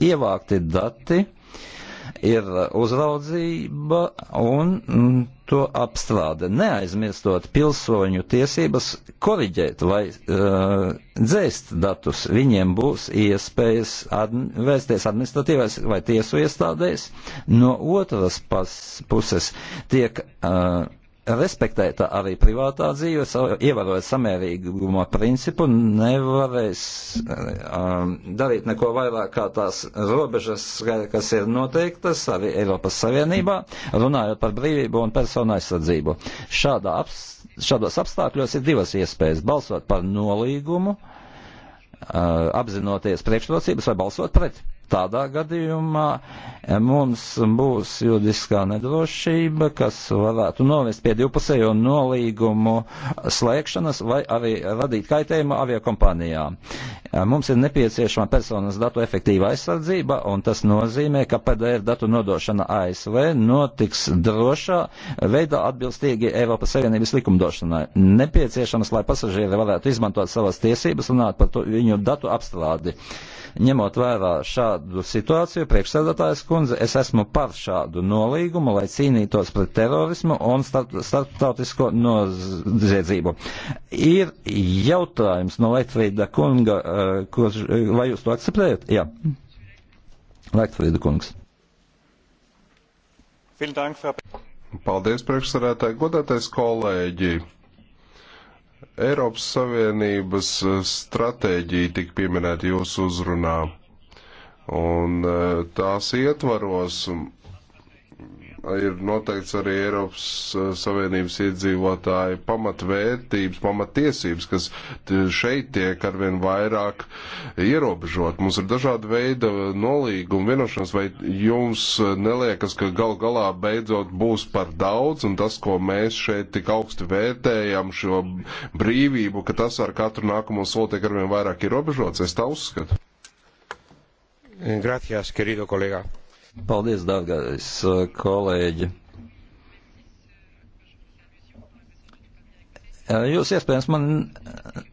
ievākti dati, ir uzraudzība un mm, to apstrāde, neaizmirstot pilsoņu tiesības koriģēt vai uh, dzēst datus. Viņiem būs iespējas adn vērsties administratīvais vai tiesu iestādēs. No otras puses tiek uh, respektēta arī privātā dzīve, ievērojot samērīguma principu, nevarēs um, darīt neko vairāk kā tās robežas, kas ir noteiktas arī Eiropas Savienībā, runājot par brīvību un personu aizsardzību. Šādā aps, šādos apstākļos ir divas iespējas - balsot par nolīgumu, uh, apzinoties priekšrocības vai balsot pret. Tādā gadījumā e, mums būs juridiskā nedrošība, kas varētu novest pie divpusējo nolīgumu slēgšanas vai arī radīt kaitējumu aviokompānijām. E, mums ir nepieciešama personas datu efektīva aizsardzība, un tas nozīmē, ka PDR datu nodošana ASV notiks drošā veidā atbilstīgi Eiropas Savienības likumdošanai. Nepieciešams, lai pasažieri varētu izmantot savas tiesības runāt par to viņu datu apstrādi. Uh, Ņemot vērā šādu situāciju, priekšsēdētājs kundze, es esmu par šādu nolīgumu, lai cīnītos pret terorismu un starp, starptautisko noziedzību. Ir jautājums no Leitfrīda kunga, eh, kurš, vai jūs to akceptējat? Jā. Leitfrīda kungs. Paldies, priekšsēdētāji, godātais kolēģi. Eiropas Savienības eh, stratēģija tika pieminēta jūsu uzrunā. Un eh, tās ietvaros ir noteikts arī Eiropas uh, Savienības iedzīvotāju pamatvērtības, pamatiesības, kas šeit tiek arvien vairāk ierobežot. Mums ir dažādi veidi nolīgumi, vienošanas, vai jums neliekas, ka gal galā beidzot būs par daudz, un tas, ko mēs šeit tik augsti vērtējam, šo brīvību, ka tas ar katru nākamo soli tiek arvien vairāk ierobežots, es tā uzskatu. Gracias, querido colega. Paldies, dārgais uh, kolēģi! Uh, jūs iespējams man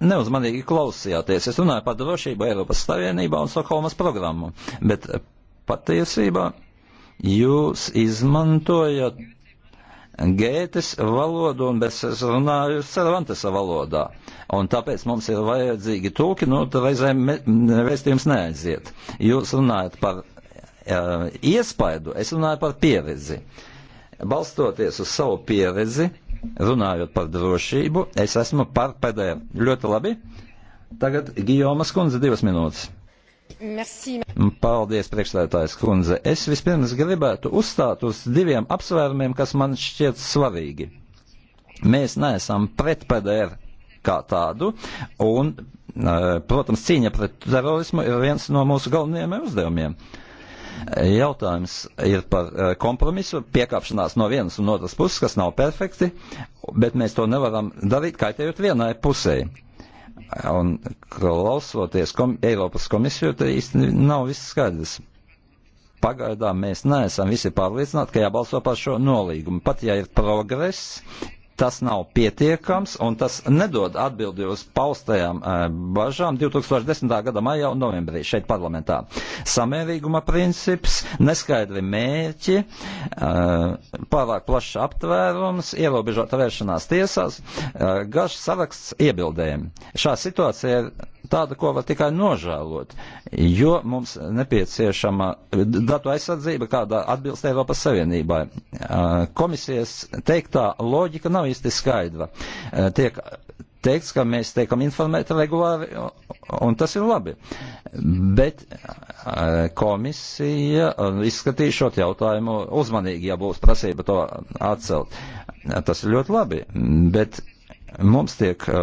neuzmanīgi klausījāties. Es runāju par drošību Eiropas Savienībā un Stokholmas programmu, bet patiesībā jūs izmantojat gētes valodu un es runāju Cervantesa valodā. Un tāpēc mums ir vajadzīgi tulki, nu, reizēm vēstījums neaiziet. Jūs runājat par Uh, iespaidu, es runāju par pieredzi. Balstoties uz savu pieredzi, runājot par drošību, es esmu par PDR. Ļoti labi. Tagad Gijomas kundze divas minūtes. Merci. Paldies, priekšstādātājs kundze. Es vispirms gribētu uzstāt uz diviem apsvērumiem, kas man šķiet svarīgi. Mēs neesam pret PDR kā tādu, un, uh, protams, cīņa pret terorismu ir viens no mūsu galvenajiem uzdevumiem. Uh, Jautājums ir par eh, kompromisu, piekāpšanās no vienas un otras puses, kas nav perfekti, bet mēs to nevaram darīt kaitējot vienai pusē. Un klausoties kom Eiropas komisiju, tad īsti nav viss skaidrs. Pagaidām mēs neesam visi pārliecināti, ka jābalso par šo nolīgumu. Pat ja ir progress, Tas nav pietiekams un tas nedod atbildi uz paustajām eh, bažām 2010. gada maijā un novembrī šeit parlamentā. Samērīguma princips, neskaidri mērķi, eh, pārāk plašs aptvērums, ierobežota vēršanās tiesās, eh, garš saraksts iebildēm. Šā situācija ir tāda, ko var tikai nožēlot, jo mums nepieciešama datu aizsardzība, kāda atbilst Eiropas Savienībai. Komisijas teiktā loģika nav īsti skaidra. Tiek teikts, ka mēs tiekam informēti regulāri, un tas ir labi. Bet komisija izskatīs šo jautājumu uzmanīgi, ja būs prasība to atcelt. Tas ir ļoti labi, bet mums tiek uh,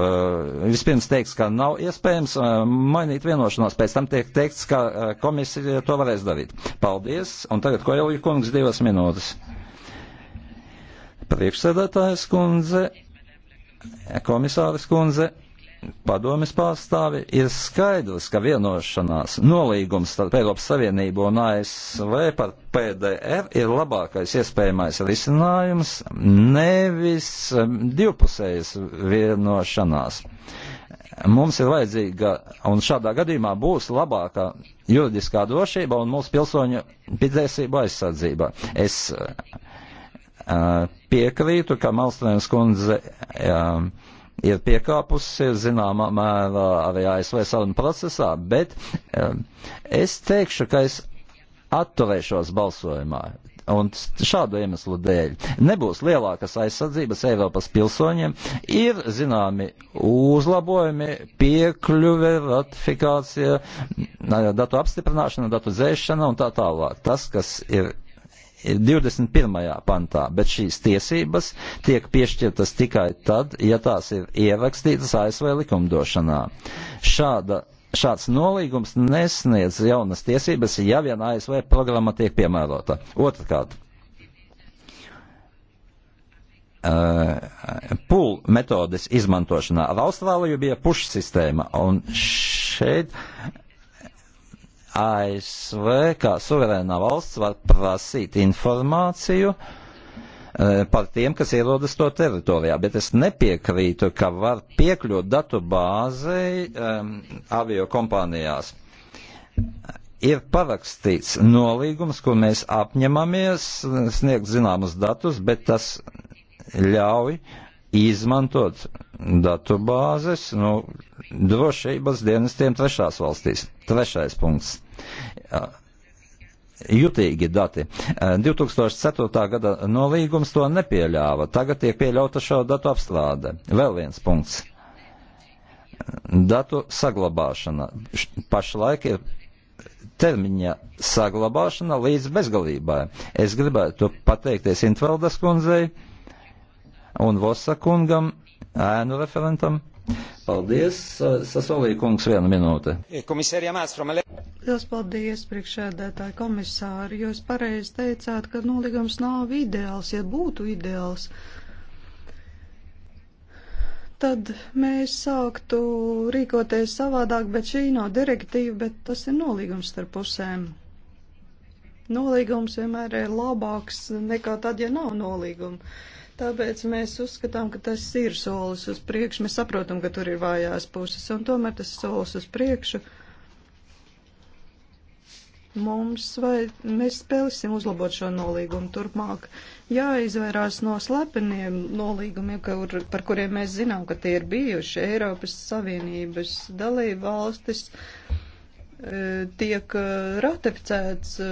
vispirms teikts, ka nav iespējams uh, mainīt vienošanos, pēc tam tiek teikts, ka uh, komisija to varēs darīt. Paldies, un tagad Koelija kungs divas minūtes. Priekšsēdētājs kundze, komisāris kundze, padomis pārstāvi, ir skaidrs, ka vienošanās nolīgums starp Eiropas Savienību un ASV par PDR ir labākais iespējamais risinājums, nevis um, divpusējas vienošanās. Mums ir vajadzīga, un šādā gadījumā būs labāka juridiskā drošība un mūsu pilsoņu tiesību aizsardzība. Es uh, piekrītu, ka Malstrēns kundze uh, ir piekāpusies zināmā mērā arī ASV sarunu procesā, bet es teikšu, ka es atturēšos balsojumā. Un šādu iemeslu dēļ nebūs lielākas aizsardzības Eiropas pilsoņiem, ir zināmi uzlabojumi, piekļuve, ratifikācija, datu apstiprināšana, datu dzēšana un tā tālāk. Tas, kas ir ir 21. pantā, bet šīs tiesības tiek piešķirtas tikai tad, ja tās ir ierakstītas ASV likumdošanā. Šāda Šāds nolīgums nesniedz jaunas tiesības, ja vien ASV programma tiek piemērota. Otrkārt, uh, eh, pūl metodes izmantošanā ar Austrāliju bija puš sistēma, un šeit ASV kā suverēnā valsts var prasīt informāciju e, par tiem, kas ierodas to teritorijā, bet es nepiekrītu, ka var piekļūt datu bāzei um, avio kompānijās. Ir parakstīts nolīgums, kur mēs apņemamies sniegt zināmus datus, bet tas ļauj uh, izmantot datu bāzes nu, drošības dienestiem trešās valstīs. Trešais punkts. Jutīgi dati. 2004. gada nolīgums to nepieļāva. Tagad tiek pieļauta šo datu apstrāde. Vēl viens punkts. Datu saglabāšana. Pašlaik ir termiņa saglabāšana līdz bezgalībai. Es gribētu pateikties Intveldas kundzei un Vosakungam, ēnu referentam. Paldies, Sasolīja kungs, viena minūte. Eh, Lielas paldies, priekšēdētāji komisāri. Jūs pareizi teicāt, ka nolīgums nav ideāls, ja būtu ideāls. Tad mēs sāktu rīkoties savādāk, bet šī nav direktīva, bet tas ir nolīgums starp pusēm. Nolīgums vienmēr ir labāks nekā tad, ja nav nolīguma Tāpēc mēs uzskatām, ka tas ir solis uz priekšu. Mēs saprotam, ka tur ir vājās puses, un tomēr tas solis uz priekšu. Mums vai mēs spēlēsim uzlabot šo nolīgumu turpmāk. Jāizvairās no slepeniem nolīgumiem, kur, par kuriem mēs zinām, ka tie ir bijuši Eiropas Savienības dalība valstis. Uh, E, tiek e, ratificēts e,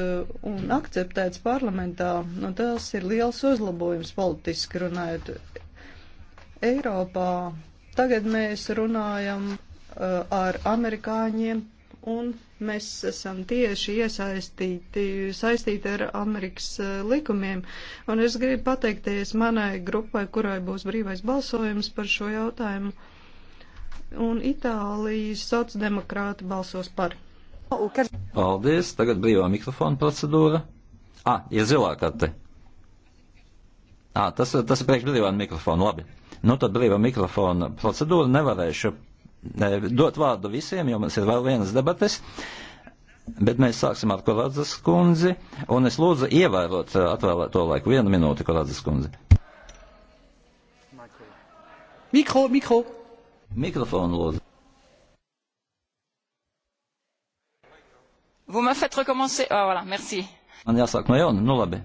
un akceptēts parlamentā, un nu, tas ir liels uzlabojums politiski runājot. Eiropā tagad mēs runājam ar amerikāņiem, un mēs esam tieši iesaistīti, saistīti ar Amerikas likumiem, un es gribu pateikties manai grupai, kurai būs brīvais balsojums par šo jautājumu, un Itālijas sociāldemokrāti balsos par. Paldies. Tagad brīvā mikrofona procedūra. Ah, ir zilā karte. Ah, tas, tas ir priekš brīvā mikrofona. Labi. Nu, tad brīvā mikrofona procedūra nevarēšu dot vārdu visiem, jo mums ir vēl vienas debates. Bet mēs sāksim ar Koradzas kundzi, un es lūdzu ievērot eh, atvēlēto laiku. Vienu minūti, Koradzas kundzi. Mikro, mikro. Mikrofonu lūdzu. Vous me faites recommencer. Ah, oh, voilà, merci. Man jāsāk no jauna, nu labi.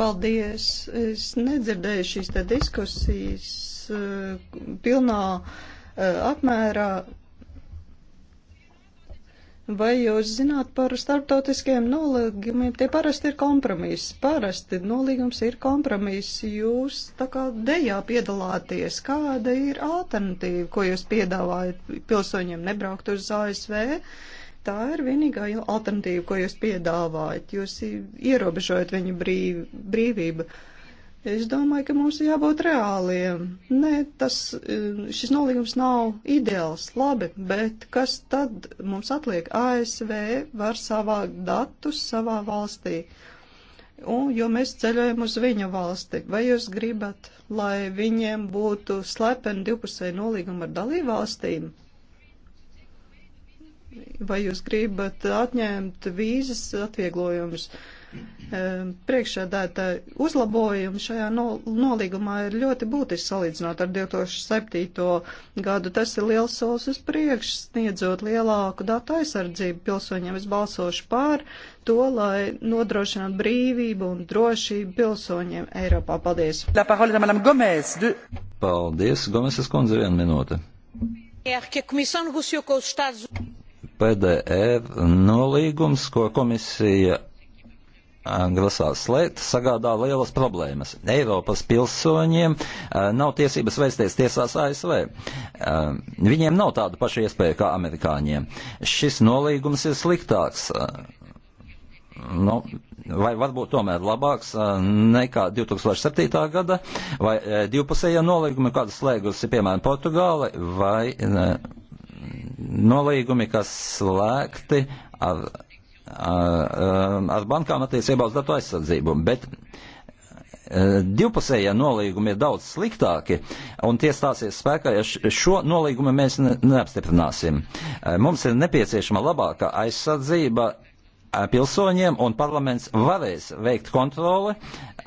Paldies. Es nedzirdēju šīs te diskusijas eh, pilnā eh, apmērā. Vai jūs zināt par starptautiskiem nolīgumiem? Tie parasti ir kompromiss. Parasti nolīgums ir kompromiss. Jūs tā kā dejā piedalāties. Kāda ir alternatīva, ko jūs piedāvājat pilsoņiem nebraukt uz ASV? Uh, Tā ir vienīgā alternatīva, ko jūs piedāvājat. Jūs ierobežojat viņu brīv, brīvību. Es domāju, ka mums jābūt reāliem. Nē, tas, e, šis nolīgums nav ideāls, labi, bet kas tad mums atliek? ASV var savākt datus savā valstī, un, jo mēs ceļojam uz viņa valsti. Vai jūs gribat, lai viņiem būtu slepeni divpusēji nolīgumi ar dalībvalstīm? vai jūs gribat atņemt vīzas atvieglojumus. Priekšsēdētāji uzlabojumi šajā nolīgumā ir ļoti būtiski salīdzinot ar 2007. gadu. Tas ir liels solis uz priekšu, sniedzot lielāku datu aizsardzību pilsoņiem. Es balsošu pār to, lai nodrošinātu brīvību un drošību pilsoņiem Eiropā. Paldies! Paldies, Gomeses kundze, viena minūte. PDR e nolīgums, ko komisija grasās slēgt, sagādā lielas problēmas. Eiropas pilsoņiem eh, nav tiesības vērsties tiesās ASV. Eh, viņiem nav tāda paša iespēja kā amerikāņiem. Šis nolīgums ir sliktāks. Eh, nu, vai varbūt tomēr labāks nekā 2007. gada vai divpusējā nolīguma, kādu slēgusi, piemēram, Portugāla vai. Ne, nolīgumi, kas slēgti ar, ar, ar bankām attiecībā uz datu aizsardzību. Bet e, divpusējie nolīgumi ir daudz sliktāki, un tie stāsies spēkā, ja šo nolīgumu mēs ne, neapstiprināsim. E, mums ir nepieciešama labāka aizsardzība e, pilsoņiem, un parlaments varēs veikt kontroli,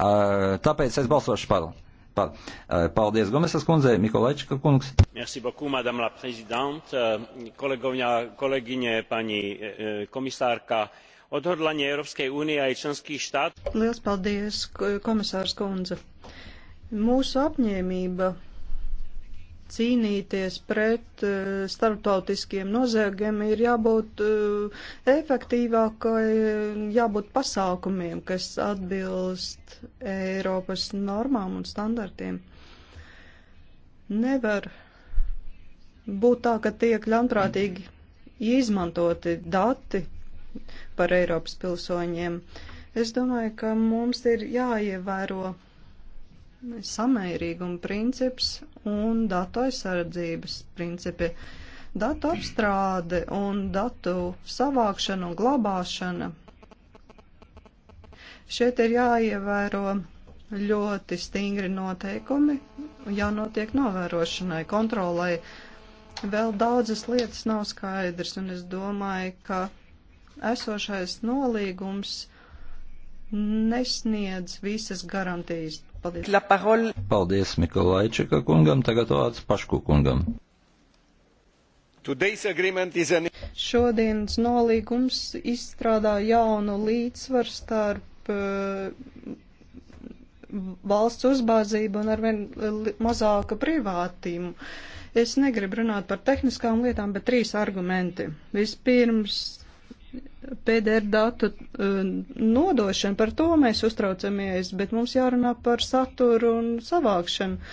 tāpēc es balsošu par. Eh, paldies, Gomesas kundze, Mikolaičika kungs. Merci beaucoup, madame la présidente, eh, kolegovňa, kolegyne, pani eh, komisārka. Odhodlanie Európskej únie aj členských štát. Liels paldies, komisārs kundze. Mūsu apņēmība cīnīties pret eh, starptautiskiem noziegumiem, ir jābūt eh, efektīvākai, jābūt pasākumiem, kas atbilst Eiropas normām un standartiem. Nevar būt tā, ka tiek ļaunprātīgi izmantoti dati par Eiropas pilsoņiem. Es domāju, ka mums ir jāievēro samērīguma princips un datu aizsardzības principi. Datu apstrāde un datu savākšana un glabāšana. Šeit ir jāievēro ļoti stingri noteikumi, jānotiek novērošanai, kontrolai. Vēl daudzas lietas nav skaidrs, un es domāju, ka esošais nolīgums nesniedz visas garantijas Paldies. Paldies Mikolaičika kungam, tagad vārds Pašku kungam. An... Šodienas nolīgums izstrādā jaunu līdzsvaru starp uh, valsts uzbāzību un arvien mazāka privātīmu. Es negribu runāt par tehniskām lietām, bet trīs argumenti. Vispirms PDR datu eh, nodošanu, par to mēs uztraucamies, bet mums jārunā par saturu un savākšanu.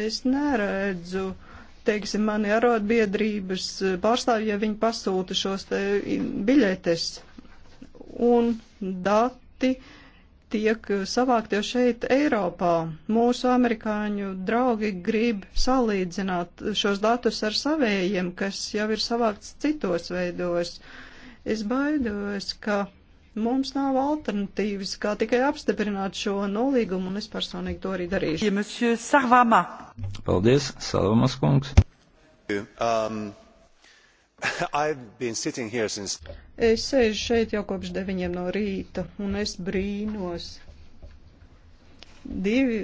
Es neredzu, teiksim, mani arotbiedrības pārstāvji, ja viņi pasūta šos te biļetes un dati tiek savākt jau šeit Eiropā. Mūsu amerikāņu draugi grib salīdzināt šos datus ar savējiem, kas jau ir savākts citos veidos. Uh, Es baidos, ka mums nav alternatīvas, kā tikai apstiprināt šo nolīgumu, un es personīgi to arī darīšu. Ja Sarvama. Paldies, Salvamas kungs. Um, (laughs) since... Es sēžu šeit jau kopš deviņiem no rīta, un es brīnos. Divi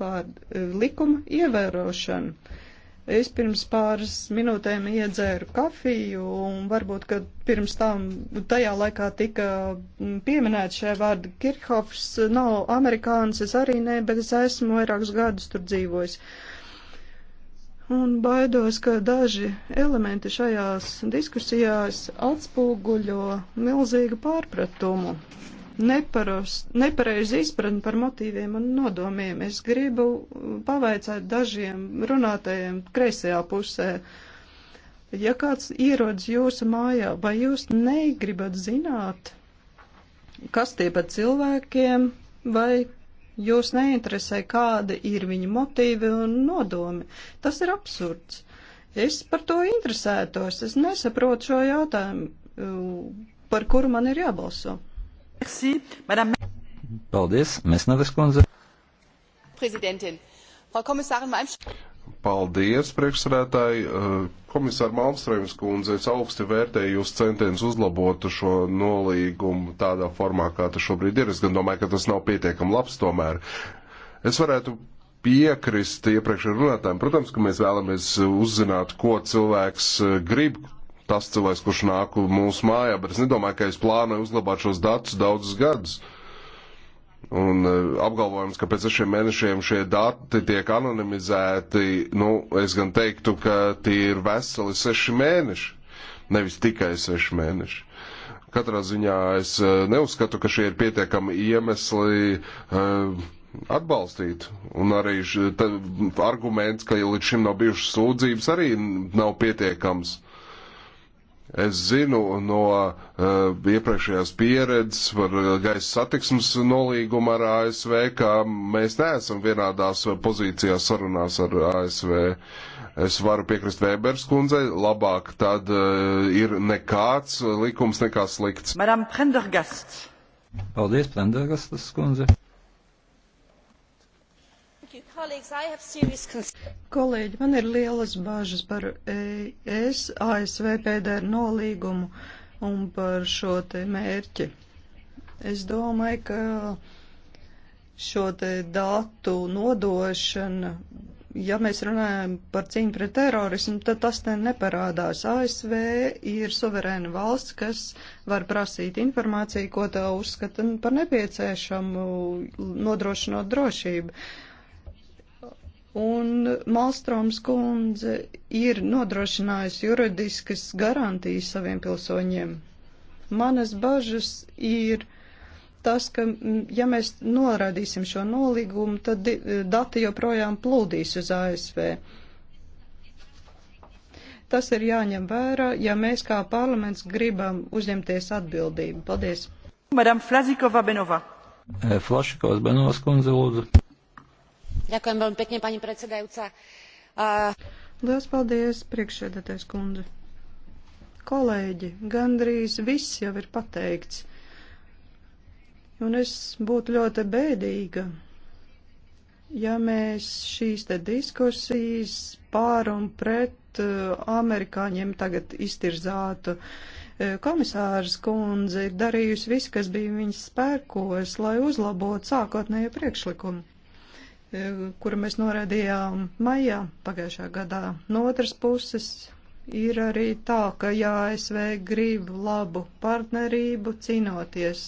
vārdi likuma ievērošana Es pirms pāris minūtēm iedzēru kafiju un varbūt, ka pirms tam tajā laikā tika mm, pieminēts šie vārdi Kirchhoffs. Nav amerikānis, es arī ne, bet es esmu vairākus gadus tur dzīvojis. Un baidos, ka daži elementi šajās diskusijās atspoguļo milzīgu pārpratumu neparos, nepareizi izpratni par motīviem un nodomiem. Es gribu uh, pavaicāt dažiem runātajiem kreisajā pusē. Ja kāds ierodas jūsu mājā, vai jūs negribat zināt, kas tie par cilvēkiem, vai jūs neinteresē, kāda ir viņa motīvi un nodomi? Tas ir absurds. Es par to interesētos, es nesaprotu šo jautājumu, uh, par kuru man ir jābalso. Paldies, Mesneves kundze. Paldies, priekšsarētāji. Eh, Komisāra Malmstrēms kundze, es augsti vērtēju jūs centienus uzlabot šo nolīgumu tādā formā, kā tas šobrīd ir. Es gan domāju, ka tas nav pietiekam labs tomēr. Es varētu piekrist iepriekšējiem runātājiem. Protams, ka mēs vēlamies uzzināt, ko cilvēks eh, grib, tas cilvēks, kurš nāk mūsu mājā, bet es nedomāju, ka es plānoju uzlabāt šos datus daudzus gadus. Un e, apgalvojums, ka pēc sešiem mēnešiem šie dati tiek anonimizēti, nu, es gan teiktu, ka tie ir veseli seši mēneši, nevis tikai seši mēneši. Katrā ziņā es e, neuzskatu, ka šie ir pietiekami iemesli uh, atbalstīt. Un arī š, ta, arguments, ka līdz šim nav bijušas sūdzības, arī nav pietiekams. Es zinu no uh, iepriekšējās pieredzes par eh, gaisa satiksmes nolīgumu ar ASV, ka mēs neesam vienādās eh, pozīcijās sarunās ar ASV. Es varu piekrist Vēbers kundzei, labāk tad uh, ir nekāds likums nekā slikts. Madam Prendergasts. Paldies, Prendergastas kundze. Kolēģi, man ir lielas bažas par ES ASV PDR nolīgumu un par šo te mērķi. Es domāju, ka šo te datu nodošana, ja mēs runājam par cīņu pret terorismu, tad tas te neparādās. ASV ir suverēna valsts, kas var prasīt informāciju, ko tā uzskata par nepieciešamu, nodrošinot drošību. Uh, un Malstroms kundze ir nodrošinājusi juridiskas garantijas saviem pilsoņiem. Manas bažas ir tas, ka ja mēs noraidīsim šo nolīgumu, tad eh, dati joprojām plūdīs uz ASV. Tas ir jāņem vērā, ja mēs kā parlaments gribam uzņemties atbildību. Paldies! Madam Flazikova Benova. Eh, Flašikovs Benovas kundze lūdzu. Lielas paldies, priekšsēdētājs kundze. Kolēģi, gandrīz viss jau ir pateikts. Un es būtu ļoti bēdīga, ja mēs šīs te diskusijas pār un pret uh, amerikāņiem tagad iztirzātu. Uh, komisārs kundze ir darījusi visu, kas bija viņas spērkos, lai uzlabotu sākotnējo priekšlikumu. E, kuru mēs noraidījām maijā pagājušā gadā. No otras puses ir arī tā, ka ja ASV grib labu partnerību cīnoties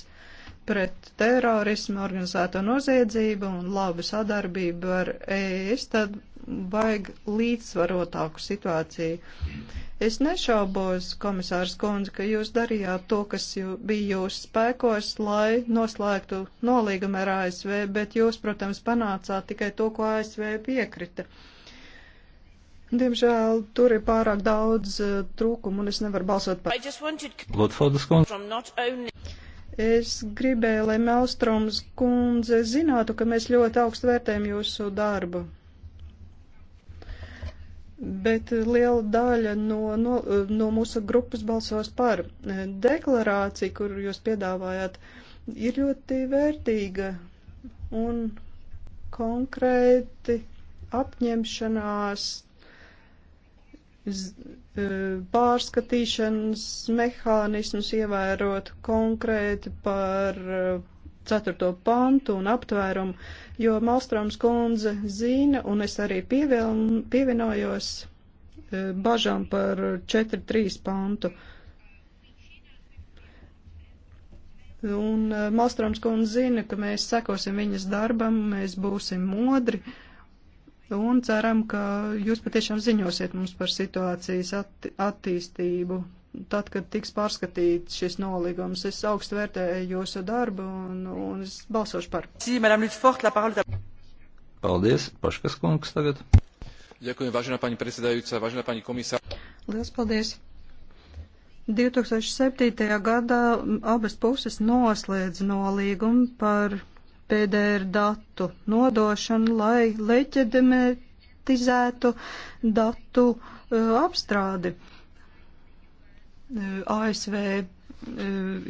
pret terorismu, organizēto noziedzību un labu sadarbību ar ES, tad vajag līdzsvarotāku situāciju. Es nešaubos, komisārs Kundze, ka jūs darījāt to, kas jū, bija jūsu spēkos, lai noslēgtu nolīgumu ar ASV, bet jūs, protams, panācāt tikai to, ko ASV piekrita. Diemžēl tur ir pārāk daudz uh, trūkumu un es nevaru balsot par. Lutfodas Kundze. Es gribēju, lai Melstroms kundze zinātu, ka mēs ļoti augstu vērtējam jūsu darbu bet liela daļa no, no, no mūsu grupas balsos par. Deklarācija, kuru jūs piedāvājāt, ir ļoti vērtīga un konkrēti apņemšanās e, pārskatīšanas mehānismus ievērot konkrēti par e, 4. pantu un aptvērumu, jo Malstroms kundze zina, un es arī pieviel, pievienojos e, bažām par 4.3. pantu. Un e, Malstroms kundze zina, ka mēs sekosim viņas darbam, mēs būsim modri, un ceram, ka jūs patiešām ziņosiet mums par situācijas att attīstību tad, kad tiks pārskatīts šis nolīgums. Es augstu vērtēju jūsu darbu un, un es balsošu par. Paldies, Paškas kungs tagad. Ďakujem, vážená pani predsedajúca, vážená pani komisāra. Lielas paldies. 2007. gadā abas puses noslēdz nolīgumu par PDR datu nodošanu, lai leģitimatizētu datu uh, apstrādi. Uh, ASV e,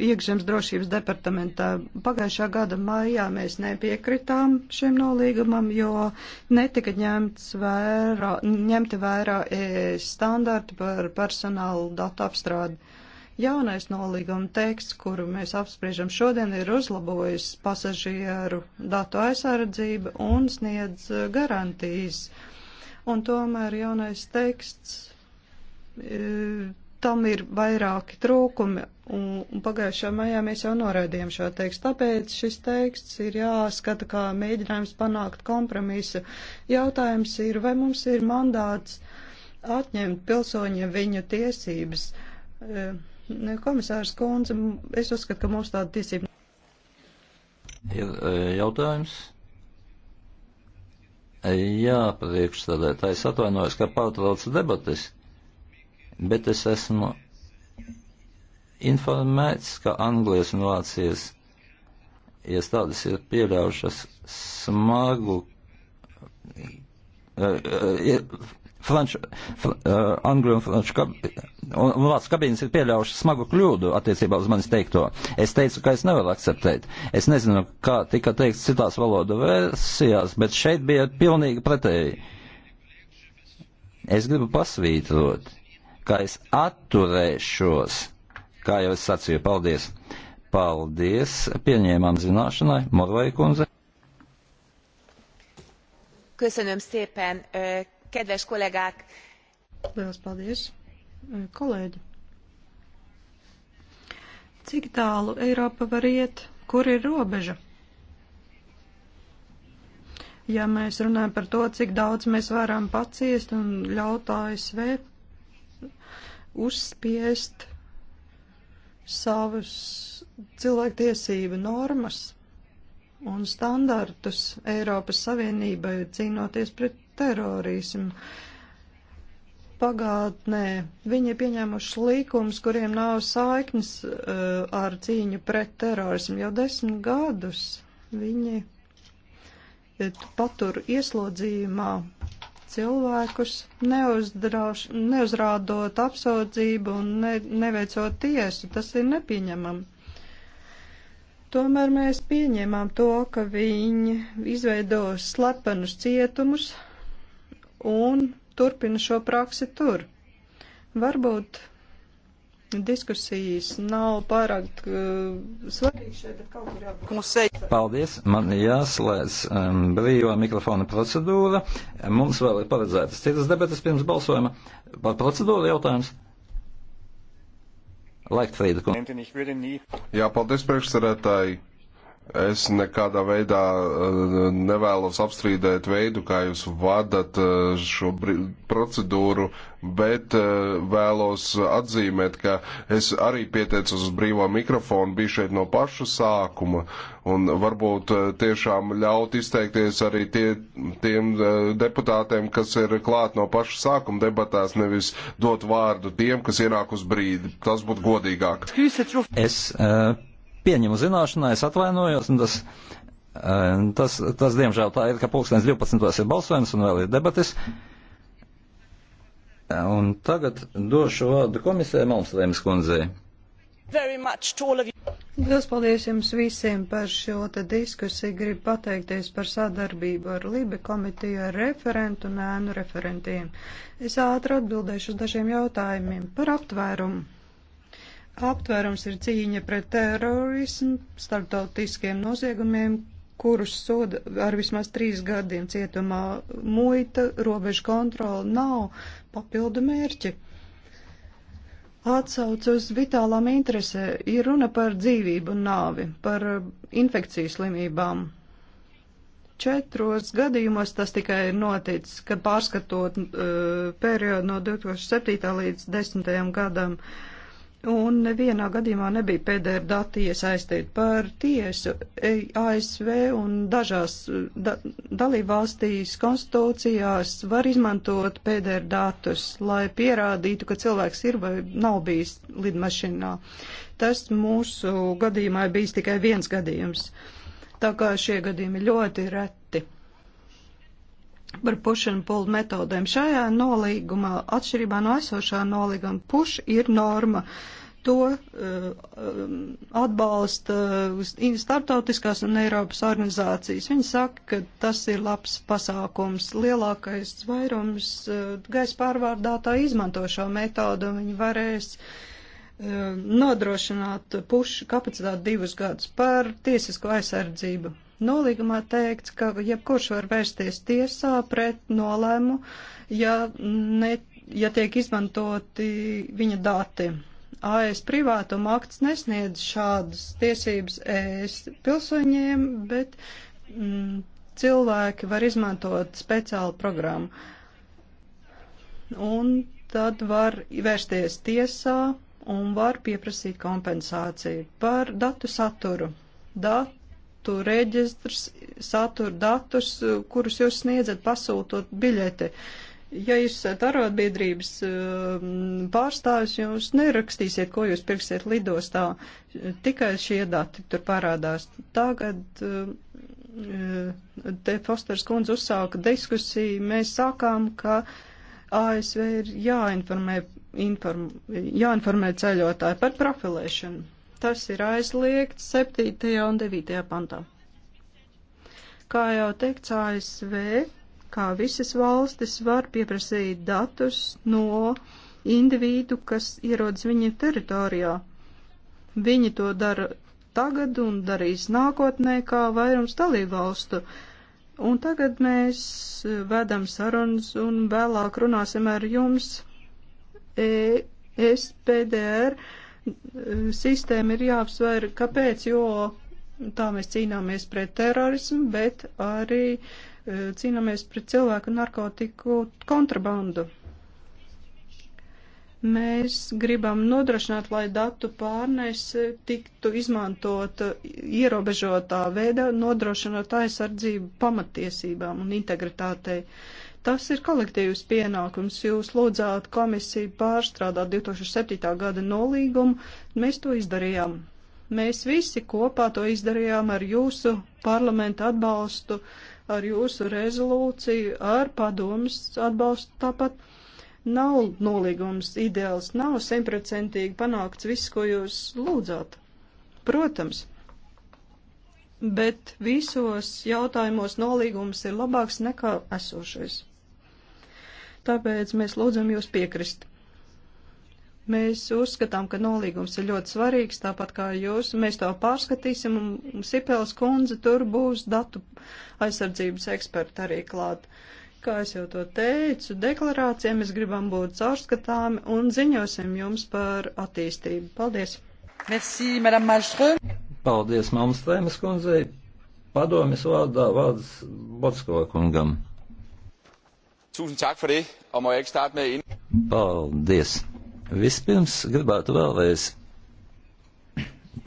iekšzemes drošības departamentā. Pagājušā gada maijā mēs nepiekritām šim nolīgumam, jo netika ņemts vērā, ņemti vērā e, standarti par personālu datu apstrādi. Jaunais nolīguma teksts, kuru mēs apspriežam šodien, ir uzlabojis pasažieru datu aizsardzību un sniedz garantijas. Un tomēr jaunais teksts e, tam ir vairāki trūkumi, un, un pagājušajā maijā mēs jau noraidījām šo tekstu. Tāpēc šis teksts ir jāskata kā mēģinājums panākt kompromisu. Jautājums ir, vai mums ir mandāts atņemt pilsoņiem viņu tiesības. E, komisārs Kunze, es uzskatu, ka mums tāda tiesība. E, jautājums? E, jā, priekšstādētājs atvainojas, ka pārtrauc debatas bet es esmu informēts, ka Anglijas un Vācijas iestādes ja ir pieļaujušas smagu. Uh, eh, uh, eh, Franču, fr, uh, eh, Angļu un Franču kab un, un Vācu kabīnes ir pieļaujuši smagu kļūdu attiecībā uz manis teikto. Es teicu, ka es nevaru akceptēt. Es nezinu, kā tika teikts citās valodu versijās, bet šeit bija pilnīgi pretēji. Es gribu pasvītrot ka es atturēšos. Kā jau es sacīju, paldies. Paldies, pieņēmām zināšanai, Morvai kundze. Köszönöm szépen, kedves kollégák! Lielas paldies, kolēģi! Cik tālu Eiropa var iet? Kur ir robeža? Ja mēs runājam par to, cik daudz mēs varam paciest un ļaut ASV uzspiest savas cilvēktiesību normas un standartus Eiropas Savienībai cīnoties pret terorismu. Pagātnē viņi ir pieņēmuši līkumus, kuriem nav saiknes uh, ar cīņu pret terorismu. Jau desmit gadus viņi eh, patur ieslodzījumā cilvēkus, neuzdroš, neuzrādot apsūdzību un ne, neveicot tiesu. Tas ir nepieņemami. Tomēr mēs pieņēmām to, ka viņi izveidos slepenus cietumus un turpina šo praksi tur. Varbūt diskusijas nav pārāk uh, svarīgas šeit, bet kaut kur jābūt. Paldies, man jāslēdz um, brīvā mikrofona procedūra. Mums vēl ir paredzētas citas debatas pirms balsojuma. Par procedūru jautājums. Laiktrīda. Jā, paldies priekšsarētāji. Es nekādā veidā eh, nevēlos apstrīdēt veidu, kā jūs vadat eh, šo procedūru, bet eh, vēlos atzīmēt, ka es arī pieteicos uz brīvā mikrofonu, biju šeit no paša sākuma, un varbūt tiešām ļaut izteikties arī tie, tiem deputātiem, kas ir klāt no paša sākuma debatās, nevis dot vārdu tiem, kas ienāk uz brīdi. Tas būtu godīgāk. Es uh, pieņemu zināšanai, es atvainojos, un tas, e, tas, tas diemžēl tā ir, ka pulkstens 12. ir balsojums un vēl ir debatis. E, un tagad došu vārdu komisē Malmstrēmas kundzei. Liels paldies jums visiem par šo te diskusiju. Gribu pateikties par sadarbību ar Libe komiteju, ar referentu un ēnu referentiem. Es ātri atbildēšu uz dažiem jautājumiem par aptvērumu. Aptvērums ir cīņa pret terorismu, starptautiskiem noziegumiem, kurus soda ar vismaz trīs gadiem cietumā. Muita, robežu kontrola nav papildu mērķi. Atsauce uz vitālām interesē ir runa par dzīvību un nāvi, par infekcijas slimībām. Četros gadījumos tas tikai ir noticis, kad pārskatot uh, periodu no 2007. līdz 2010. gadam uh, Un nevienā gadījumā nebija PDR dati iesaistīti par tiesu. E, ASV un dažās da, dalībvalstīs konstitūcijās var izmantot PDR datus, lai pierādītu, ka cilvēks ir vai nav bijis lidmašinā. Tas mūsu gadījumā bijis tikai viens gadījums. Tā kā šie gadījumi ļoti reti par push un pull metodēm. Šajā nolīgumā, atšķirībā no esošā nolīguma, push ir norma. To uh, um, atbalsta uh, startautiskās un Eiropas organizācijas. Viņi saka, ka tas ir labs pasākums. Lielākais vairums uh, gaisa pārvārdātāji izmanto šo metodu un viņi varēs uh, nodrošināt pušu kapacitāti divus gadus par tiesisko aizsardzību. Nolīgumā teikts, ka jebkurš var vērsties tiesā pret nolēmu, ja, ne, ja tiek izmantoti viņa dati. AS privātuma akts nesniedz šādas tiesības ES pilsoņiem, bet mm, cilvēki var izmantot speciālu programmu. Un tad var vērsties tiesā un var pieprasīt kompensāciju par datu saturu. Dat datu reģistrs satura datus, kurus jūs sniedzat pasūtot biļeti. Ja jūs esat arotbiedrības um, pārstāvis, jūs nerakstīsiet, ko jūs pirksiet lidostā, tikai šie dati tur parādās. Tagad um, uh, te Fosters kundze uzsāka diskusiju, mēs sākām, ka ASV ir jāinformē, inform, jāinformē ceļotāji par profilēšanu Tas ir aizliegts 7. un 9. pantā. Kā jau teikts ASV, kā visas valstis var pieprasīt datus no individu, kas ierodas viņa teritorijā. Viņi to dara tagad un darīs nākotnē, kā vairums dalībvalstu. Un tagad mēs vedam sarunas un vēlāk runāsim ar jums. E, SPDR sistēma ir jāapsver, kāpēc, jo tā mēs cīnāmies pret terorismu, bet arī e, cīnāmies pret cilvēku narkotiku kontrabandu. Mēs gribam nodrošināt, lai datu pārnese tiktu izmantot ierobežotā veidā, nodrošinot aizsardzību pamatiesībām un integritātei. Uh, Tas ir kolektīvs pienākums. Jūs lūdzāt komisiju pārstrādāt 2007. gada nolīgumu, mēs to izdarījām. Mēs visi kopā to izdarījām ar jūsu parlamentu atbalstu, ar jūsu rezolūciju, ar padomus atbalstu tāpat. Nav nolīgums ideāls, nav simtprocentīgi panākts viss, ko jūs lūdzāt. Protams, bet visos jautājumos nolīgums ir labāks nekā esošais tāpēc mēs lūdzam jūs piekrist. Mēs uzskatām, ka nolīgums ir ļoti svarīgs, tāpat kā jūs. Mēs to pārskatīsim, un Sipels kundze tur būs datu aizsardzības eksperta arī klāt. Kā es jau to teicu, deklarācijā mēs gribam būt caurskatāmi un ziņosim jums par attīstību. Paldies! Merci, Madame Malmström! Paldies, Malmstrēmas kundzei! Padomjas vārdā vārds Botskova kungam. Tusind tak for det, og må jeg ikke starte med ind? Paldies! Vispirms gribētu vēlreiz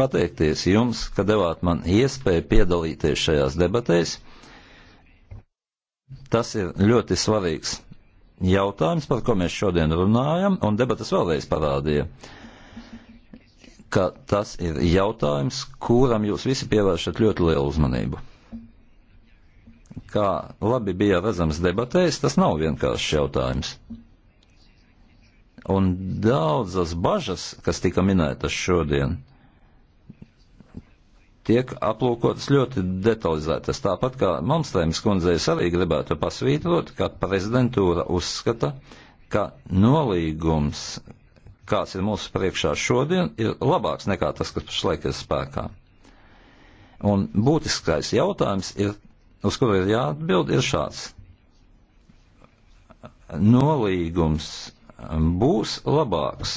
pateikties jums, ka devāt man iespēju piedalīties šajās debatēs. Tas ir ļoti svarīgs jautājums, par ko mēs šodien runājam, un debatas vēlreiz parādīja, ka tas ir jautājums, kuram jūs visi pievēršat ļoti lielu uzmanību kā labi bija redzams debatēs, tas nav vienkāršs jautājums. Un daudzas bažas, kas tika minētas šodien, tiek aplūkotas ļoti detalizētas. Tāpat kā Malmstrēmas kundzei es arī gribētu pasvītrot, ka prezidentūra uzskata, ka nolīgums, kāds ir mūsu priekšā šodien, ir labāks nekā tas, kas pašlaik ir spēkā. Un būtiskais jautājums ir uz kuru ir jāatbild, ir šāds. Nolīgums būs labāks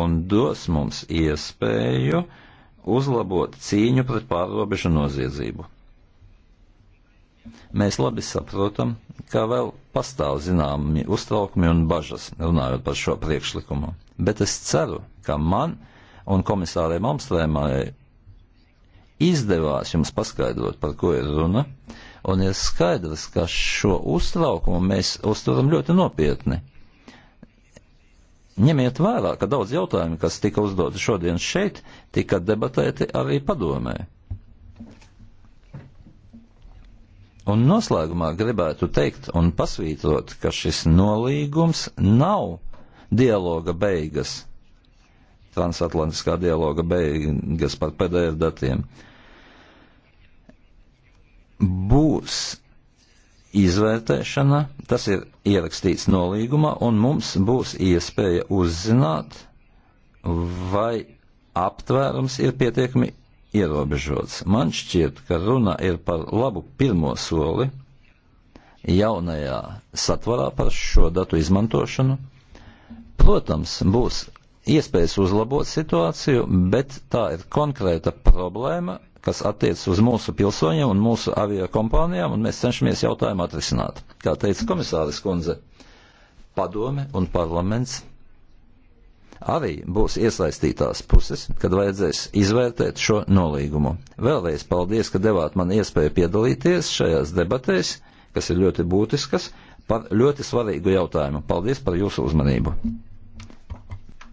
un dos mums iespēju uzlabot cīņu pret pārobežu noziedzību. Mēs labi saprotam, ka vēl pastāv zināmi uztraukumi un bažas runājot par šo priekšlikumu, bet es ceru, ka man un komisāriem Amstrēmai izdevās jums paskaidrot, par ko ir runa, un ir skaidrs, ka šo uztraukumu mēs uztveram ļoti nopietni. Ņemiet vērā, ka daudz jautājumu, kas tika uzdoti šodien šeit, tika debatēti arī padomē. Un noslēgumā gribētu teikt un pasvītrot, ka šis nolīgums nav dialoga beigas, transatlantiskā dialoga beigas par pēdējiem datiem. Būs izvērtēšana, tas ir ierakstīts nolīgumā, un mums būs iespēja uzzināt, vai aptvērums ir pietiekami ierobežots. Man šķiet, ka runa ir par labu pirmo soli jaunajā satvarā par šo datu izmantošanu. Protams, būs iespējas uzlabot situāciju, bet tā ir konkrēta problēma, kas attiec uz mūsu pilsoņiem un mūsu aviokompānijām, un mēs cenšamies jautājumu atrisināt. Kā teica komisāris kundze, padome un parlaments arī būs iesaistītās puses, kad vajadzēs izvērtēt šo nolīgumu. Vēlreiz paldies, ka devāt man iespēju piedalīties šajās debatēs, kas ir ļoti būtiskas, par ļoti svarīgu jautājumu. Paldies par jūsu uzmanību!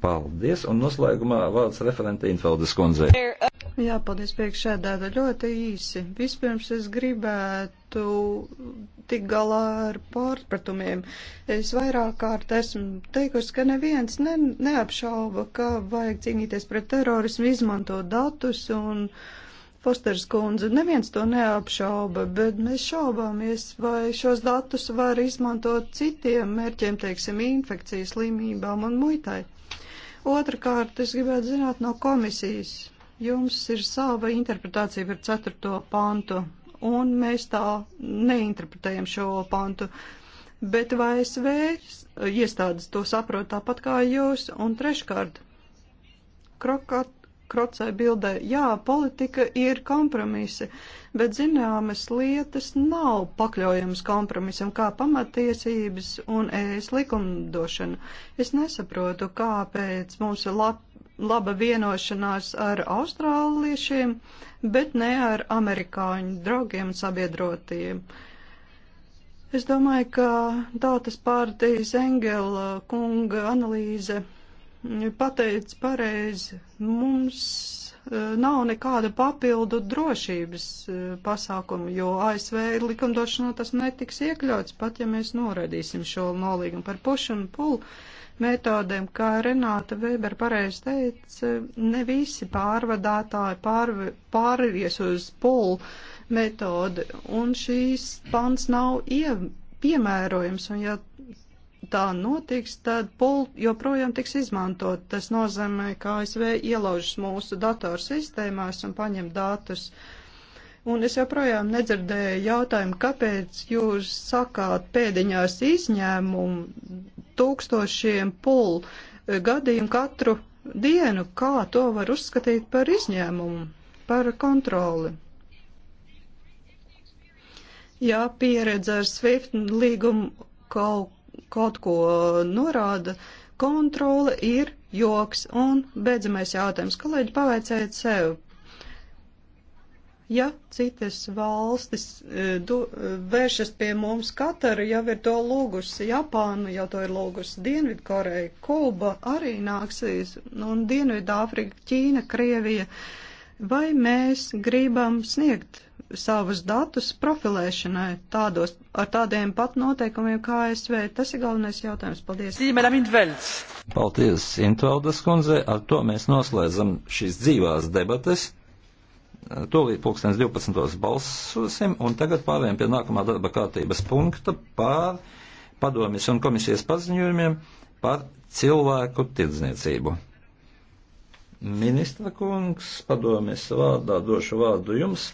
Paldies, un noslēgumā vārds referente Infeldes kundzei. Jā, paldies priekšēdētā ļoti īsi. Vispirms es gribētu tik galā ar pārpratumiem. Es vairāk kārt esmu teikusi, ka neviens ne, neapšauba, ka vajag cīnīties pret terorismu, izmantot datus un. Fosters kundze, neviens to neapšauba, bet mēs šaubāmies, vai šos datus var izmantot citiem mērķiem, teiksim, infekcijas slimībām un muitai. Otrakārt, es gribētu zināt no komisijas. Jums ir sava interpretācija par ceturto pantu, un mēs tā neinterpretējam šo pantu. Bet vai SV iestādes to saprot tāpat kā jūs? Un treškārt, krokat, krocai bildē. Jā, politika ir kompromisi, bet zināmas lietas nav pakļaujamas kompromisam, kā pamatiesības un ēs likumdošana. Es nesaprotu, kāpēc mums ir lab, laba vienošanās ar austrāliešiem, bet ne ar amerikāņu draugiem sabiedrotiem. Es domāju, ka tautas pārtīs Engela kunga analīze pateic pareizi, mums e, nav nekāda papildu drošības e, pasākuma, jo ASV likumdošanā tas netiks iekļauts, pat ja mēs noraidīsim šo nolīgumu par pušu un pulu metodēm, kā Renāta Weber pareizi teica, ne visi pārvadātāji pārvi, pārvies uz pulu metodi, un šīs pants nav ie, piemērojams, un ja tā notiks, tad pul joprojām tiks izmantot. Tas nozīmē, ka ASV ielaužas mūsu datorsistēmās un paņem datus. Un es joprojām nedzirdēju jautājumu, kāpēc jūs sakāt pēdiņās izņēmumu tūkstošiem pul gadījumu katru dienu, kā to var uzskatīt par izņēmumu, par kontroli. Jā, pieredze ar SWIFT līgumu kaut kaut ko norāda, kontrole ir joks. Un beidzamais jautājums, kolēģi, pavaicējiet sev. Ja citas valstis e, du, e, vēršas pie mums, Katara jau ir to lūgusi, Japāna jau to ir lūgusi, Dienvidkoreja, Kuba arī nāksīs, un Dienvidāfrika, Ķīna, Krievija. Vai mēs gribam sniegt savus datus profilēšanai tādos, ar tādiem pat noteikumiem kā ASV? Tas ir galvenais jautājums. Paldies. Paldies, Intvaldes kundze. Ar to mēs noslēdzam šīs dzīvās debates. Tolīt pulkstens 12. balsosim, un tagad pārējām pie nākamā darba kārtības punkta pār padomjas un komisijas paziņojumiem par cilvēku tirdzniecību. Ministra kungs, padomjas vārdā došu vārdu jums